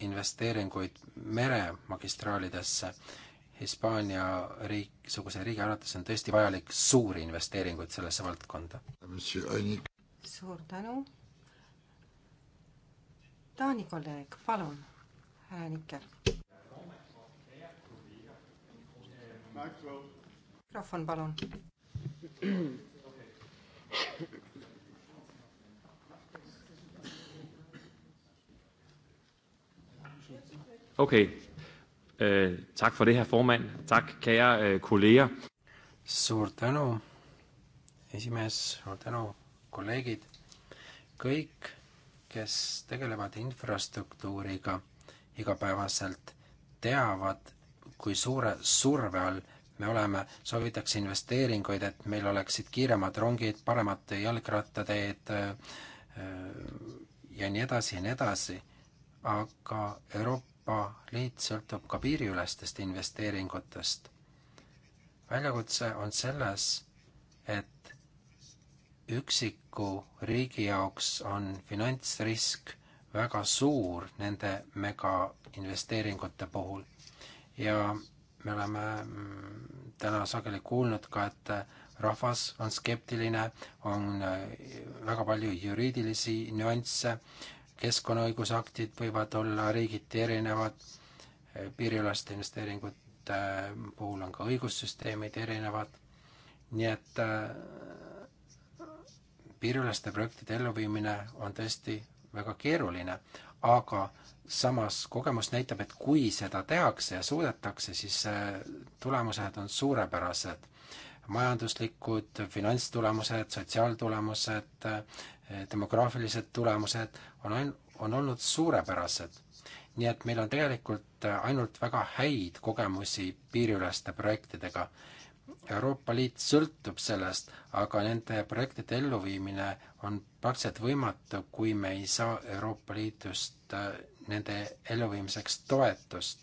investeeringuid meremagistraalidesse Hispaania riik, suguse riigi arvates on tõesti vajalik suuri investeeringuid sellesse valdkonda. suur tänu. Taani kolleeg, palun, härra Nikker. mikrofon, palun. okei okay Øh, tak for det, herr formand. Tak, kære øh, kolleger. suur tänu, esimees, suur tänu, kolleegid, kõik, kes tegelevad infrastruktuuriga igapäevaselt, teavad, kui suure surve all me oleme, soovitakse investeeringuid, et meil oleksid kiiremad rongid, paremad jalgrattateed äh, äh, ja nii edasi ja nii edasi. aga Euroopa liit sõltub ka piiriülestest investeeringutest. väljakutse on selles, et üksiku riigi jaoks on finantsrisk väga suur nende megainvesteeringute puhul ja me oleme mm, täna sageli kuulnud ka, et rahvas on skeptiline, on äh, väga palju juriidilisi nüansse, keskkonnaõiguse aktid võivad olla riigiti erinevad, eh, piiriüleste investeeringute eh, puhul on ka õigussüsteemid erinevad, nii et eh, piiriüleste projektide elluviimine on tõesti väga keeruline, aga samas kogemus näitab, et kui seda tehakse ja suudetakse, siis tulemused on suurepärased majanduslikud, finantstulemused, sotsiaaltulemused, demograafilised tulemused on ain-, on olnud suurepärased. nii et meil on tegelikult ainult väga häid kogemusi piiriüleste projektidega. Euroopa Liit sõltub sellest, aga nende projektide elluviimine on praktiliselt võimatu, kui me ei saa Euroopa Liidust äh, nende elluviimiseks toetust.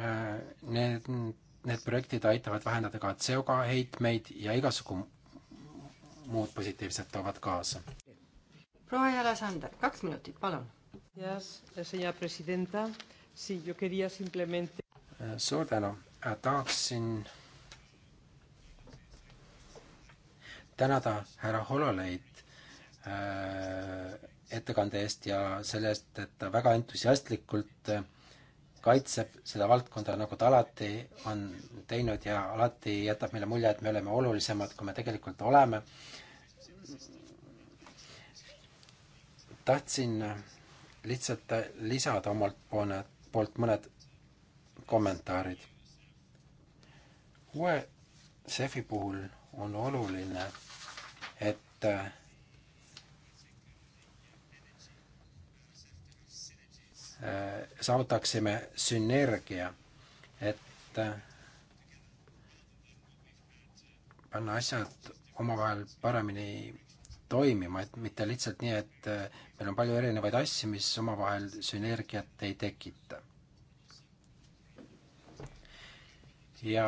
Äh, need need projektid aitavad vähendada ka CO2 heitmeid ja igasugu muud positiivset toovad kaasa. proua Jalasander, kaks minutit, palun. Äh, suur tänu, äh, tahaksin tänada härra Hololeid äh, ettekande eest ja selle eest, et ta väga entusiastlikult äh, kaitseb seda valdkonda, nagu ta alati on teinud ja alati jätab meile mulje, et me oleme olulisemad, kui me tegelikult oleme. tahtsin lihtsalt lisada omalt poole, poolt mõned kommentaarid. uue CEF-i puhul on oluline, et Äh, saavutaksime sünergia, et äh, panna asjad omavahel paremini toimima, et mitte lihtsalt nii, et äh, meil on palju erinevaid asju, mis omavahel sünergiat ei tekita. ja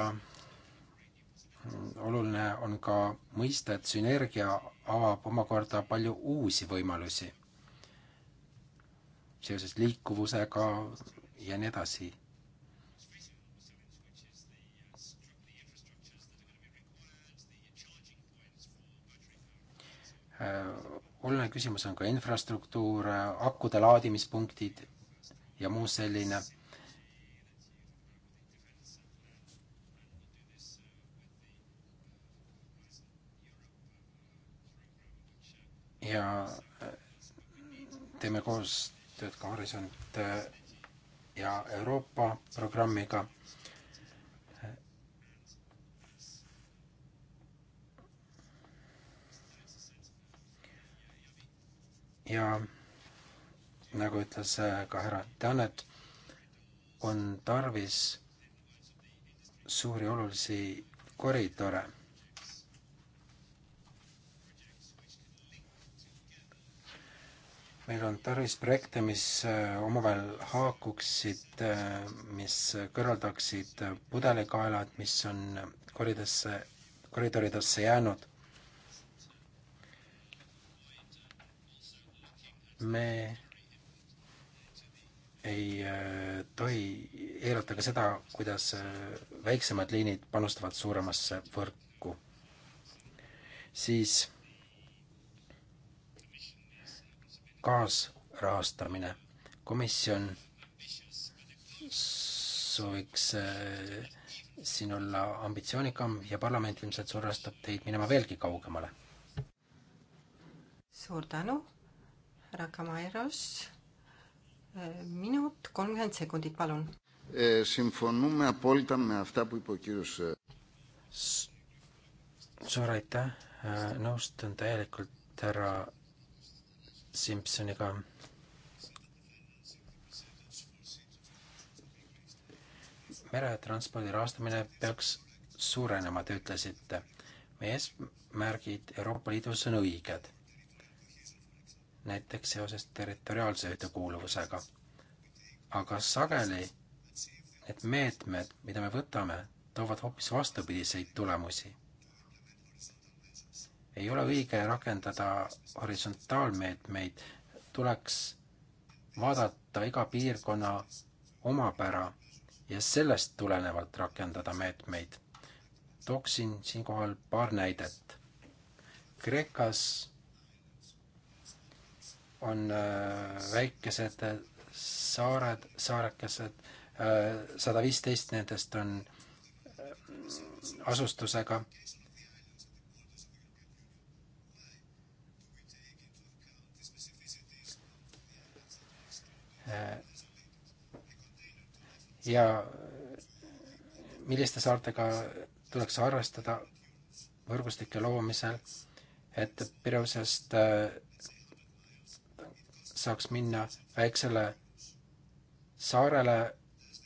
oluline on ka mõista, et sünergia avab omakorda palju uusi võimalusi seoses liikuvusega ja nii edasi. Äh, oluline küsimus on ka infrastruktuur, akude laadimispunktid ja muu selline ja äh, teeme koos koostööd ka Horisont äh, ja Euroopa programmiga. ja nagu ütles äh, ka härra Tannet, on tarvis suuri olulisi koridore meil on tarvis projekte, mis äh, omavahel haakuksid, äh, mis kõrvaldaksid äh, pudelikaelad, mis on koridesse, koridoridesse jäänud. me ei tohi eirata ka seda, kuidas väiksemad liinid panustavad suuremasse võrku. siis kaasrahastamine. komisjon sooviks äh, siin olla ambitsioonikam ja parlament ilmselt survestab teid minema veelgi kaugemale. suur tänu, härra Kamairos. Äh, minut kolmkümmend sekundit, palun. Äh, Sümfonume Apolta me Aftapu Ipokirjus. suur aitäh, nõustun täielikult härra Simpsoniga. meretranspordi rahastamine peaks suurenema, te ütlesite. meie eesmärgid Euroopa Liidus on õiged. näiteks seoses territoriaalse ühtekuuluvusega. aga sageli need meetmed, mida me võtame, toovad hoopis vastupidiseid tulemusi ei ole õige rakendada horisontaalmeetmeid, tuleks vaadata iga piirkonna omapära ja sellest tulenevalt rakendada meetmeid. tooksin siinkohal paar näidet. Kreekas on äh, väikesed äh, saared, saarekesed, äh, sada viisteist nendest on asustusega Äh, ja äh, milliste saartega tuleks arvestada võrgustike loomisel, et Pireusest äh, saaks minna väiksele saarele,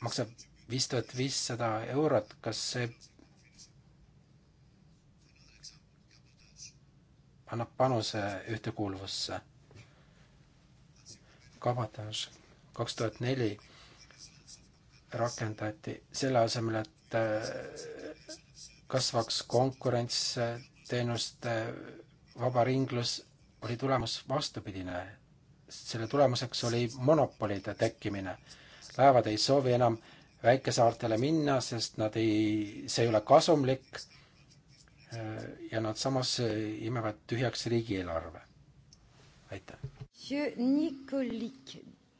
maksab viis tuhat viissada eurot, kas see annab panuse ühtekuuluvusse? kabotaaž kaks tuhat neli rakendati, selle asemel, et äh, kasvaks konkurents teenuste vaba ringlus, oli tulemus vastupidine. selle tulemuseks oli monopolide tekkimine. laevad ei soovi enam väikesaartele minna, sest nad ei, see ei ole kasumlik äh, ja nad samas imevad tühjaks riigieelarve. aitäh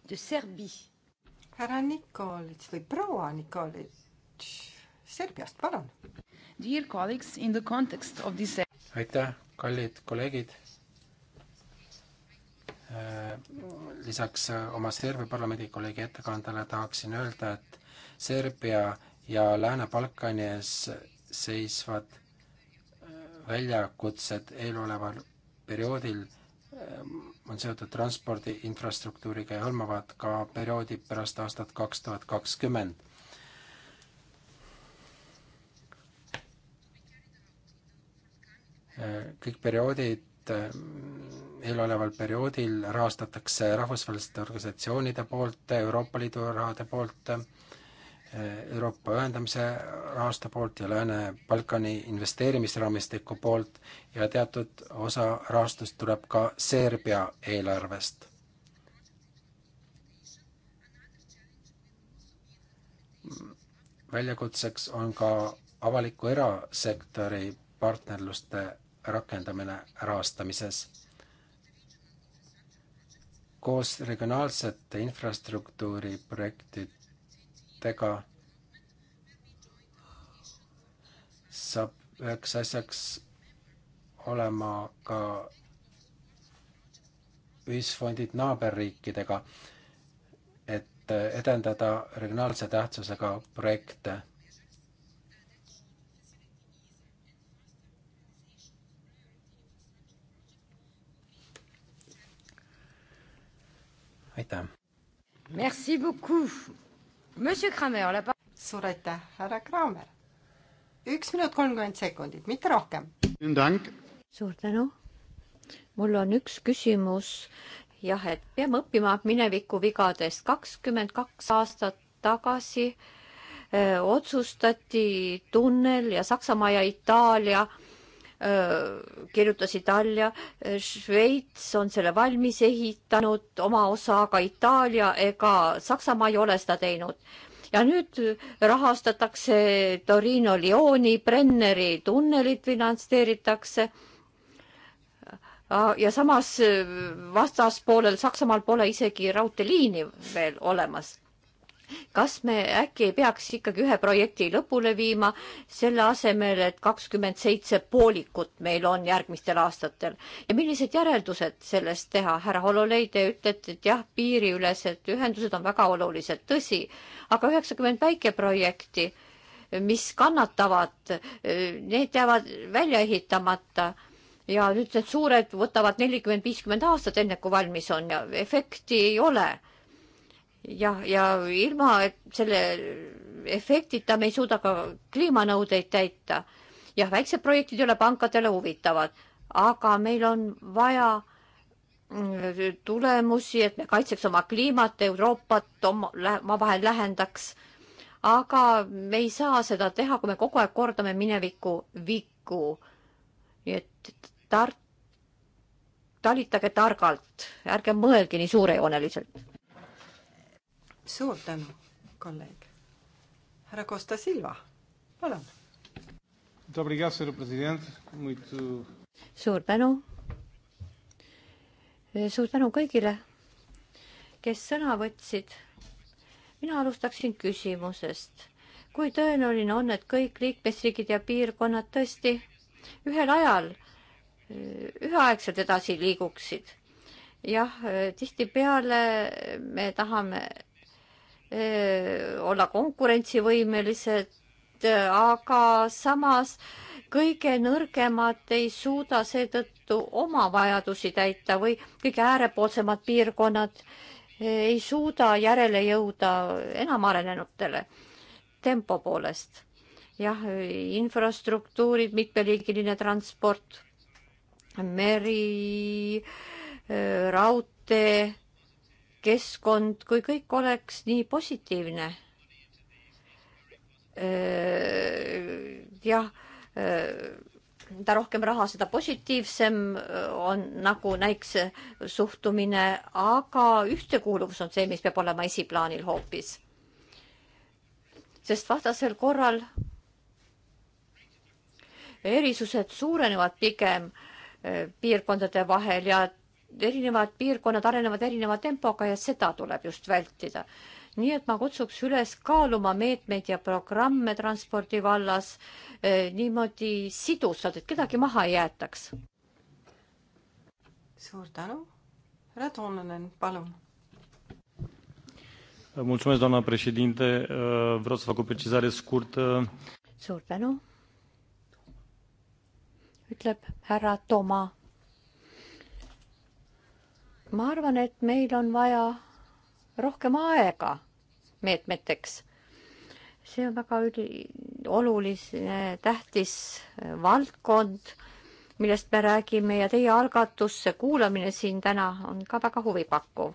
de Serbie. härra Nikolits või proua Nikolits Serbiast, palun. Dear colleagues, in the context of this aitäh, kallid kolleegid. Äh, lisaks äh, oma Serbia parlamendi kolleegi ettekandele tahaksin öelda, et Serbia ja Lääne-Balkani ees seisvad äh, väljakutsed eeloleval perioodil on seotud transpordi infrastruktuuriga ja hõlmavad ka perioodi pärast aastat kaks tuhat kakskümmend. kõik perioodid, eeloleval perioodil rahastatakse rahvusvaheliste organisatsioonide poolt, Euroopa Liidu rahade poolt Euroopa ühendamise rahastu poolt ja Lääne-Balkani investeerimisraamistiku poolt ja teatud osa rahastust tuleb ka Serbia eelarvest. väljakutseks on ka avaliku erasektori partnerluste rakendamine rahastamises. koos regionaalsete infrastruktuuriprojektid andmetega saab üheks asjaks olema ka ühisfondid naaberriikidega, et edendada regionaalse tähtsusega projekte. aitäh! Merci beaucoup! suur aitäh, härra Kramer. üks minut kolmkümmend sekundit, mitte rohkem. suur tänu. mul on üks küsimus. jah, et peame õppima mineviku vigadest. kakskümmend kaks aastat tagasi öö, eh, otsustati tunnel ja Saksamaa ja Itaalia öö, kirjutas Itaalia. Šveits on selle valmis ehitanud oma osa, aga Itaalia ega Saksamaa ei ole seda teinud. ja nüüd rahastatakse Torino Lioni, Brenneri tunnelit finantseeritakse. ja samas vastaspoolel Saksamaal pole isegi raudteeliini veel olemas kas me äkki ei peaks ikkagi ühe projekti lõpule viima, selle asemel, et kakskümmend seitse poolikut meil on järgmistel aastatel ja millised järeldused sellest teha? härra Hololei, te ütlete, et jah, piiriülesed ühendused on väga olulised, tõsi, aga üheksakümmend väikeprojekti, mis kannatavad, need jäävad välja ehitamata ja nüüd need suured võtavad nelikümmend, viiskümmend aastat, enne kui valmis on ja efekti ei ole jah, ja ilma selle efektita me ei suuda ka kliimanõudeid täita. jah, väiksed projektid ei ole pankadele huvitavad, aga meil on vaja mm, tulemusi, et me kaitseks oma kliimat, Euroopat oma, omavahel lähendaks. aga me ei saa seda teha, kui me kogu aeg kordame mineviku vigu. nii et tar-, talitage targalt, ärge mõelge nii suurejooneliselt suur tänu, kolleeg. härra Costa Silva, palun. suur tänu. suur tänu kõigile, kes sõna võtsid. mina alustaksin küsimusest. kui tõenäoline on, et kõik liikmesriigid ja piirkonnad tõesti ühel ajal üheaegselt edasi liiguksid. jah, tihtipeale me tahame olla konkurentsivõimelised, aga samas kõige nõrgemad ei suuda seetõttu oma vajadusi täita või kõige äärepoolsemad piirkonnad ei suuda järele jõuda enam arenenutele tempo poolest. jah, infrastruktuurid, mitmeliigiline transport, meri, raudtee keskkond, kui kõik oleks nii positiivne. jah, mida rohkem raha, seda positiivsem on nagu näiks suhtumine, aga ühtekuuluvus on see, mis peab olema esiplaanil hoopis. sest vastasel korral erisused suurenevad pigem eh, piirkondade vahel ja erinevad piirkonnad arenevad erineva tempoga ja seda tuleb just vältida. nii et ma kutsuks üles kaaluma meetmeid ja programme transpordi vallas eh, niimoodi sidusalt, et kedagi maha ei jäetaks. suur tänu. härra Toonanen, palun. Eh, mulțumesc, doamna președinte. Eh, vreau să fac o precizare scurtă. Suur tänu, ütleb härra Toma ma arvan, et meil on vaja rohkem aega meetmeteks. see on väga üli-, oluline, tähtis valdkond, millest me räägime ja teie algatus, see kuulamine siin täna on ka väga huvipakkuv.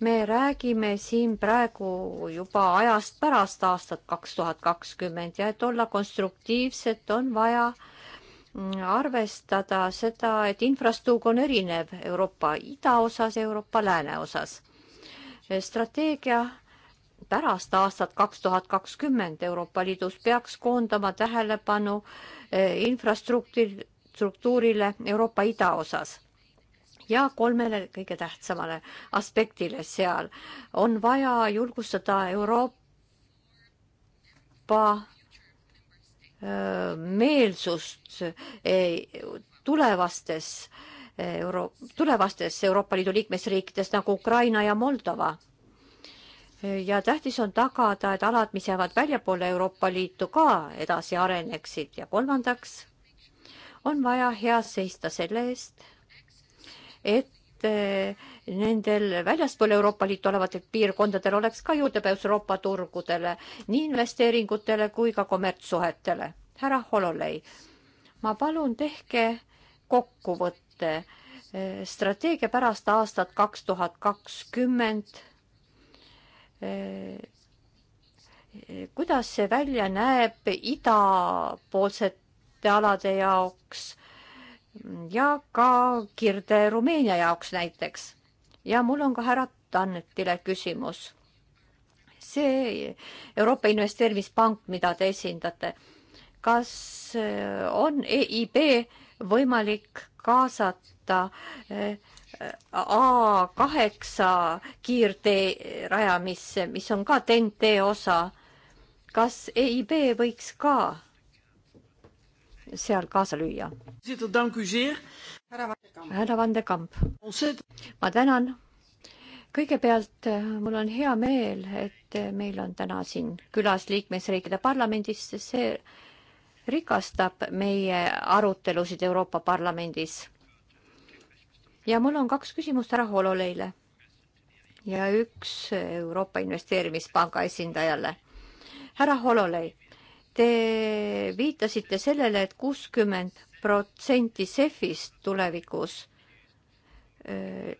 me räägime siin praegu juba ajast pärast aastat kaks tuhat kakskümmend ja et olla konstruktiivsed, on vaja äh, arvestada seda, et infrastuug on erinev Euroopa idaosas ja Euroopa lääneosas. strateegia pärast aastat kaks tuhat kakskümmend Euroopa Liidus peaks koondama tähelepanu eh, infrastruktuuri, struktuurile Euroopa idaosas ja kolmele kõige tähtsamale aspektile seal on vaja julgustada Euroopa meelsust eh, tulevastes eh, euro, tulevastes Euroopa Liidu liikmesriikides nagu Ukraina ja Moldova. Eh, ja tähtis on tagada, et alad, mis jäävad väljapoole Euroopa Liitu, ka edasi areneksid ja kolmandaks on vaja hea seista selle eest, et Eh, nendel väljaspool Euroopa Liitu olevatel piirkondadel oleks ka juurdepääs Euroopa turgudele, nii investeeringutele kui ka kommertssuhetele. härra Hololei, ma palun, tehke kokkuvõte eh, strateegia pärast aastat kaks tuhat kakskümmend. Eh, kuidas see välja näeb idapoolsete alade jaoks ja ka Kirde Rumeenia jaoks näiteks. ja mul on ka härra Tannetile küsimus. see Euroopa Investeerimispank, mida te esindate, kas eh, on EIB võimalik kaasata eh, A kaheksa kiirtee rajamisse, mis on ka TNT osa. kas EIB võiks ka seal kaasa lüüa. härra Vandekamp, ma tänan. kõigepealt äh, mul on hea meel, et äh, meil on täna siin külas liikmesriikide parlamendist, sest see rikastab meie arutelusid Euroopa Parlamendis. ja mul on kaks küsimust härra Hololeile ja üks Euroopa Investeerimispanga esindajale. härra Hololei, Te viitasite sellele et, et kuuskümmend protsenti CEF-ist tulevikus äh,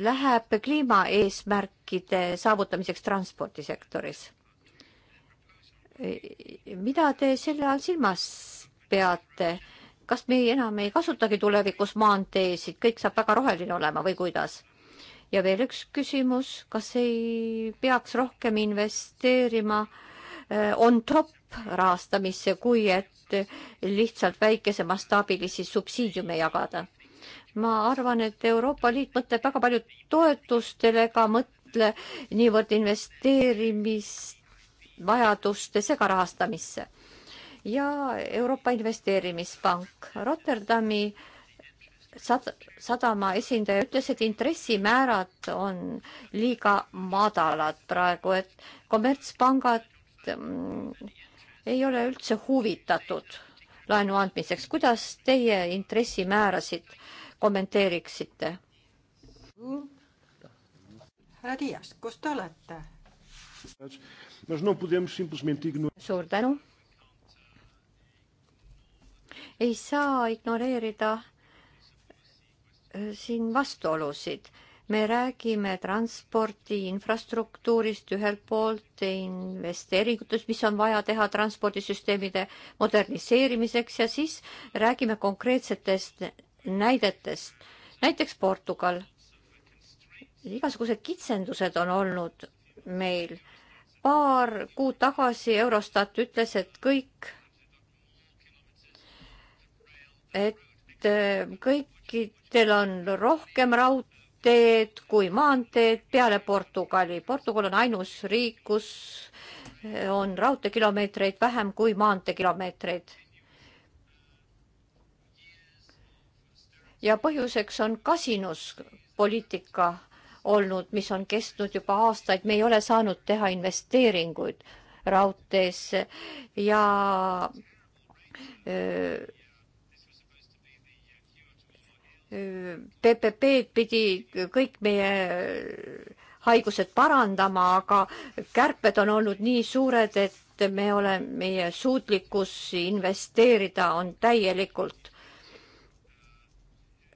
läheb kliimaeesmärkide saavutamiseks transpordisektoris. Äh, mida te selle all silmas peate? kas me ei, enam ei kasutagi tulevikus maanteesid, kõik saab väga roheline olema või kuidas? ja veel üks küsimus, kas ei peaks rohkem investeerima äh, on top rahastamisse, kui et lihtsalt väikesemastaabilisi subsiidiume jagada. ma arvan, et Euroopa Liit mõtleb väga palju toetustele, ega mõtle niivõrd investeerimisvajadustes ega rahastamisse. ja Euroopa Investeerimispank Rotterdami sad-, sadama esindaja ütles, et intressimäärad on liiga madalad praegu, et kommertspangad mm, ei ole üldse huvitatud laenu andmiseks. kuidas teie intressimäärasid kommenteeriksite? härra Dias, kus te olete? suur tänu. ei saa ignoreerida äh, siin vastuolusid me räägime transpordi infrastruktuurist ühelt poolt, investeeringutest, mis on vaja teha transpordisüsteemide moderniseerimiseks ja siis räägime konkreetsetest näidetest. näiteks Portugal. igasugused kitsendused on olnud meil. paar kuud tagasi Eurostat ütles, et kõik, et eh, kõikidel on rohkem raud-, teed kui maanteed peale Portugali. Portugal on ainus riik, kus eh, on raudteekilomeetreid vähem kui maanteekilomeetreid. ja põhjuseks on kasinuspoliitika olnud, mis on kestnud juba aastaid, me ei ole saanud teha investeeringuid raudteesse ja öö, eh, PPP-d pidi kõik meie haigused parandama, aga kärped on olnud nii suured, et me oleme, meie suutlikkus investeerida on täielikult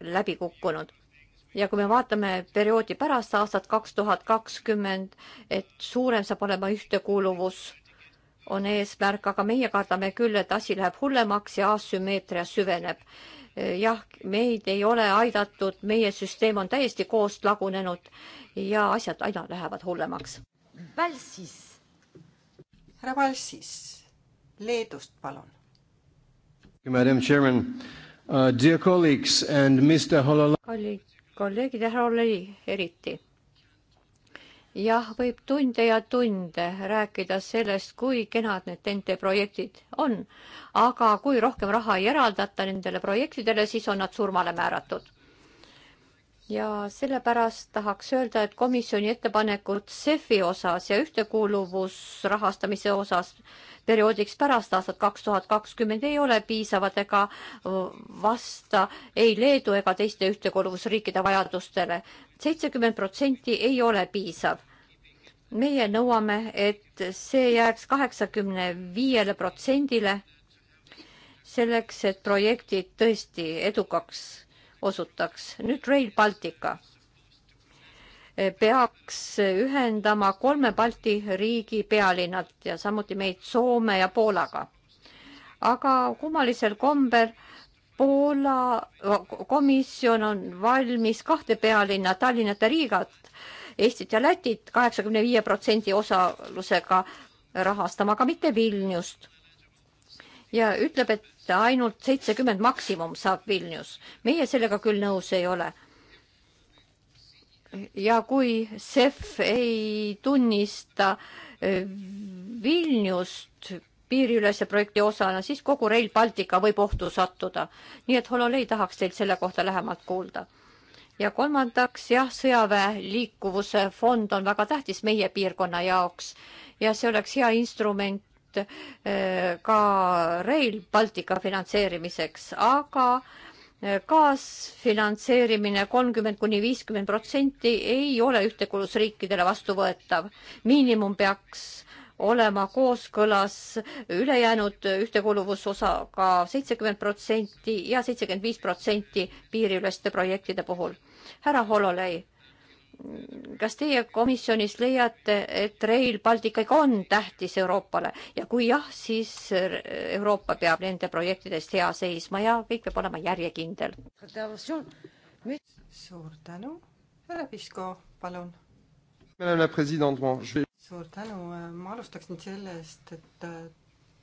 läbi kukkunud. ja kui me vaatame perioodi pärast aastat kaks tuhat kakskümmend, et suurem saab olema ühtekuuluvus, on eesmärk, aga meie kardame küll, et asi läheb hullemaks ja asümmeetria süveneb jah, meid ei ole aidatud, meie süsteem on täiesti koost lagunenud ja asjad aina lähevad hullemaks. Valsis. härra Valsis, Leedust, palun. Madam Chairman uh,, dear colleagues and Mr Hololai. kolleegid ja härra Hololai eriti jah, võib tunde ja tunde rääkida sellest, kui kenad need TNT projektid on, aga kui rohkem raha ei eraldata nendele projektidele, siis on nad surmale määratud ja sellepärast tahaks öelda, et komisjoni ettepanekud CEF-i osas ja ühtekuuluvusrahastamise osas perioodiks pärast aastat kaks tuhat kakskümmend ei ole piisavad ega vasta ei Leedu ega teiste ühtekuuluvusriikide vajadustele. seitsekümmend protsenti ei ole piisav. meie nõuame, et see jääks kaheksakümne viiele protsendile selleks, et projektid tõesti edukaks osutaks. nüüd Rail Baltica eh, peaks ühendama kolme Balti riigi pealinnad ja samuti meid Soome ja Poolaga. aga kummalisel kombel Poola komisjon on valmis kahte pealinna, Tallinnat ja Riigat, Eestit ja Lätit kaheksakümne viie protsendi osalusega rahastama, aga mitte Vilniust. ja ütleb, et ainult seitsekümmend maksimum saab Vilnius. meie sellega küll nõus ei ole. ja kui CEF ei tunnista äh, Vilniust piiriülese projekti osana, siis kogu Rail Baltica võib ohtu sattuda. nii et Hololei tahaks teilt selle kohta lähemalt kuulda. ja kolmandaks jah, sõjaväe liikuvuse fond on väga tähtis meie piirkonna jaoks ja see oleks hea instrument Eh, ka Rail Baltica finantseerimiseks, aga eh, kaasfinantseerimine kolmkümmend kuni viiskümmend protsenti ei ole ühtekulusriikidele vastuvõetav. miinimum peaks olema kooskõlas ülejäänud ühtekuuluvusosaga seitsekümmend protsenti ja seitsekümmend viis protsenti piiriüleste projektide puhul. härra Hololei, kas teie komisjonis leiate, et Rail Baltic ikka on tähtis Euroopale ja kui jah, siis Euroopa peab nende projektide eest hea seisma ja kõik peab olema järjekindel? suur tänu, härra Pisko, palun. suur tänu, ma alustaks nüüd sellest, et äh,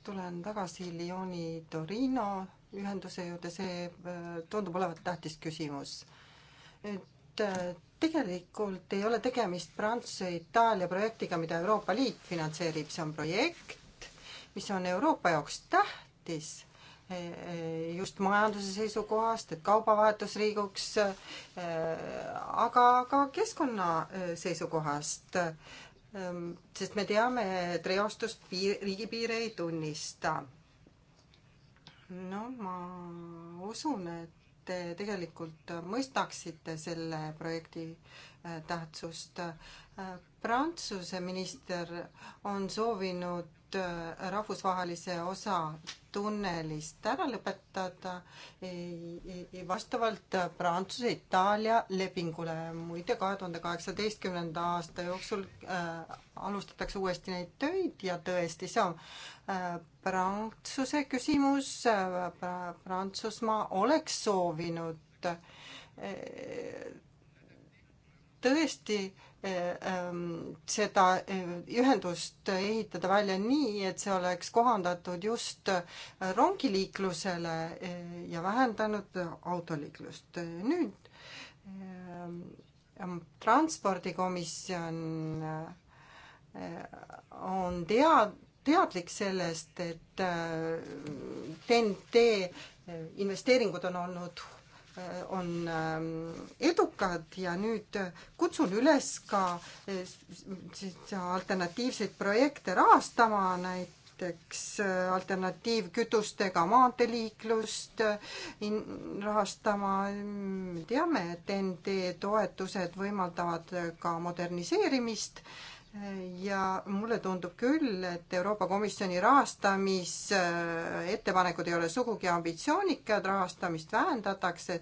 tulen tagasi Lyoni-Torino ühenduse juurde, see äh, tundub olevat tähtis küsimus. nüüd tegelikult ei ole tegemist Prantsuse-Itaalia projektiga, mida Euroopa Liit finantseerib, see on projekt, mis on Euroopa jaoks tähtis eh, eh, just majanduse seisukohast, et kaubavahetus liiguks, eh, aga ka keskkonna seisukohast. Ehm, sest me teame, et reostus piir, riigipiire ei tunnista. no ma usun, et te tegelikult mõistaksite selle projekti äh, tähtsust. Äh, Prantsuse minister on soovinud Äh, rahvusvahelise osa tunnelist ära lõpetada vastavalt äh, Prantsuse, Itaalia lepingule. muide, kahe tuhande kaheksateistkümnenda aasta jooksul äh, alustatakse uuesti neid töid ja tõesti, see on äh, Prantsuse küsimus äh, pra,. Prantsusmaa oleks soovinud äh, tõesti äh, Äh, ähm, seda äh, ühendust ehitada välja nii, et see oleks kohandatud just äh, rongiliiklusele ja vähendanud autoliiklust. nüüd transpordikomisjon on tead-, teadlik sellest, et TNT investeeringud on olnud Äh, on ähm, edukad ja nüüd kutsun üles ka äh, alternatiivseid projekte rahastama, näiteks äh, alternatiivkütustega maanteeliiklust rahastama. teame, et ND e toetused võimaldavad ka moderniseerimist ja mulle tundub küll, et Euroopa Komisjoni rahastamisettepanekud ei ole sugugi ambitsioonikad, rahastamist vähendatakse,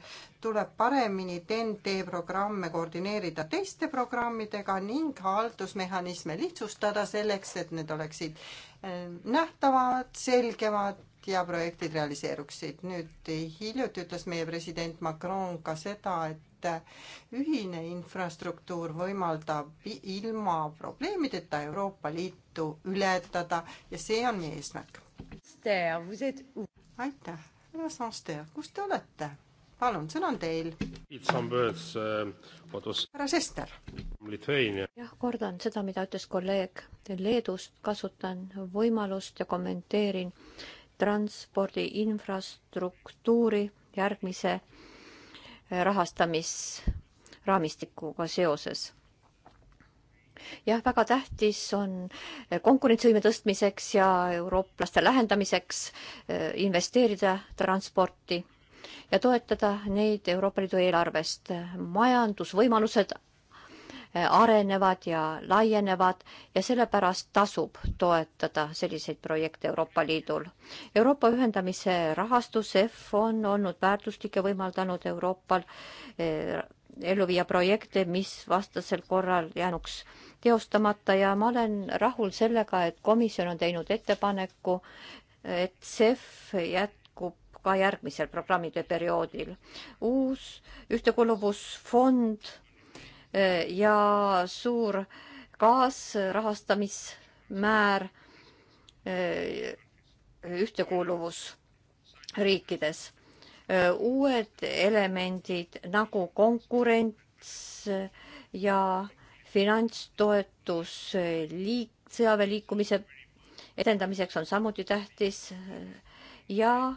tuleb paremini TEN-T programme koordineerida teiste programmidega ning haldusmehhanisme lihtsustada selleks, et need oleksid eh, nähtavad, selgemad ja projektid realiseeruksid. nüüd hiljuti ütles meie president Macron ka seda, et et ühine infrastruktuur võimaldab ilma probleemideta Euroopa Liitu ületada ja see on meie eesmärk. aitäh, härra Sanster, kus te olete? palun, sõna on teil. Uh, härra Sester. jah, kordan seda, mida ütles kolleeg Leedust, kasutan võimalust ja kommenteerin transpordi infrastruktuuri järgmise rahastamisraamistikuga seoses jah, väga tähtis on konkurentsivõime tõstmiseks ja eurooplaste lähendamiseks eh, investeerida transporti ja toetada neid Euroopa Liidu eelarvest. majandusvõimalused Äh, arenevad ja laienevad ja sellepärast tasub toetada selliseid projekte Euroopa Liidul. Euroopa ühendamise rahastus EF on olnud väärtuslik ja võimaldanud Euroopal äh, ellu viia projekte, mis vastasel korral jäänuks teostamata ja ma olen rahul sellega, et komisjon on teinud ettepaneku, et CEF jätkub ka järgmisel programmide perioodil. uus ühtekuluvusfond ja suur kaasrahastamismäär eh, ühtekuuluvusriikides. Eh, uued elemendid nagu konkurents eh, ja finantstoetus liik-, sõjaväeliikumise edendamiseks on samuti tähtis ja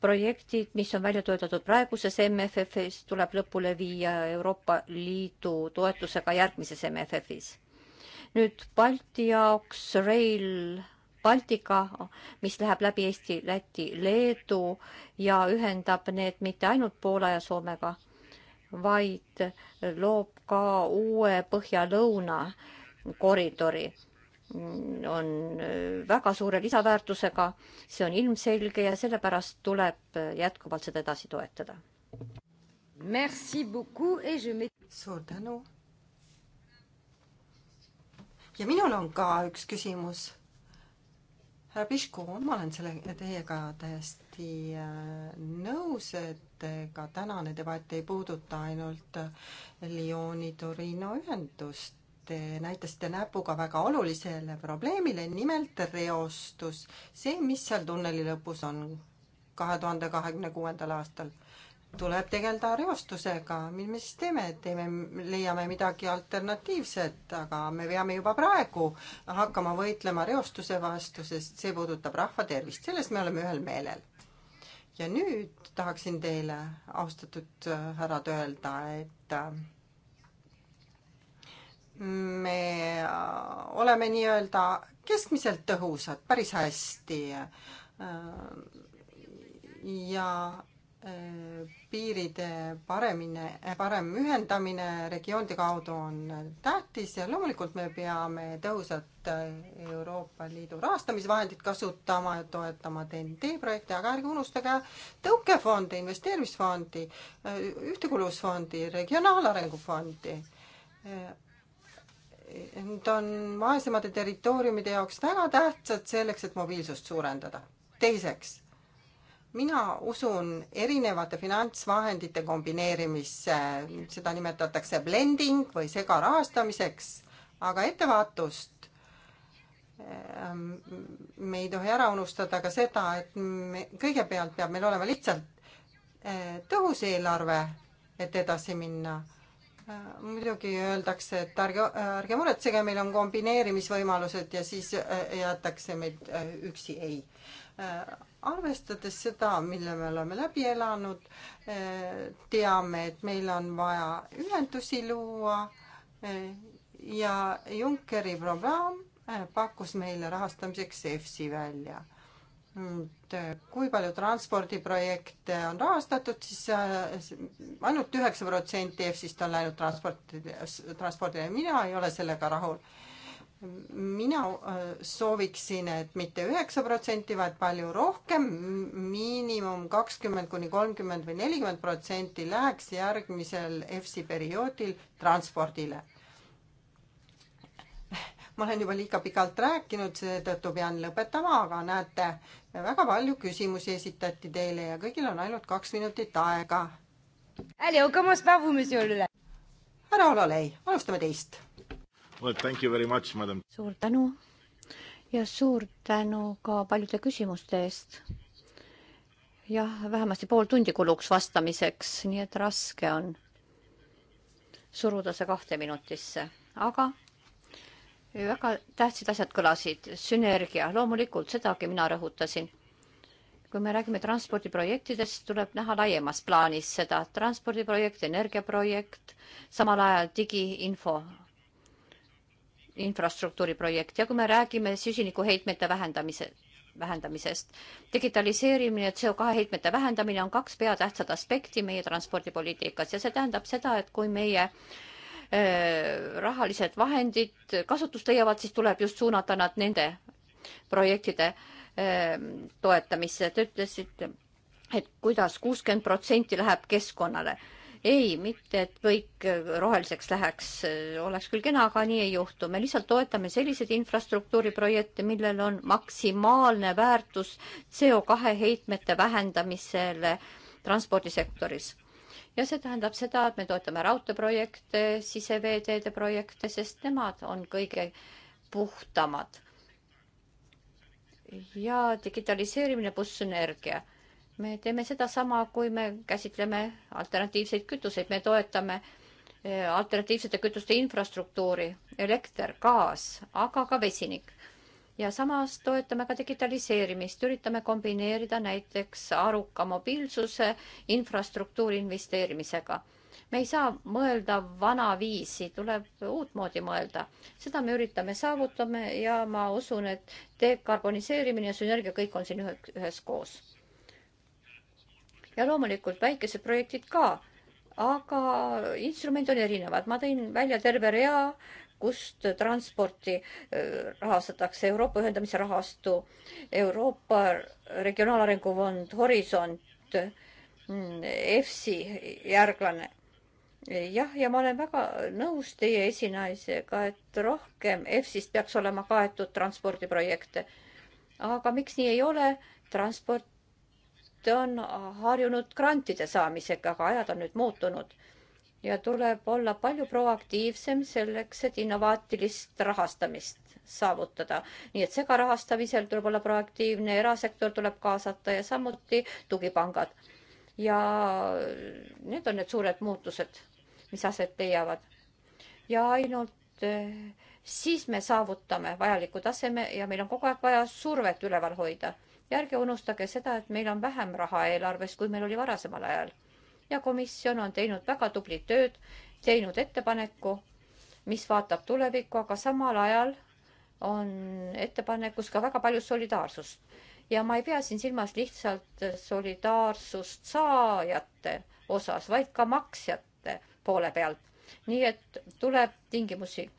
projektid, mis on välja töötatud praeguses MFF-is, tuleb lõpule viia Euroopa Liidu toetusega järgmises MFF-is. nüüd Balti jaoks Rail Baltica, mis läheb läbi Eesti, Läti, Leedu ja ühendab need mitte ainult Poola ja Soomega, vaid loob ka uue põhja-lõuna koridori on äh, väga suure lisaväärtusega, see on ilmselge ja sellepärast tuleb äh, jätkuvalt seda edasi toetada. suur tänu. ja minul on ka üks küsimus. härra Piško, ma olen selle, teiega täiesti äh, nõus, et ega tänane debatt ei puuduta ainult Lyoni-Torino ühendust, te näitasite näpuga väga olulisele probleemile, nimelt reostus. see, mis seal tunneli lõpus on kahe tuhande kahekümne kuuendal aastal, tuleb tegeleda reostusega. mis me siis teeme, teeme, leiame midagi alternatiivset, aga me peame juba praegu hakkama võitlema reostuse vastu, sest see puudutab rahva tervist, selles me oleme ühel meelel ja nüüd tahaksin teile, austatud härrad, öelda, et äh, me äh, oleme nii-öelda keskmiselt tõhusad, päris hästi. Äh, ja äh, piiride paremine, parem ühendamine regioonide kaudu on tähtis ja loomulikult me peame tõhusat Euroopa Liidu rahastamisvahendit kasutama ja toetama TNT projekte, aga ärge unustage tõukefondi, investeerimisfondi, ühtekuuluvusfondi, regionaalarengufondi need on vaesemate territooriumide jaoks väga tähtsad selleks, et mobiilsust suurendada. teiseks, mina usun erinevate finantsvahendite kombineerimisse, seda nimetatakse blending või segarahastamiseks, aga ettevaatust ähm, me ei tohi ära unustada ka seda, et me, kõigepealt peab meil olema lihtsalt äh, tõhus eelarve, et edasi minna muidugi öeldakse, et ärge, ärge muretsege, meil on kombineerimisvõimalused ja siis äh, jäetakse meid äh, üksi, ei. Äh, arvestades seda, mille me oleme läbi elanud, teame, et meil on vaja ühendusi luua ja Junckeri programm pakkus meile rahastamiseks EFSI välja Äh, kui palju transpordiprojekte on rahastatud siis, siis äh, ainult üheksa protsenti EFSist on läinud transporti, transpordile, mina ei ole sellega rahul. mina äh, sooviksin, et mitte üheksa protsenti, vaid palju rohkem, miinimum kakskümmend kuni kolmkümmend või nelikümmend protsenti läheks järgmisel EFSi perioodil transpordile ma olen juba liiga pikalt rääkinud, seetõttu pean lõpetama, aga näete, väga palju küsimusi esitati teile ja kõigil on ainult kaks minutit aega. härra Olalei, alustame teist well,. suur tänu ja suur tänu ka paljude küsimuste eest. jah, vähemasti pool tundi kuluks vastamiseks, nii et raske on suruda see kahte minutisse, aga väga tähtsad asjad kõlasid, sünergia, loomulikult sedagi mina rõhutasin. kui me räägime transpordiprojektidest, tuleb näha laiemas plaanis seda transpordiprojekt, energiaprojekt, samal ajal digiinfo infrastruktuuri projekt ja kui me räägime süsinikuheitmete vähendamise, vähendamisest. digitaliseerimine ja CO2 heitmete vähendamine on kaks peatähtsat aspekti meie transpordipoliitikas ja see tähendab seda, et kui meie äh, Äh, rahalised vahendid kasutust leiavad, siis tuleb just suunata nad nende projektide ähm, toetamisse. Te ütlesite, et kuidas kuuskümmend protsenti läheb keskkonnale. ei, mitte et kõik äh, roheliseks läheks, äh, oleks küll kena, aga nii ei juhtu. me lihtsalt toetame selliseid infrastruktuuriprojekte, millel on maksimaalne väärtus CO kahe heitmete vähendamisele transpordisektoris ja see tähendab seda, et me toetame raudteeprojekte, siseveeteede projekte, sest nemad on kõige puhtamad. ja digitaliseerimine pluss sünergia. me teeme sedasama, kui me käsitleme alternatiivseid kütuseid, me toetame eh, alternatiivsete kütuste infrastruktuuri, elekter, gaas, aga ka vesinik ja samas toetame ka digitaliseerimist, üritame kombineerida näiteks aruka mobiilsuse infrastruktuuri investeerimisega. me ei saa mõelda vana viisi, tuleb uutmoodi mõelda. seda me üritame, saavutame ja ma usun, et dekarboniseerimine ja sünergia, kõik on siin üheskoos. ja loomulikult väikesed projektid ka aga instrumendid on erinevad, ma tõin välja terve rea kust transporti äh, rahastatakse Euroopa ühendamise rahastu, Euroopa Regionaalarengu Fond, Horisont, mm, EFSI järglane. jah, ja ma olen väga nõus teie esinaisega, et rohkem EFSist peaks olema kaetud transpordiprojekte. aga miks nii ei ole? transport on harjunud grantide saamisega, aga ajad on nüüd muutunud ja tuleb olla palju proaktiivsem selleks, et innovaatilist rahastamist saavutada. nii et segarahastamisel tuleb olla proaktiivne, erasektor tuleb kaasata ja samuti tugipangad. ja need on need suured muutused, mis aset leiavad. ja ainult eh, siis me saavutame vajaliku taseme ja meil on kogu aeg vaja survet üleval hoida. ja ärge unustage seda, et meil on vähem raha eelarves, kui meil oli varasemal ajal ja komisjon on teinud väga tublit tööd, teinud ettepaneku, mis vaatab tulevikku, aga samal ajal on ettepanekus ka väga palju solidaarsust. ja ma ei pea siin silmas lihtsalt solidaarsust saajate osas, vaid ka maksjate poole pealt. nii et tuleb tingimusi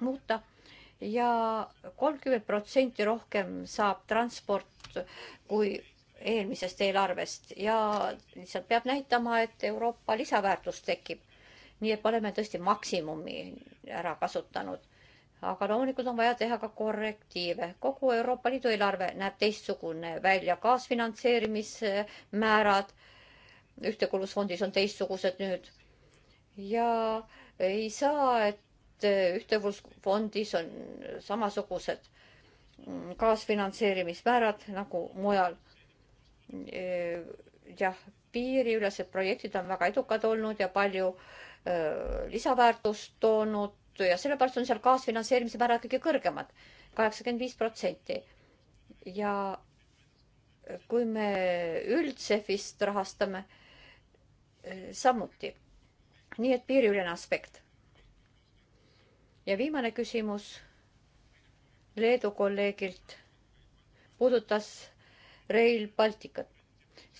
muuta ja kolmkümmend protsenti rohkem saab transport kui eelmisest eelarvest ja lihtsalt peab näitama, et Euroopa lisaväärtus tekib. nii et me oleme tõesti maksimumi ära kasutanud. aga loomulikult on vaja teha ka korrektiive. kogu Euroopa Liidu eelarve näeb teistsugune välja, kaasfinantseerimismäärad ühtekuuluvusfondis on teistsugused nüüd ja ei saa, et ühtekuuluvusfondis on samasugused kaasfinantseerimismäärad nagu mujal Äh, jah, piiriülesed projektid on väga edukad olnud ja palju äh, lisaväärtust toonud ja sellepärast on seal kaasfinantseerimise määrad kõige kõrgemad, kaheksakümmend viis protsenti. ja kui me üldsefist rahastame äh, samuti, nii et piiriülene aspekt. ja viimane küsimus Leedu kolleegilt puudutas Rail Balticut.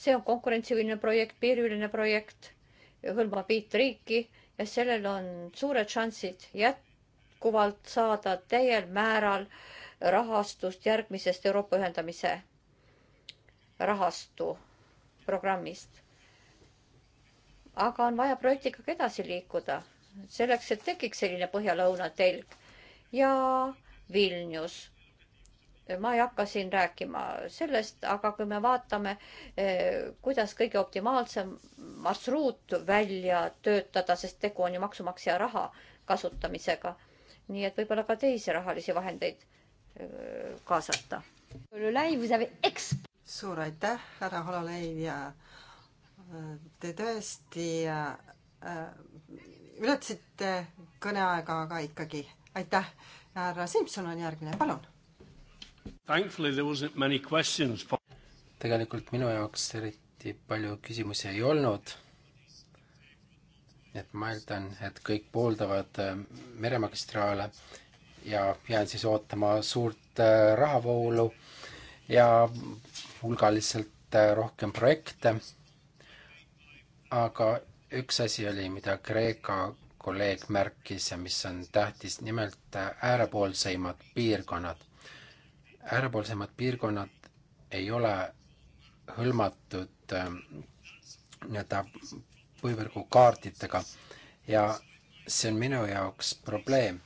see on konkurentsivõimeline projekt, piiriüline projekt, hõlmab viit riiki ja sellel on suured šansid jätkuvalt saada täiel määral rahastust järgmisest Euroopa ühendamise rahastu programmist. aga on vaja projektiga ka edasi liikuda, selleks et tekiks selline põhja-lõuna telg ja Vilnius ma ei hakka siin rääkima sellest, aga kui me vaatame, eh, kuidas kõige optimaalsem marsruut välja töötada, sest tegu on ju maksumaksja raha kasutamisega. nii et võib-olla ka teisi rahalisi vahendeid eh, kaasata. suur aitäh, härra Hololeiv ja eh, te tõesti ületasite kõneaega, aga ikkagi aitäh. härra Simson on järgmine, palun tegelikult minu jaoks eriti palju küsimusi ei olnud. et ma eeldan, et kõik pooldavad äh, meremagistraale ja jään siis ootama suurt äh, rahavoolu ja hulgaliselt äh, rohkem projekte. aga üks asi oli, mida Kreeka kolleeg märkis ja mis on tähtis, nimelt äärepoolseimad piirkonnad äärepoolsemad piirkonnad ei ole hõlmatud äh, nii-öelda põhivõrgu kaartidega ja see on minu jaoks probleem.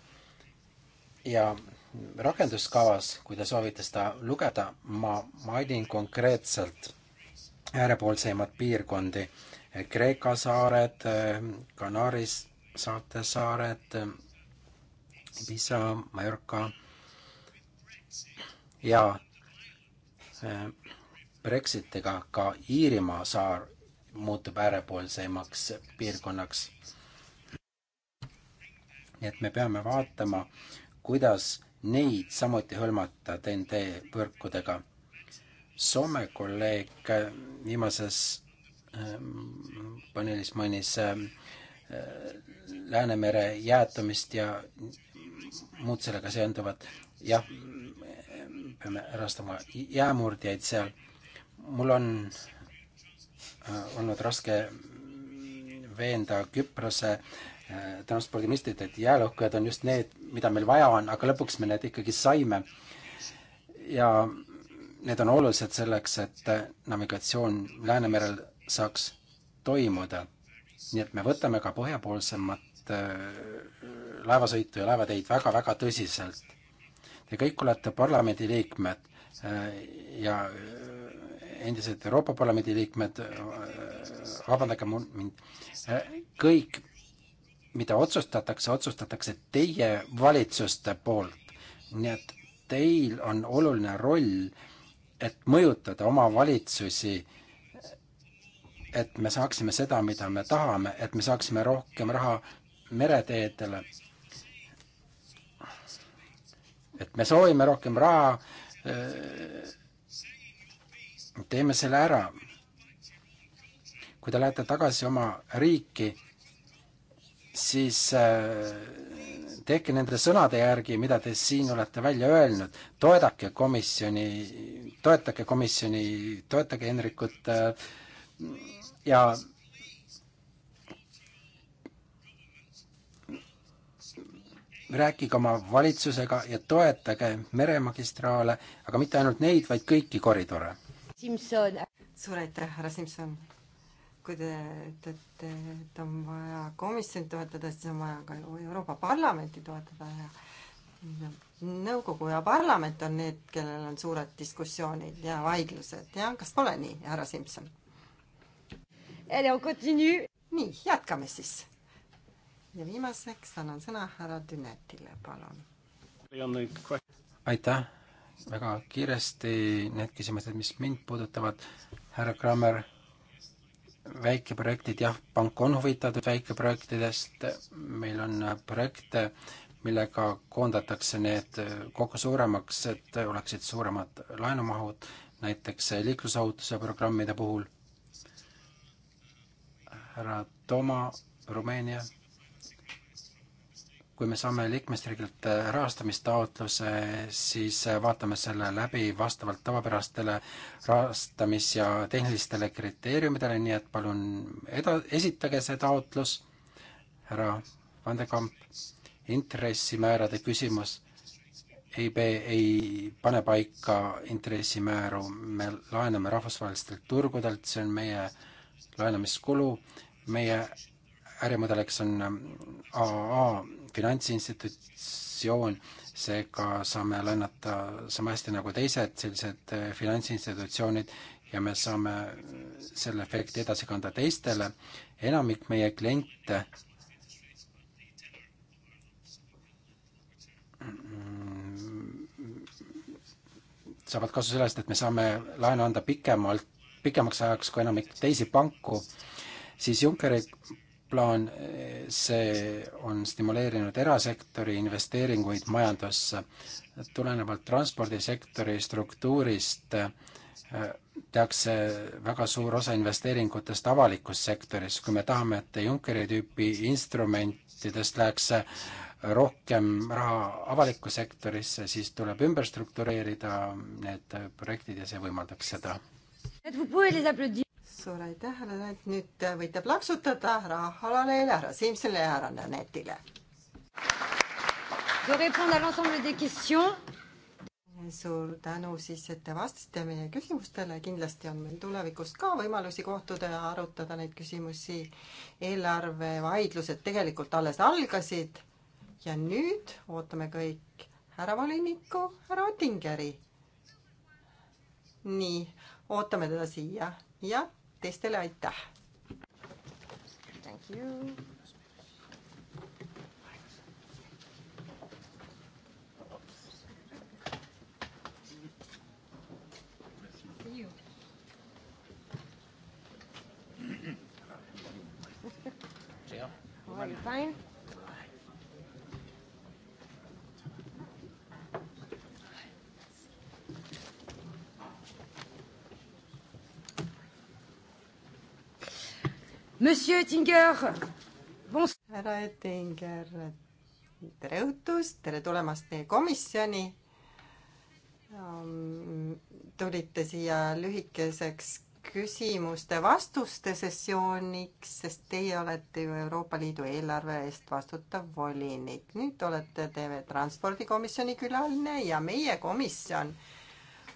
ja rakenduskavas, kui te soovite seda lugeda, ma mainin konkreetselt äärepoolseimaid piirkondi, Kreeka saared, ähm, Kanaaris saarte saared, ähm, Pisa, Mallorca ja äh, Brexitiga ka Iirimaa saar muutub äärepoolsemaks piirkonnaks. nii et me peame vaatama, kuidas neid samuti hõlmata TNT võrkudega. Soome kolleeg äh, viimases ähm, paneelis mainis äh, Läänemere jäätumist ja muud sellega seonduvat. jah, peame erastama jäämurdjaid seal. mul on äh, olnud raske veenda Küprose äh, transpordiministrit, et jäälõhkujad on just need, mida meil vaja on, aga lõpuks me need ikkagi saime. ja need on olulised selleks, et äh, navigatsioon Läänemerel saaks toimuda. nii et me võtame ka põhjapoolsemat laevasõitu ja laevateid väga-väga tõsiselt Te kõik olete parlamendi liikmed äh, ja äh, endised Euroopa Parlamendi liikmed, äh, vabandage mul, mind, kõik, mida otsustatakse, otsustatakse teie valitsuste poolt. nii et teil on oluline roll, et mõjutada oma valitsusi, et me saaksime seda, mida me tahame, et me saaksime rohkem raha mereteedele et me soovime rohkem raha, äh, teeme selle ära. kui te lähete tagasi oma riiki, siis äh, tehke nende sõnade järgi, mida te siin olete välja öelnud, toedake komisjoni, toetage komisjoni, toetage Henrikut äh, ja rääkige oma valitsusega ja toetage meremagistraale, aga mitte ainult neid, vaid kõiki koridore. Simson. suur aitäh, härra Simson. kui te ütlete, et on vaja komisjoni toetada, siis on vaja ka Euroopa Parlamenti toetada ja nõukogu ja parlament on need, kellel on suured diskussioonid ja vaidlused ja kas pole nii, härra Simson? nii, jätkame siis ja viimaseks annan sõna härra Dünetile, palun. aitäh, väga kiiresti need küsimused, mis mind puudutavad, härra Krammer, väikeprojektid, jah, pank on huvitatud väikeprojektidest, meil on projekte, millega koondatakse need kokku suuremaks, et oleksid suuremad laenumahud, näiteks liiklusohutuse programmide puhul. härra Toma, Rumeenia kui me saame liikmesriigilt äh, rahastamistaotluse, siis äh, vaatame selle läbi vastavalt tavapärastele rahastamis- ja tehnilistele kriteeriumidele, nii et palun eda-, esitage see taotlus, härra Vandekamp, intressimäärade küsimus, EIB ei pane paika intressimääru, me laename rahvusvahelistelt turgudelt, see on meie laenamiskulu, meie ärimudeliks on AA äh, finantsinstitutsioon, seega saame laenata sama hästi nagu teised sellised eh, finantsinstitutsioonid ja me saame selle efekti edasi kanda teistele. enamik meie kliente saavad kasu sellest, et me saame laenu anda pikemalt, pikemaks ajaks kui enamik teisi panku, siis Junckeri plaan, see on stimuleerinud erasektori investeeringuid majandusse. tulenevalt transpordisektori struktuurist äh, tehakse väga suur osa investeeringutest avalikus sektoris, kui me tahame, et Junckeri tüüpi instrumentidest läheks äh, rohkem raha avalikku sektorisse, siis tuleb ümber struktureerida need projektid ja see võimaldaks seda suur aitäh, härra Nett, nüüd äh, võite plaksutada härra Halalele, härra Simsonile ja härra Nanetile. suur tänu siis, et te vastasite meie küsimustele, kindlasti on meil tulevikus ka võimalusi kohtuda ja arutada neid küsimusi. eelarvevaidlused tegelikult alles algasid ja nüüd ootame kõik härra voliniku, härra Ottingeri. nii, ootame teda siia ja teistele aitäh! Thank you. Are you fine? Monsieur Ettinger bon..., härra Ettinger, tere õhtust, tere tulemast meie komisjoni. tulite siia lühikeseks küsimuste-vastuste sessiooniks, sest teie olete ju Euroopa Liidu eelarve eest vastutav volinik. nüüd olete te transpordikomisjoni külaline ja meie komisjon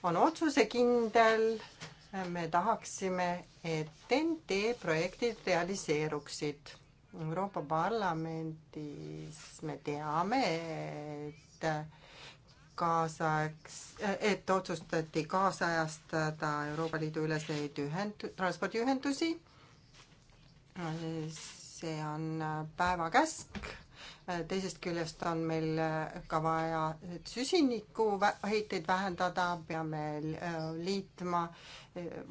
on otsusekindel me tahaksime, et TNT projektid realiseeruksid. Euroopa Parlamendis me teame, et kaasaegs, et otsustati kaasajastada Euroopa Liidu üleseid ühend-, transpordiühendusi. see on päevakäsk Äh, teisest küljest on meil äh, ka vaja süsiniku heiteid vähendada, peame äh, liitma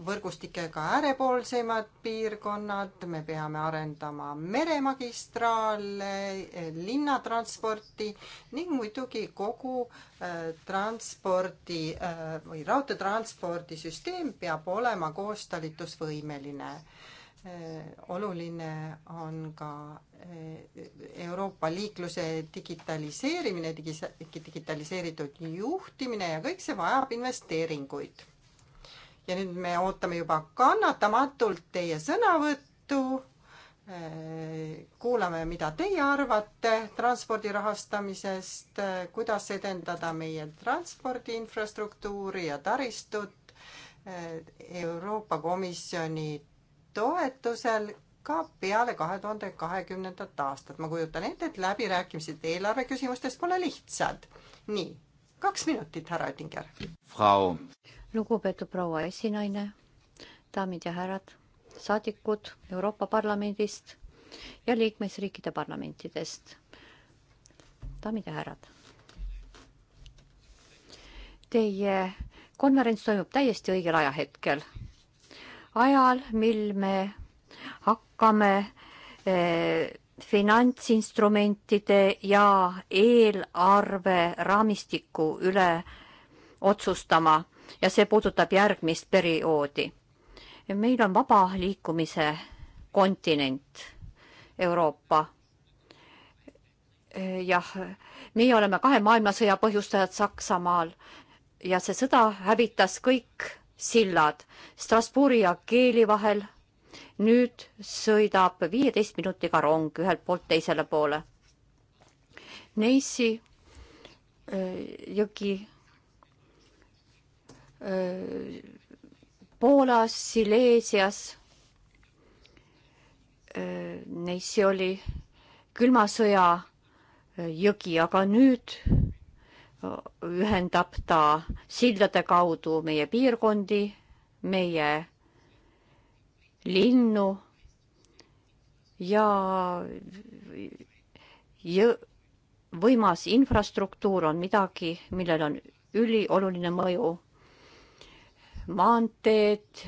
võrgustikega äärepoolseimad piirkonnad, me peame arendama meremagistraale, linnatransporti ning muidugi kogu transpordi või raudteetranspordisüsteem peab olema koostalitusvõimeline Eh, oluline on ka eh, Euroopa liikluse digitaliseerimine, digitaliseeritud juhtimine ja kõik see vajab investeeringuid. ja nüüd me ootame juba kannatamatult teie sõnavõttu. Eh, kuulame, mida teie arvate transpordi rahastamisest, kuidas edendada meie transpordi infrastruktuuri ja taristut. Euroopa Komisjoni toetusel ka peale kahe tuhande kahekümnendat aastat. ma kujutan ette, et läbirääkimised eelarve küsimustes pole lihtsad. nii, kaks minutit, härra Oettinger. Frau. lugupeetud proua esinaine, daamid ja härrad, saadikud Euroopa Parlamendist ja liikmesriikide parlamentidest. daamid ja härrad. Teie konverents toimub täiesti õigel ajahetkel ajal, mil me hakkame eh, finantsinstrumentide ja eelarve raamistiku üle otsustama ja see puudutab järgmist perioodi. meil on vaba liikumise kontinent Euroopa. Eh, jah, meie oleme kahe maailmasõja põhjustajad Saksamaal ja see sõda hävitas kõik sillad Strasbourgi ja Keeli vahel. nüüd sõidab viieteist minutiga rong ühelt poolt teisele poole. Neissi äh, jõgi äh, Poolas, Sileesias. Äh, Neissi oli külma sõja jõgi, aga nüüd ühendab ta sildade kaudu meie piirkondi, meie linnu ja võimas infrastruktuur on midagi, millel on ülioluline mõju. maanteed,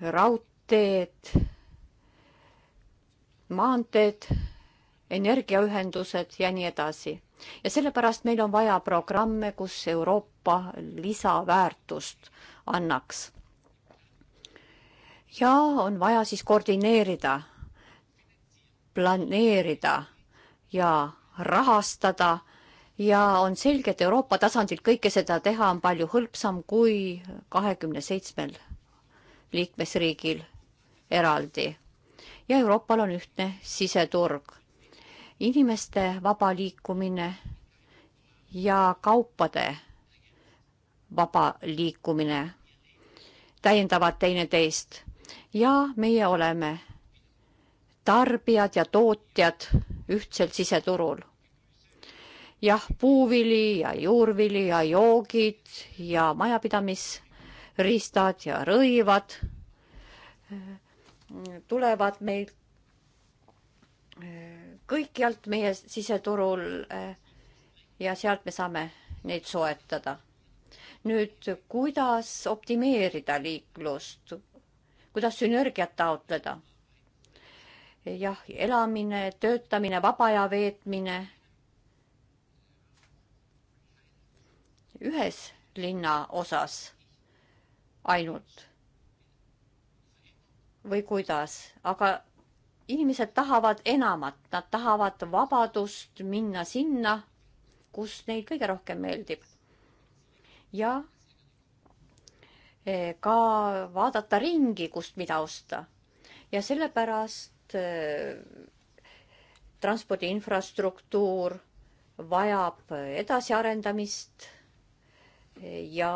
raudteed, maanteed, energiaühendused ja nii edasi ja sellepärast meil on vaja programme, kus Euroopa lisaväärtust annaks. ja on vaja siis koordineerida, planeerida ja rahastada ja on selge, et Euroopa tasandil kõike seda teha on palju hõlpsam kui kahekümne seitsmel liikmesriigil eraldi. ja Euroopal on ühtne siseturg inimeste vaba liikumine ja kaupade vaba liikumine täiendavad teineteist ja meie oleme tarbijad ja tootjad ühtsel siseturul. jah, puuvili ja juurvili ja joogid ja majapidamisriistad ja rõivad äh, tulevad meilt äh, kõikjalt meie siseturul eh, ja sealt me saame neid soetada. nüüd, kuidas optimeerida liiklust, kuidas sünergiat taotleda? jah, elamine, töötamine, vaba aja veetmine. ühes linna osas ainult või kuidas, aga inimesed tahavad enamat, nad tahavad vabadust minna sinna, kus neil kõige rohkem meeldib. ja eh, ka vaadata ringi, kust mida osta. ja sellepärast eh, transpordi infrastruktuur vajab edasiarendamist eh, ja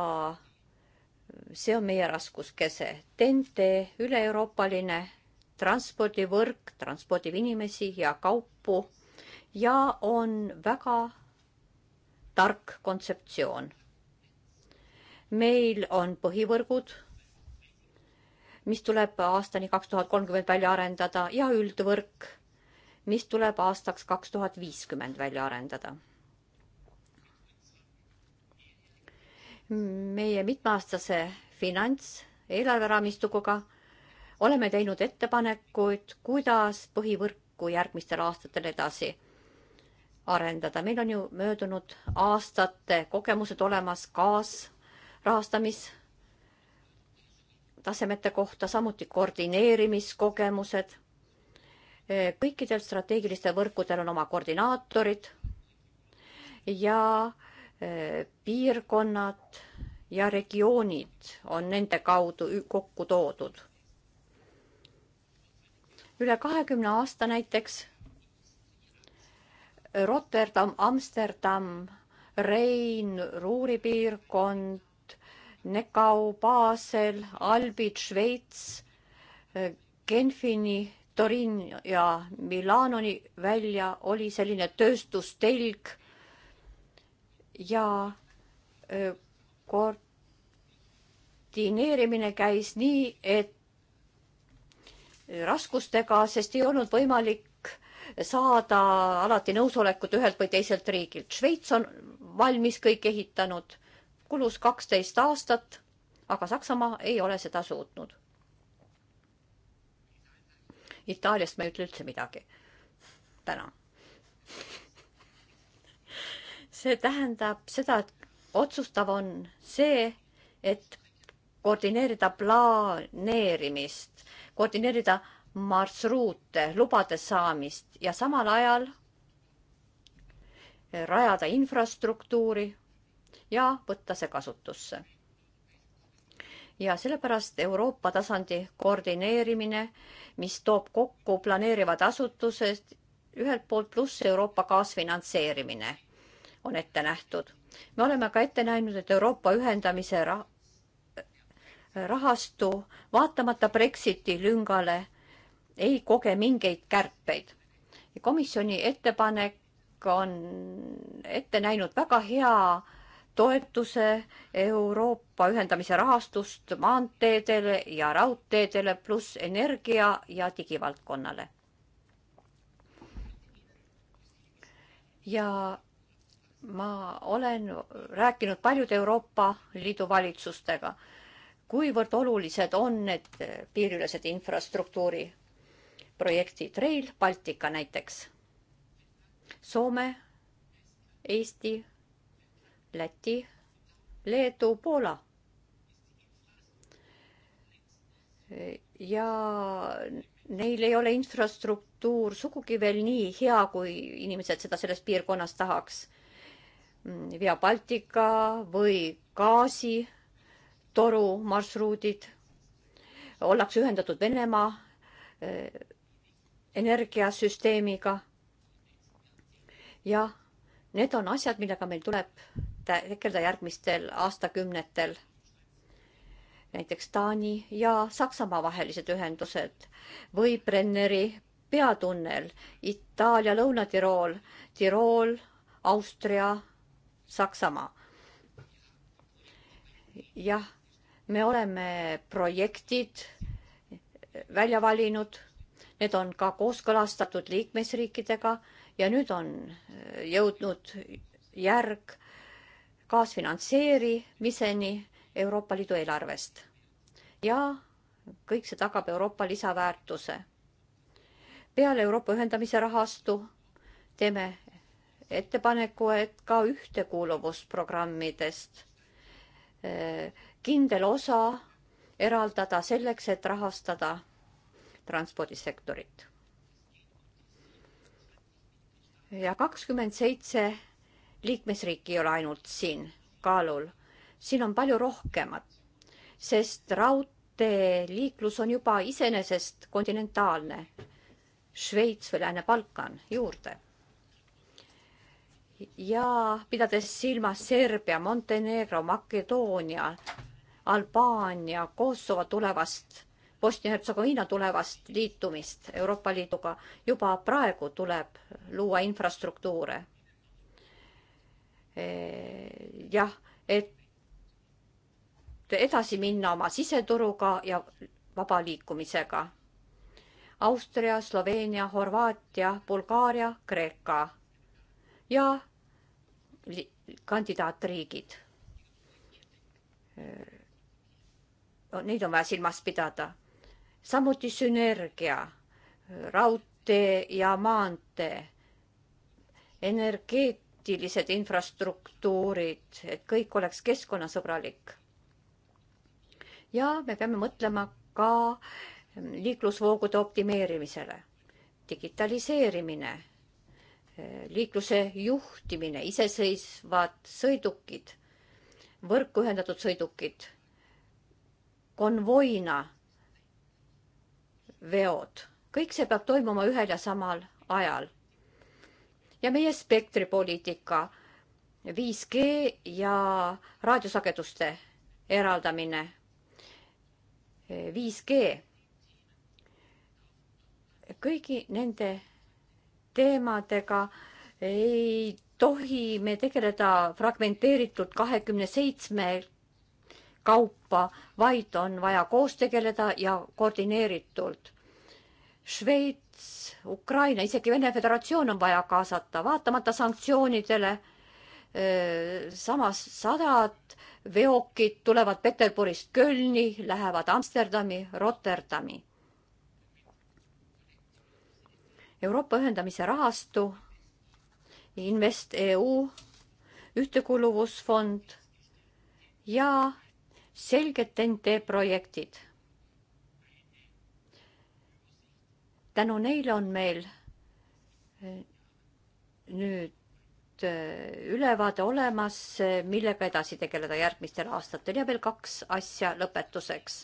see on meie raskuskese. TNT üle-euroopaline transpordivõrk, transpordib inimesi ja kaupu ja on väga tark kontseptsioon. meil on põhivõrgud, mis tuleb aastani kaks tuhat kolmkümmend välja arendada ja üldvõrk, mis tuleb aastaks kaks tuhat viiskümmend välja arendada. meie mitmeaastase finants eelarveraamistikuga oleme teinud ettepanekuid, kuidas põhivõrku järgmistel aastatel edasi arendada. meil on ju möödunud aastate kogemused olemas kaasrahastamistasemete kohta, samuti koordineerimiskogemused. kõikidel strateegilistel võrkudel on oma koordinaatorid ja e, piirkonnad ja regioonid on nende kaudu kokku toodud üle kahekümne aasta näiteks Rotterdam, Amsterdam, Rein, Ruuri piirkond, Nekau, Basel, Albid, Šveits, Genfini, Torin ja Milanoni välja oli selline tööstustelg ja äh, koordineerimine käis nii, et raskustega, sest ei olnud võimalik saada alati nõusolekut ühelt või teiselt riigilt. Šveits on valmis kõik ehitanud, kulus kaksteist aastat, aga Saksamaa ei ole seda suutnud. Itaaliast ma ei ütle üldse midagi täna. see tähendab seda, et otsustav on see, et koordineerida planeerimist koordineerida marsruute, lubade saamist ja samal ajal eh, rajada infrastruktuuri ja võtta see kasutusse. ja sellepärast Euroopa tasandi koordineerimine, mis toob kokku planeerivad asutused ühelt poolt pluss Euroopa kaasfinantseerimine on ette nähtud. me oleme ka ette näinud, et Euroopa ühendamise rahastu vaatamata Brexiti lüngale ei koge mingeid kärpeid. komisjoni ettepanek on ette näinud väga hea toetuse Euroopa ühendamise rahastust maanteedele ja raudteedele pluss energia ja digivaldkonnale. ja ma olen rääkinud paljude Euroopa Liidu valitsustega kuivõrd olulised on need piiriülesed infrastruktuuri projektid, Rail Baltica näiteks. Soome, Eesti, Läti, Leedu, Poola. ja neil ei ole infrastruktuur sugugi veel nii hea, kui inimesed seda selles piirkonnas tahaks. Via Baltica või gaasi torumarsruudid, ollakse ühendatud Venemaa eh, energiasüsteemiga. ja need on asjad, millega meil tuleb tegeleda järgmistel aastakümnetel. näiteks Taani ja Saksamaa vahelised ühendused või Brenneri peatunnel, Itaalia Lõuna-Tirool, Tirool, Austria, Saksamaa. jah me oleme projektid välja valinud, need on ka kooskõlastatud liikmesriikidega ja nüüd on äh, jõudnud järg kaasfinantseerimiseni Euroopa Liidu eelarvest. ja kõik see tagab Euroopa lisaväärtuse. peale Euroopa ühendamise rahastu teeme ettepaneku, et ka ühtekuuluvusprogrammidest äh, kindel osa eraldada selleks, et rahastada transpordisektorit. ja kakskümmend seitse liikmesriiki ei ole ainult siin kaalul, siin on palju rohkemat, sest raudteeliiklus on juba iseenesest kontinentaalne. Šveits või Lääne-Balkan juurde. ja pidades silmas Serbia, Montenegro, Makedoonia, Albaania, Kosovo tulevast, Bosnia-Hertsegoviina tulevast liitumist Euroopa Liiduga, juba praegu tuleb luua infrastruktuure. Eh, jah, et edasi minna oma siseturuga ja vaba liikumisega. Austria, Sloveenia, Horvaatia, Bulgaaria, Kreeka ja kandidaatriigid eh, neid on vaja silmas pidada. samuti sünergia, raudtee ja maantee, energeetilised infrastruktuurid, et kõik oleks keskkonnasõbralik. ja me peame mõtlema ka liiklusvoogude optimeerimisele, digitaliseerimine, liikluse juhtimine, iseseisvad sõidukid, võrku ühendatud sõidukid konvoina veod, kõik see peab toimuma ühel ja samal ajal. ja meie spektripoliitika, 5G ja raadiosageduste eraldamine. 5G, kõigi nende teemadega ei tohi me tegeleda fragmenteeritud kahekümne seitsmel kaupa, vaid on vaja koos tegeleda ja koordineeritult. Šveits, Ukraina, isegi Vene Föderatsioon on vaja kaasata, vaatamata sanktsioonidele. samas sadad veokid tulevad Peterburist Kölni, lähevad Amsterdami, Rotterdami. Euroopa ühendamise rahastu, InvestEU, ühtekuluvusfond ja selged TNT projektid. tänu neile on meil eh, nüüd eh, ülevaade olemas, eh, millega edasi tegeleda järgmistel aastatel ja veel kaks asja lõpetuseks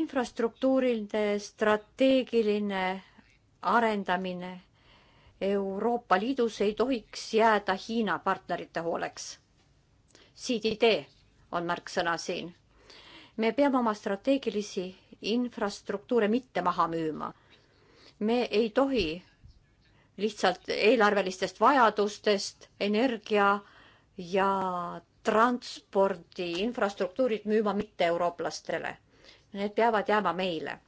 infrastruktuuriline strateegiline arendamine Euroopa Liidus ei tohiks jääda Hiina partnerite hooleks. CDD on märksõna siin. me peame oma strateegilisi infrastruktuure mitte maha müüma. me ei tohi lihtsalt eelarvelistest vajadustest energia ja transpordi infrastruktuurid müüma mitte-eurooplastele. Need peavad jääma meile.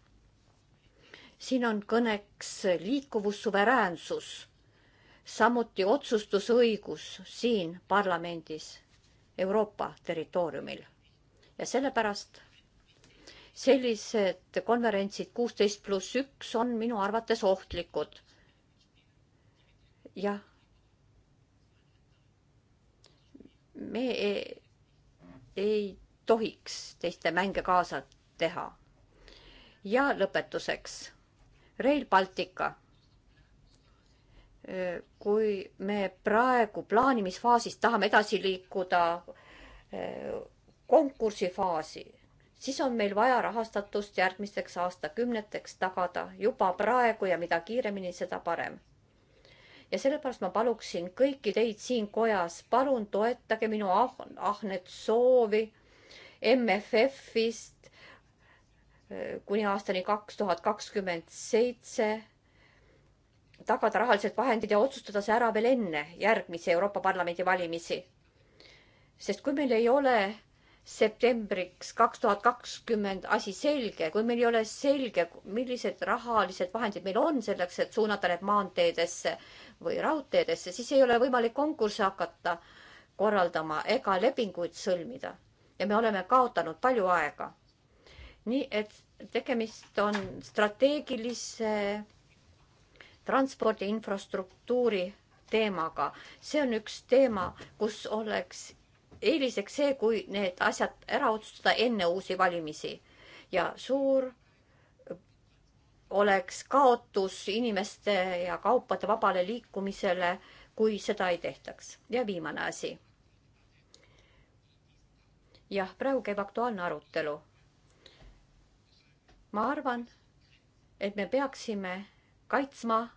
siin on kõneks liikuvussuveräänsus, samuti otsustusõigus siin parlamendis Euroopa territooriumil. ja sellepärast sellised konverentsid kuusteist pluss üks on minu arvates ohtlikud. jah. me ei, ei tohiks teiste mänge kaasa teha. ja lõpetuseks Rail Baltica kui me praegu plaanimisfaasist tahame edasi liikuda eh, konkursifaasi, siis on meil vaja rahastatust järgmisteks aastakümneteks tagada juba praegu ja mida kiiremini, seda parem. ja sellepärast ma paluksin kõiki teid siin kojas, palun toetage minu ah-, ahnet soovi MFF-ist eh, kuni aastani kaks tuhat kakskümmend seitse tagada rahalised vahendid ja otsustada see ära veel enne järgmisi Euroopa Parlamendi valimisi. sest kui meil ei ole septembriks kaks tuhat kakskümmend asi selge, kui meil ei ole selge, millised rahalised vahendid meil on selleks, et suunata need maanteedesse või raudteedesse, siis ei ole võimalik konkursse hakata korraldama ega lepinguid sõlmida. ja me oleme kaotanud palju aega. nii et tegemist on strateegilise transpordi infrastruktuuri teemaga. see on üks teema, kus oleks eeliseks see, kui need asjad ära otsustada enne uusi valimisi ja suur oleks kaotus inimeste ja kaupade vabale liikumisele, kui seda ei tehtaks. ja viimane asi. jah, praegu käib aktuaalne arutelu. ma arvan, et me peaksime kaitsma,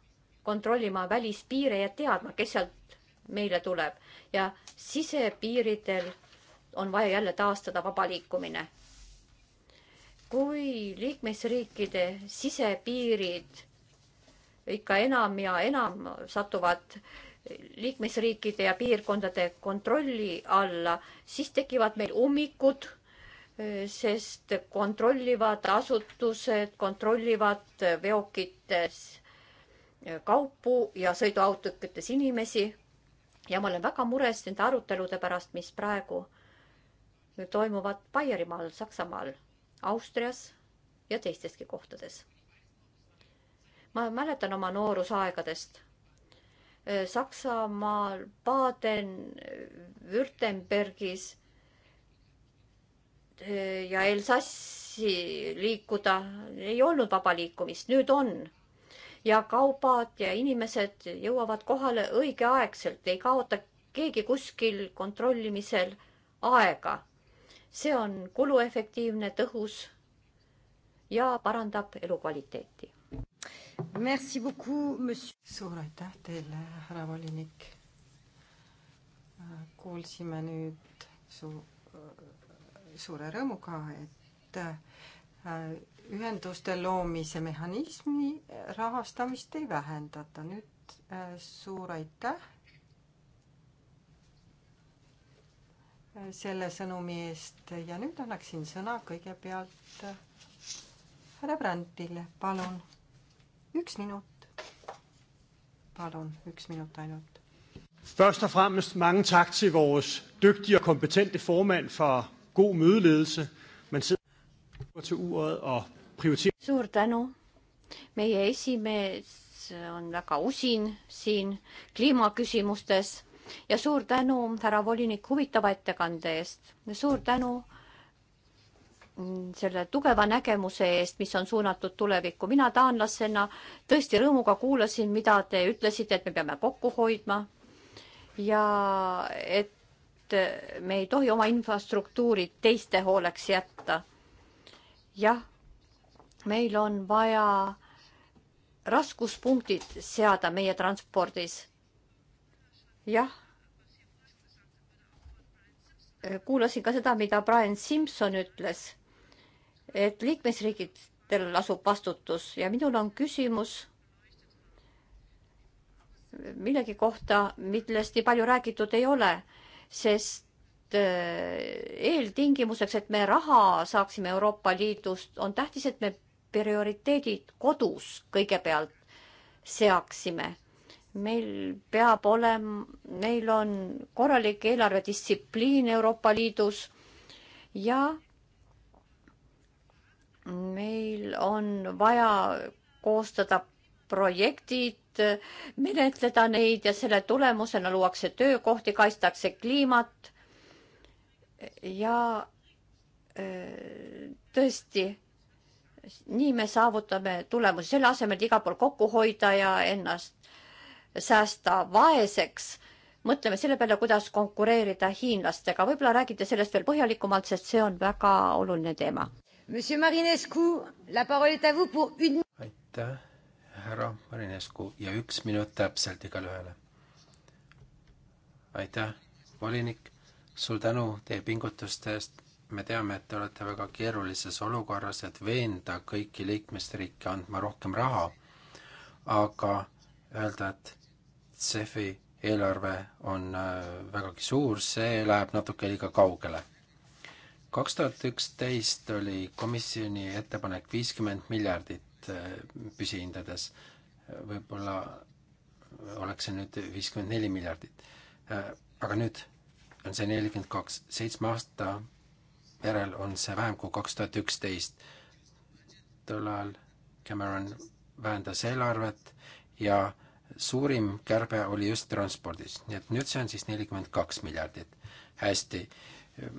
kontrollima välispiire ja teadma, kes sealt meile tuleb. ja sisepiiridel on vaja jälle taastada vaba liikumine. kui liikmesriikide sisepiirid ikka enam ja enam satuvad liikmesriikide ja piirkondade kontrolli alla, siis tekivad meil ummikud sest kontrollivad asutused kontrollivad veokites kaupu ja sõiduautokites inimesi. ja ma olen väga mures nende arutelude pärast, mis praegu toimuvad Baierimaal, Saksamaal, Austrias ja teisteski kohtades. ma mäletan oma noorusaegadest. Saksamaal Baden-Württembergis ja Elsassi liikuda, ei olnud vaba liikumist, nüüd on. ja kaubad ja inimesed jõuavad kohale õigeaegselt, ei kaota keegi kuskil kontrollimisel aega. see on kuluefektiivne, tõhus ja parandab elukvaliteeti. Merci beaucoup, monsieur. suur aitäh teile, härra volinik. kuulsime nüüd su suure rõõmuga, et äh, ühenduste loomise mehhanismi rahastamist ei vähendata. nüüd äh, suur aitäh selle sõnumi eest ja nüüd annaksin sõna kõigepealt äh, härra Brandile, palun. üks minut. palun, üks minut ainult. Først og fremmest mange tak til vores dygtige og kompetente formand for god mødeledelse. Man sidder til uret og prioriterer. suur tänu. meie esimees on väga usin siin kliimaküsimustes ja suur tänu, härra volinik, huvitava ettekande eest. suur tänu selle tugeva nägemuse eest, mis on suunatud tulevikku. mina taanlasena tõesti rõõmuga kuulasin, mida te ütlesite, et me peame kokku hoidma ja et me ei tohi oma infrastruktuuri teiste hooleks jätta. jah, meil on vaja raskuspunktid seada meie transpordis. jah. kuulasin ka seda, mida Brian Simson ütles, et liikmesriikidel lasub vastutus ja minul on küsimus millegi kohta, millest nii palju räägitud ei ole sest äh, eeltingimuseks, et me raha saaksime Euroopa Liidust, on tähtis, et me prioriteedid kodus kõigepealt seaksime. meil peab olema, meil on korralik eelarvedistsipliin Euroopa Liidus ja meil on vaja koostada projektid, menetleda neid ja selle tulemusena luuakse töökohti, kaitstakse kliimat. ja tõesti, nii me saavutame tulemusi, selle asemel, et igal pool kokku hoida ja ennast säästa vaeseks mõtleme selle peale, kuidas konkureerida hiinlastega, võib-olla räägite sellest veel põhjalikumalt, sest see on väga oluline teema. aitäh, härra Marinescu ja üks minut täpselt igalühele. aitäh, volinik, suur tänu teie pingutuste eest, me teame, et te olete väga keerulises olukorras, et veenda kõiki liikmesriike andma rohkem raha, aga öelda, et CEF-i eelarve on äh, vägagi suur, see läheb natuke liiga kaugele. kaks tuhat üksteist oli komisjoni ettepanek viiskümmend miljardit, eurot äh, püsihindades. võib-olla oleks see nüüd viiskümmend neli miljardit. Äh, aga nüüd on see nelikümmend kaks, seitsme aasta järel on see vähem kui kaks tuhat üksteist. tol ajal Cameron vähendas eelarvet ja suurim kärbe oli just transpordis, nii et nüüd see on siis nelikümmend kaks miljardit. hästi, äh,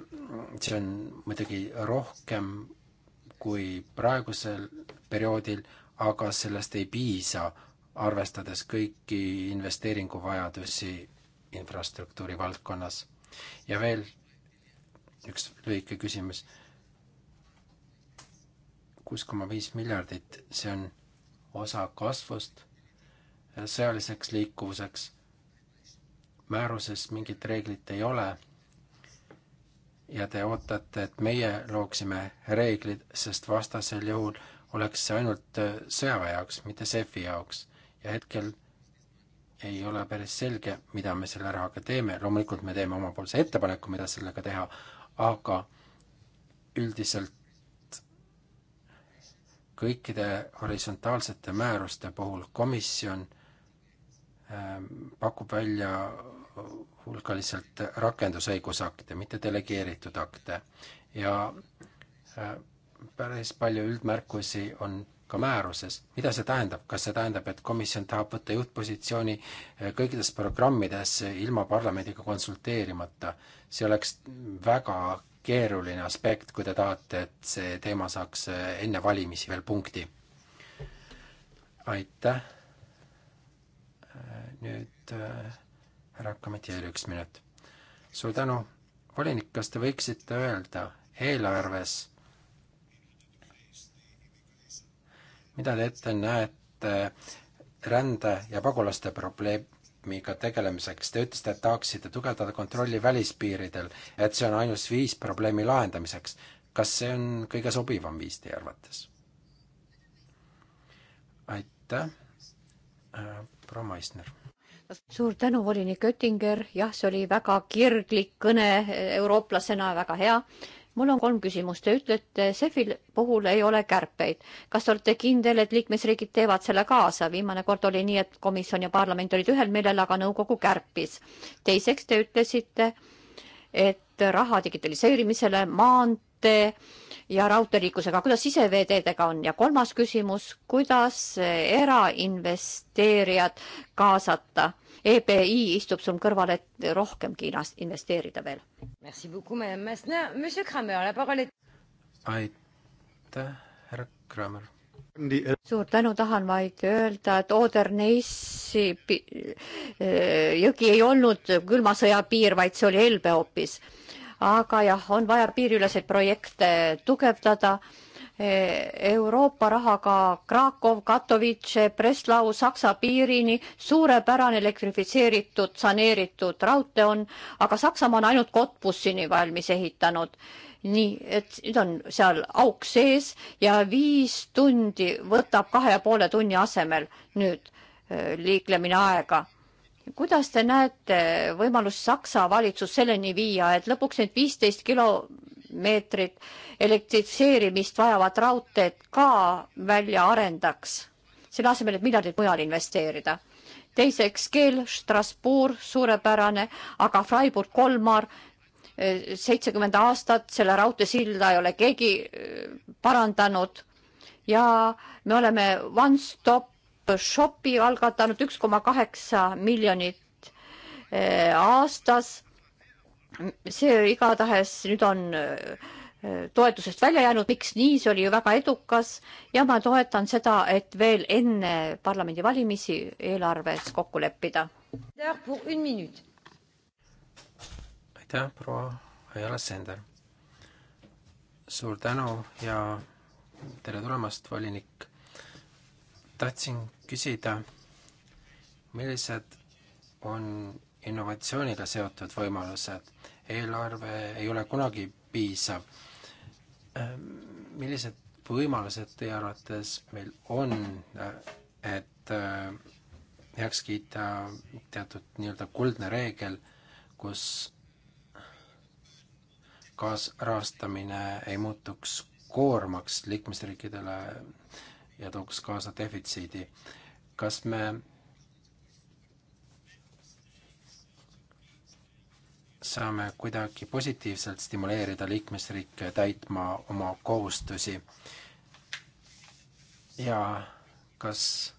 see on muidugi rohkem kui praegusel perioodil, aga sellest ei piisa, arvestades kõiki investeeringuvajadusi infrastruktuuri valdkonnas. ja veel üks lühike küsimus. kuus koma viis miljardit, see on osa kasvust sõjaliseks liikuvuseks. määruses mingit reeglit ei ole ja te ootate, et meie looksime reeglid, sest vastasel juhul oleks see ainult äh, sõjaväe jaoks, mitte SEF-i jaoks. ja hetkel ei ole päris selge, mida me selle rahaga teeme, loomulikult me teeme omapoolse ettepaneku, mida sellega teha, aga üldiselt kõikide horisontaalsete määruste puhul komisjon ähm, pakub välja hulgaliselt rakendusõigusakte, mitte delegeeritud akte ja äh, päris palju üldmärkusi on ka määruses. mida see tähendab, kas see tähendab, et komisjon tahab võtta juhtpositsiooni äh, kõikides programmides ilma parlamendiga konsulteerimata? see oleks väga keeruline aspekt, kui te tahate, et see teema saaks äh, enne valimisi veel punkti. aitäh. nüüd härra Komiteel üks minut. suur tänu. volinik, kas te võiksite öelda eelarves, mida te ette näete rände ja pagulaste probleemiga tegelemiseks? Te ütlesite, et tahaksite tugevdada kontrolli välispiiridel, et see on ainus viis probleemi lahendamiseks. kas see on kõige sobivam viis teie arvates? aitäh, äh, proua Maisner suur tänu, volinik Oettinger, jah, see oli väga kirglik kõne eurooplasena, väga hea. mul on kolm küsimust, te ütlete, CEF-il puhul ei ole kärpeid. kas te olete kindel, et liikmesriigid teevad selle kaasa? viimane kord oli nii, et komisjon ja parlament olid ühel meelel, aga nõukogu kärpis. teiseks te ütlesite, et raha digitaliseerimisele, maanteedele, raudtee ja raudteeliiklusega, kuidas siseveeteedega on ja kolmas küsimus, kuidas erainvesteerijad kaasata? EBI istub sul kõrval, et rohkem Hiinast investeerida veel. aitäh, härra Kramer. suur tänu, tahan vaid öelda, et Oder-Neissi äh, jõgi ei olnud külma sõja piir, vaid see oli Elbe hoopis aga jah, on vaja piiriüleseid projekte tugevdada. E, Euroopa rahaga Krakow, Katowice, Breslau, Saksa piirini suurepärane elektrifitseeritud, saneeritud raudtee on, aga Saksamaa on ainult Cottbusini valmis ehitanud nii et nüüd on seal auk sees ja viis tundi võtab kahe ja poole tunni asemel nüüd e, liiklemine aega kuidas te näete võimalust Saksa valitsus selleni viia, et lõpuks need viisteist kilomeetrit elektrifitseerimist vajavat raudteed ka välja arendaks, selle asemel, et miljardid mujal investeerida? teiseks keel Strasbourg, suurepärane, aga Freiburg-Kolmar seitsekümmend aastat selle raudteesilda ei ole keegi äh, parandanud ja me oleme one stop shopi algatanud üks koma kaheksa miljonit eh, aastas. see igatahes nüüd on eh, toetusest välja jäänud, miks nii, see oli ju väga edukas ja ma toetan seda, et veel enne parlamendivalimisi eelarves kokku leppida. aitäh, proua Ajala Sender. suur tänu ja tere tulemast, volinik. tahtsin küsida, millised on innovatsiooniga seotud võimalused. eelarve ei ole kunagi piisav. Ähm, millised võimalused teie arvates meil on, äh, et äh, heaks kiita teatud nii-öelda kuldne reegel, kus kaasrahastamine ei muutuks koormaks liikmesriikidele ja tooks kaasa defitsiidi kas me saame kuidagi positiivselt stimuleerida liikmesriike täitma oma kohustusi ja kas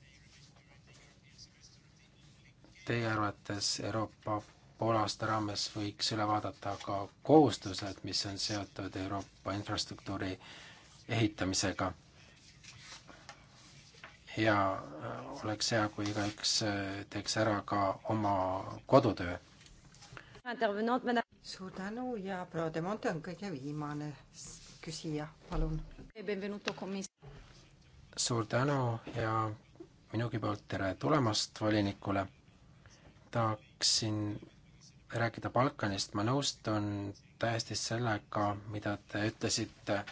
teie arvates Euroopa poolaasta raames võiks üle vaadata ka kohustused, mis on seotud Euroopa infrastruktuuri ehitamisega ja oleks hea, kui igaüks äh, teeks ära ka oma kodutöö. suur tänu ja proua De Monte on kõige viimane küsija, palun. suur tänu ja minugi poolt tere tulemast volinikule. tahaksin rääkida Balkanist, ma nõustun täiesti sellega, mida te ütlesite,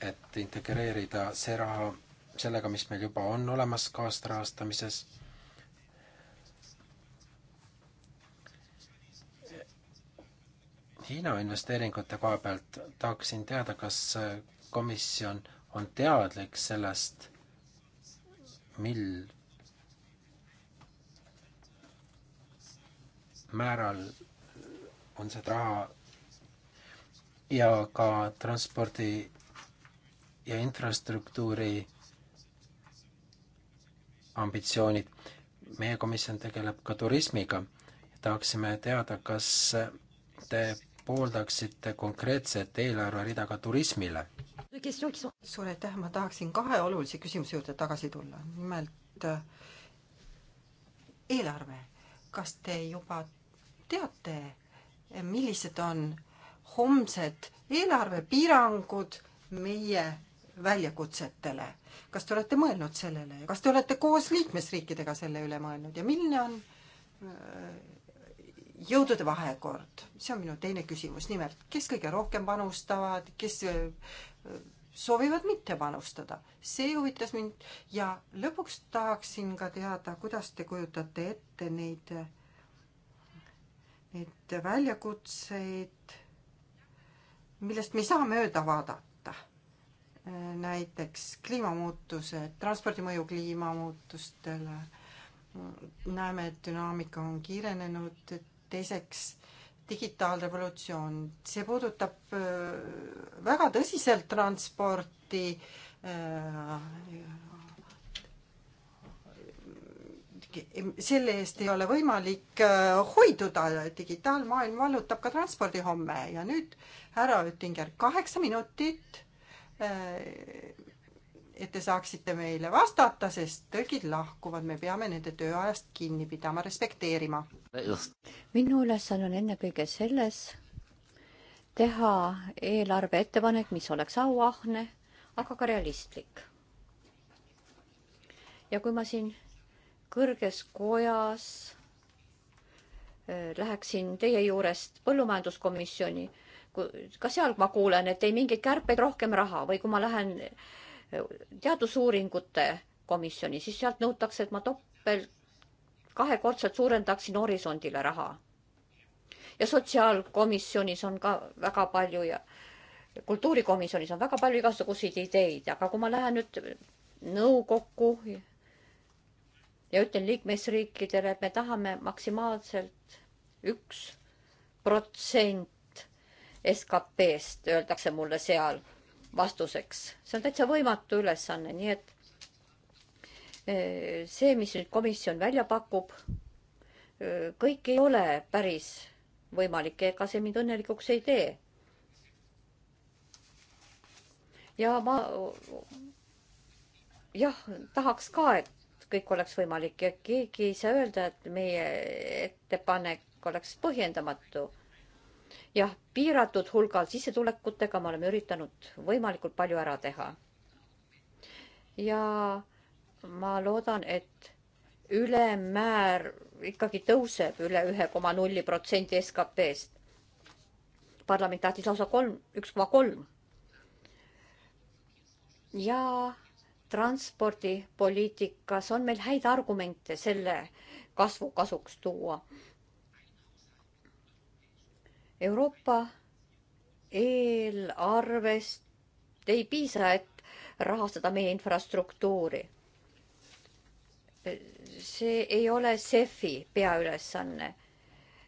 et integreerida see raha sellega, mis meil juba on olemas kaasrahastamises. Hiina investeeringute koha pealt tahaksin teada, kas komisjon on teadlik sellest, mil määral on seda raha ja ka transpordi ja infrastruktuuri ambitsioonid. meie komisjon tegeleb ka turismiga. tahaksime teada, kas te pooldaksite konkreetset eelarverida ka turismile? suur aitäh, ma tahaksin kahe olulise küsimuse juurde tagasi tulla. nimelt äh, eelarve. kas te juba teate, millised on homsed eelarvepiirangud meie väljakutsetele. kas te olete mõelnud sellele ja kas te olete koos liikmesriikidega selle üle mõelnud ja milline on äh, jõudude vahekord, see on minu teine küsimus, nimelt, kes kõige rohkem panustavad, kes äh, soovivad mitte panustada, see huvitas mind ja lõpuks tahaksin ka teada, kuidas te kujutate ette neid, neid väljakutseid, millest me ei saa mööda vaadata näiteks kliimamuutused, transpordi mõju kliimamuutustele, näeme, et dünaamika on kiirenenud, teiseks digitaalrevolutsioon, see puudutab äh, väga tõsiselt transporti, äh, selle eest ei ole võimalik äh, hoiduda, digitaalmaailm vallutab ka transpordi homme ja nüüd härra Oettinger, kaheksa minutit Äh, et te saaksite meile vastata, sest tõlgid lahkuvad, me peame nende tööajast kinni pidama, respekteerima. minu ülesanne on ennekõike selles, teha eelarve ettepanek, mis oleks auahne, aga ka realistlik. ja kui ma siin kõrges kojas äh, läheksin teie juurest põllumajanduskomisjoni, ka seal ma kuulen, et ei mingeid kärpeid, rohkem raha või kui ma lähen eh, teadusuuringute komisjoni, siis sealt nõutakse, et ma topelt kahekordselt suurendaksin Horisondile raha. ja sotsiaalkomisjonis on ka väga palju ja kultuurikomisjonis on väga palju igasuguseid ideid, aga kui ma lähen nüüd nõukokku ja ütlen liikmesriikidele, et me tahame maksimaalselt üks protsent SKP-st, öeldakse mulle seal vastuseks. see on täitsa võimatu ülesanne, nii et see, mis nüüd komisjon välja pakub, kõik ei ole päris võimalik, ega see mind õnnelikuks ei tee. ja ma jah, tahaks ka, et kõik oleks võimalik ja keegi ei saa öelda, et meie ettepanek oleks põhjendamatu jah, piiratud hulgal sissetulekutega me oleme üritanud võimalikult palju ära teha. ja ma loodan, et ülemäär ikkagi tõuseb üle ühe koma nulli protsendi SKP-st. SKP parlament tahtis lausa kolm, üks koma kolm. ja transpordipoliitikas on meil häid argumente selle kasvu kasuks tuua Euroopa eelarvest ei piisa, et rahastada meie infrastruktuuri. see ei ole CEF-i peaülesanne.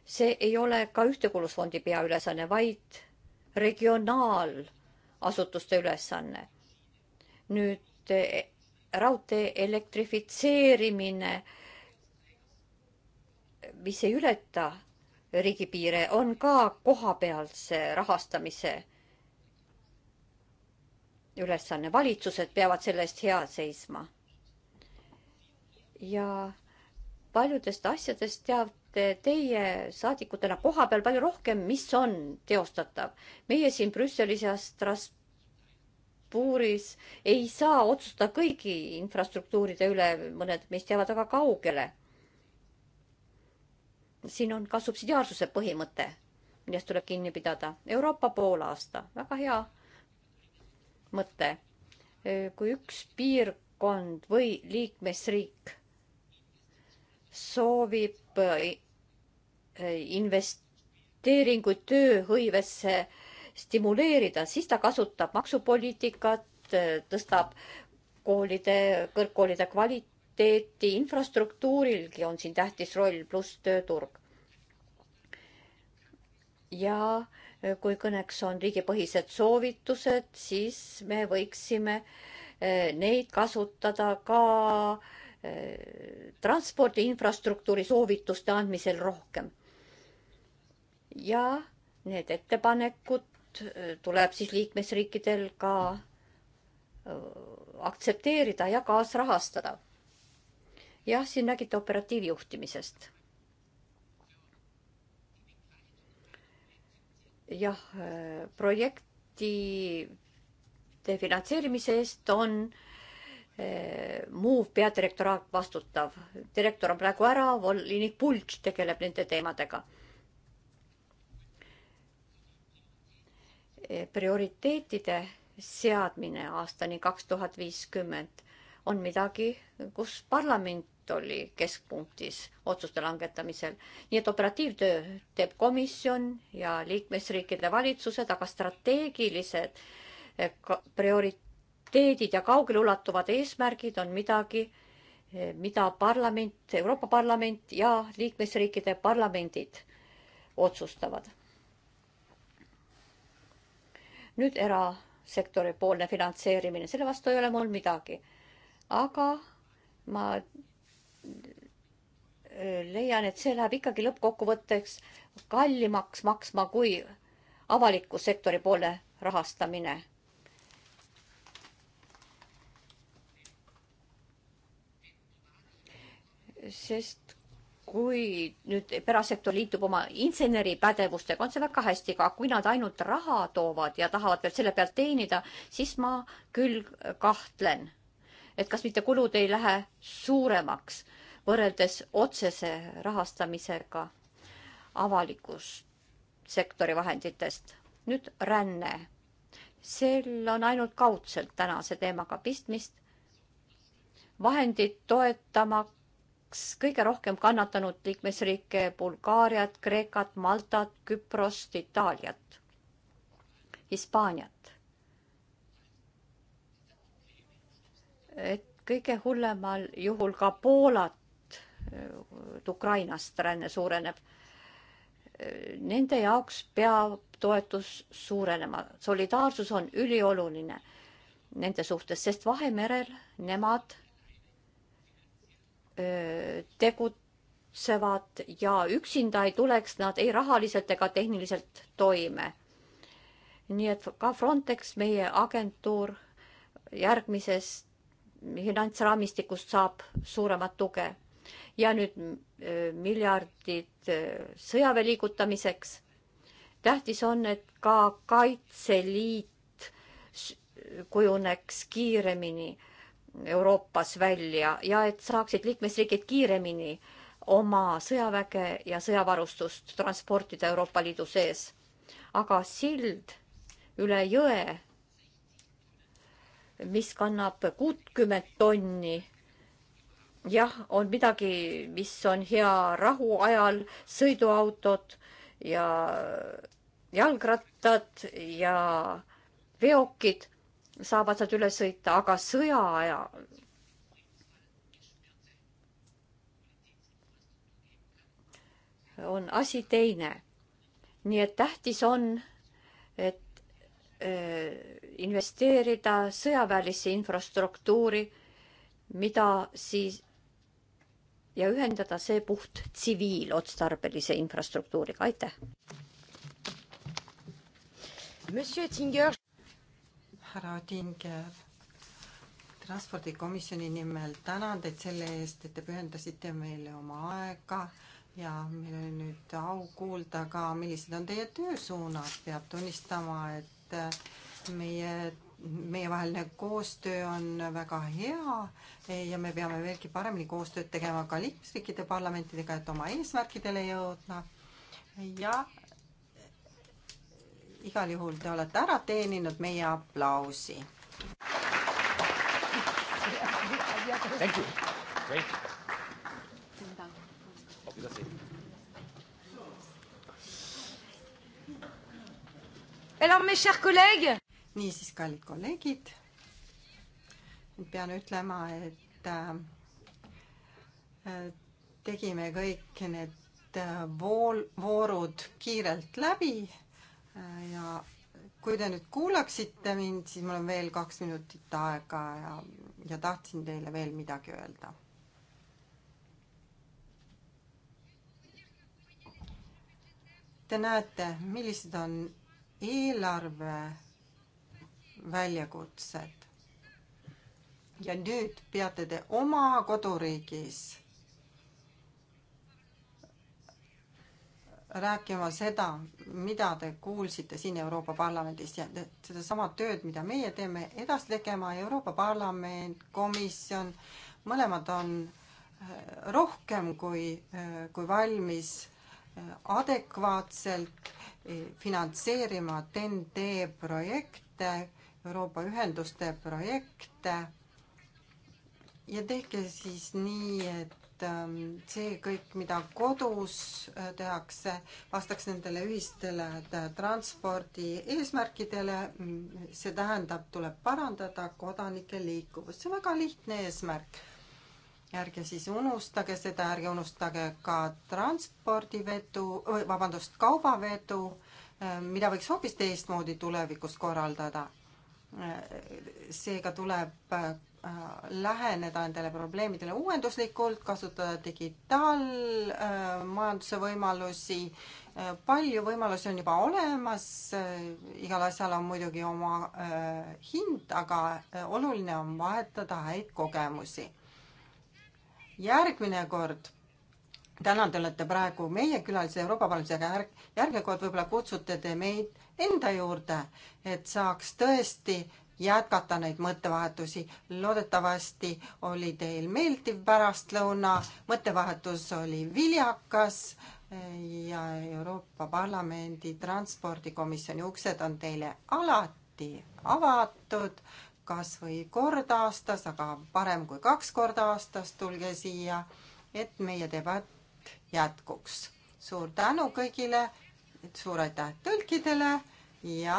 see ei ole ka Ühtekuuluvusfondi peaülesanne, vaid regionaalasutuste ülesanne. nüüd eh, raudtee elektrifitseerimine, mis ei ületa riigipiire, on ka kohapealse rahastamise ülesanne. valitsused peavad selle eest hea seisma. ja paljudest asjadest teate teie saadikutena koha peal palju rohkem, mis on teostatav. meie siin Brüsselis ja Strasbourgis ei saa otsustada kõigi infrastruktuuride üle, mõned meist jäävad väga kaugele siin on ka subsidiaarsuse põhimõte, millest tuleb kinni pidada. Euroopa poolaasta, väga hea mõte. kui üks piirkond või liikmesriik soovib eh, investeeringuid tööhõivesse stimuleerida, siis ta kasutab maksupoliitikat, tõstab koolide, kõrgkoolide kvaliteeti kvaliteeti, infrastruktuurilgi on siin tähtis roll, pluss tööturg. ja kui kõneks on riigipõhised soovitused, siis me võiksime eh, neid kasutada ka eh, transpordi infrastruktuuri soovituste andmisel rohkem. ja need ettepanekud eh, tuleb siis liikmesriikidel ka aktsepteerida ja kaasrahastada jah, siin räägite operatiivjuhtimisest. jah, projektide finantseerimise eest on eh, MOVE peadirektoraat vastutav. direktor on praegu ära, volinik Pultš tegeleb nende teemadega. Eh, prioriteetide seadmine aastani kaks tuhat viiskümmend on midagi, kus parlament Liit oli keskpunktis otsuste langetamisel. nii et operatiivtöö teeb komisjon ja liikmesriikide valitsused, aga strateegilised eh, prioriteedid ja kaugeleulatuvad eesmärgid on midagi, eh, mida parlament, Euroopa Parlament ja liikmesriikide parlamendid otsustavad. nüüd erasektori poolne finantseerimine, selle vastu ei ole mul midagi. aga ma leian, et see läheb ikkagi lõppkokkuvõtteks kallimaks maksma kui avaliku sektori poole rahastamine. sest kui nüüd erasektor liitub oma inseneripädevustega, on see väga hästi, aga kui nad ainult raha toovad ja tahavad veel selle pealt teenida, siis ma küll kahtlen, et kas mitte kulud ei lähe suuremaks võrreldes otsese rahastamisega avalikust sektori vahenditest. nüüd ränne. sel on ainult kaudselt tänase teemaga pistmist. vahendid toetamaks kõige rohkem kannatanud liikmesriike Bulgaariat, Kreekat, Maltat, Küprost, Itaaliat, Hispaaniat. et kõige hullemal juhul ka Poolat Ukrainast ränne suureneb. Nende jaoks peab toetus suurenema, solidaarsus on ülioluline nende suhtes, sest Vahemerel nemad tegutsevad ja üksinda ei tuleks nad ei rahaliselt ega tehniliselt toime. nii et ka Frontex, meie agentuur järgmisest finantsraamistikust saab suuremat tuge ja nüüd äh, miljardid äh, sõjaväe liigutamiseks. tähtis on, et ka Kaitseliit kujuneks kiiremini Euroopas välja ja et saaksid liikmesriigid kiiremini oma sõjaväge ja sõjavarustust transportida Euroopa Liidu sees. aga sild üle jõe, mis kannab kuutkümmet tonni jah, on midagi, mis on hea rahuajal, sõiduautod ja jalgrattad ja veokid saavad sealt üle sõita, aga sõjaaja on asi teine. nii et tähtis on, et äh, investeerida sõjaväelisse infrastruktuuri, mida siis ja ühendada see puht tsiviilotstarbelise infrastruktuuriga, aitäh. härra Otinger, transpordikomisjoni nimel tänan teid selle eest, et te pühendasite meile oma aega ja meil oli nüüd au kuulda ka, millised on teie töösuunad, peab tunnistama, et meie meievaheline koostöö on väga hea ja me peame veelgi paremini koostööd tegema ka liikmesriikide parlamentidega, et oma eesmärkidele jõudma. ja igal juhul te olete ära teeninud meie aplausi. Thank you. Great. Auf Wiedersehen. Alors, mes chers collègues niisiis, kallid kolleegid, pean ütlema, et äh, tegime kõik need äh, vool, voorud kiirelt läbi äh, ja kui te nüüd kuulaksite mind, siis mul on veel kaks minutit aega ja, ja tahtsin teile veel midagi öelda. Te näete, millised on eelarve väljakutsed. ja nüüd peate te oma koduriigis rääkima seda, mida te kuulsite siin Euroopa Parlamendis ja sedasama tööd, mida meie teeme, edasi tegema Euroopa Parlament, komisjon, mõlemad on äh, rohkem kui, äh, kui valmis äh, adekvaatselt finantseerima TEN-T projekte Euroopa ühenduste projekte ja tehke siis nii, et ähm, see kõik, mida kodus äh, tehakse, vastaks nendele ühistele äh, transpordi eesmärkidele. see tähendab, tuleb parandada kodanike liikuvust, see on väga lihtne eesmärk. ärge siis unustage seda, ärge unustage ka transpordivedu, vabandust, kaubavedu, äh, mida võiks hoopis teistmoodi tulevikus korraldada Äh, seega tuleb äh, läheneda nendele probleemidele uuenduslikult, kasutada digitaalmajanduse äh, võimalusi, palju võimalusi on juba olemas, igal asjal on muidugi oma hind, aga oluline on vahetada häid kogemusi. järgmine kord täna te olete praegu meie külalised Euroopa Parlamendis, aga järg, järgmine kord võib-olla kutsute te meid enda juurde, et saaks tõesti jätkata neid mõttevahetusi. loodetavasti oli teil meeldiv pärastlõuna, mõttevahetus oli viljakas ja Euroopa Parlamendi transpordikomisjoni uksed on teile alati avatud, kas või kord aastas, aga parem kui kaks korda aastas, tulge siia, et meie debatt jätkuks. suur tänu kõigile et suur aitäh tõlkidele ja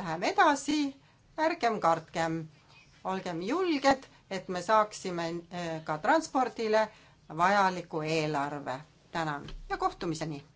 läheme edasi, ärgem kartkem, olgem julged, et me saaksime äh, ka transpordile vajaliku eelarve. tänan ja kohtumiseni!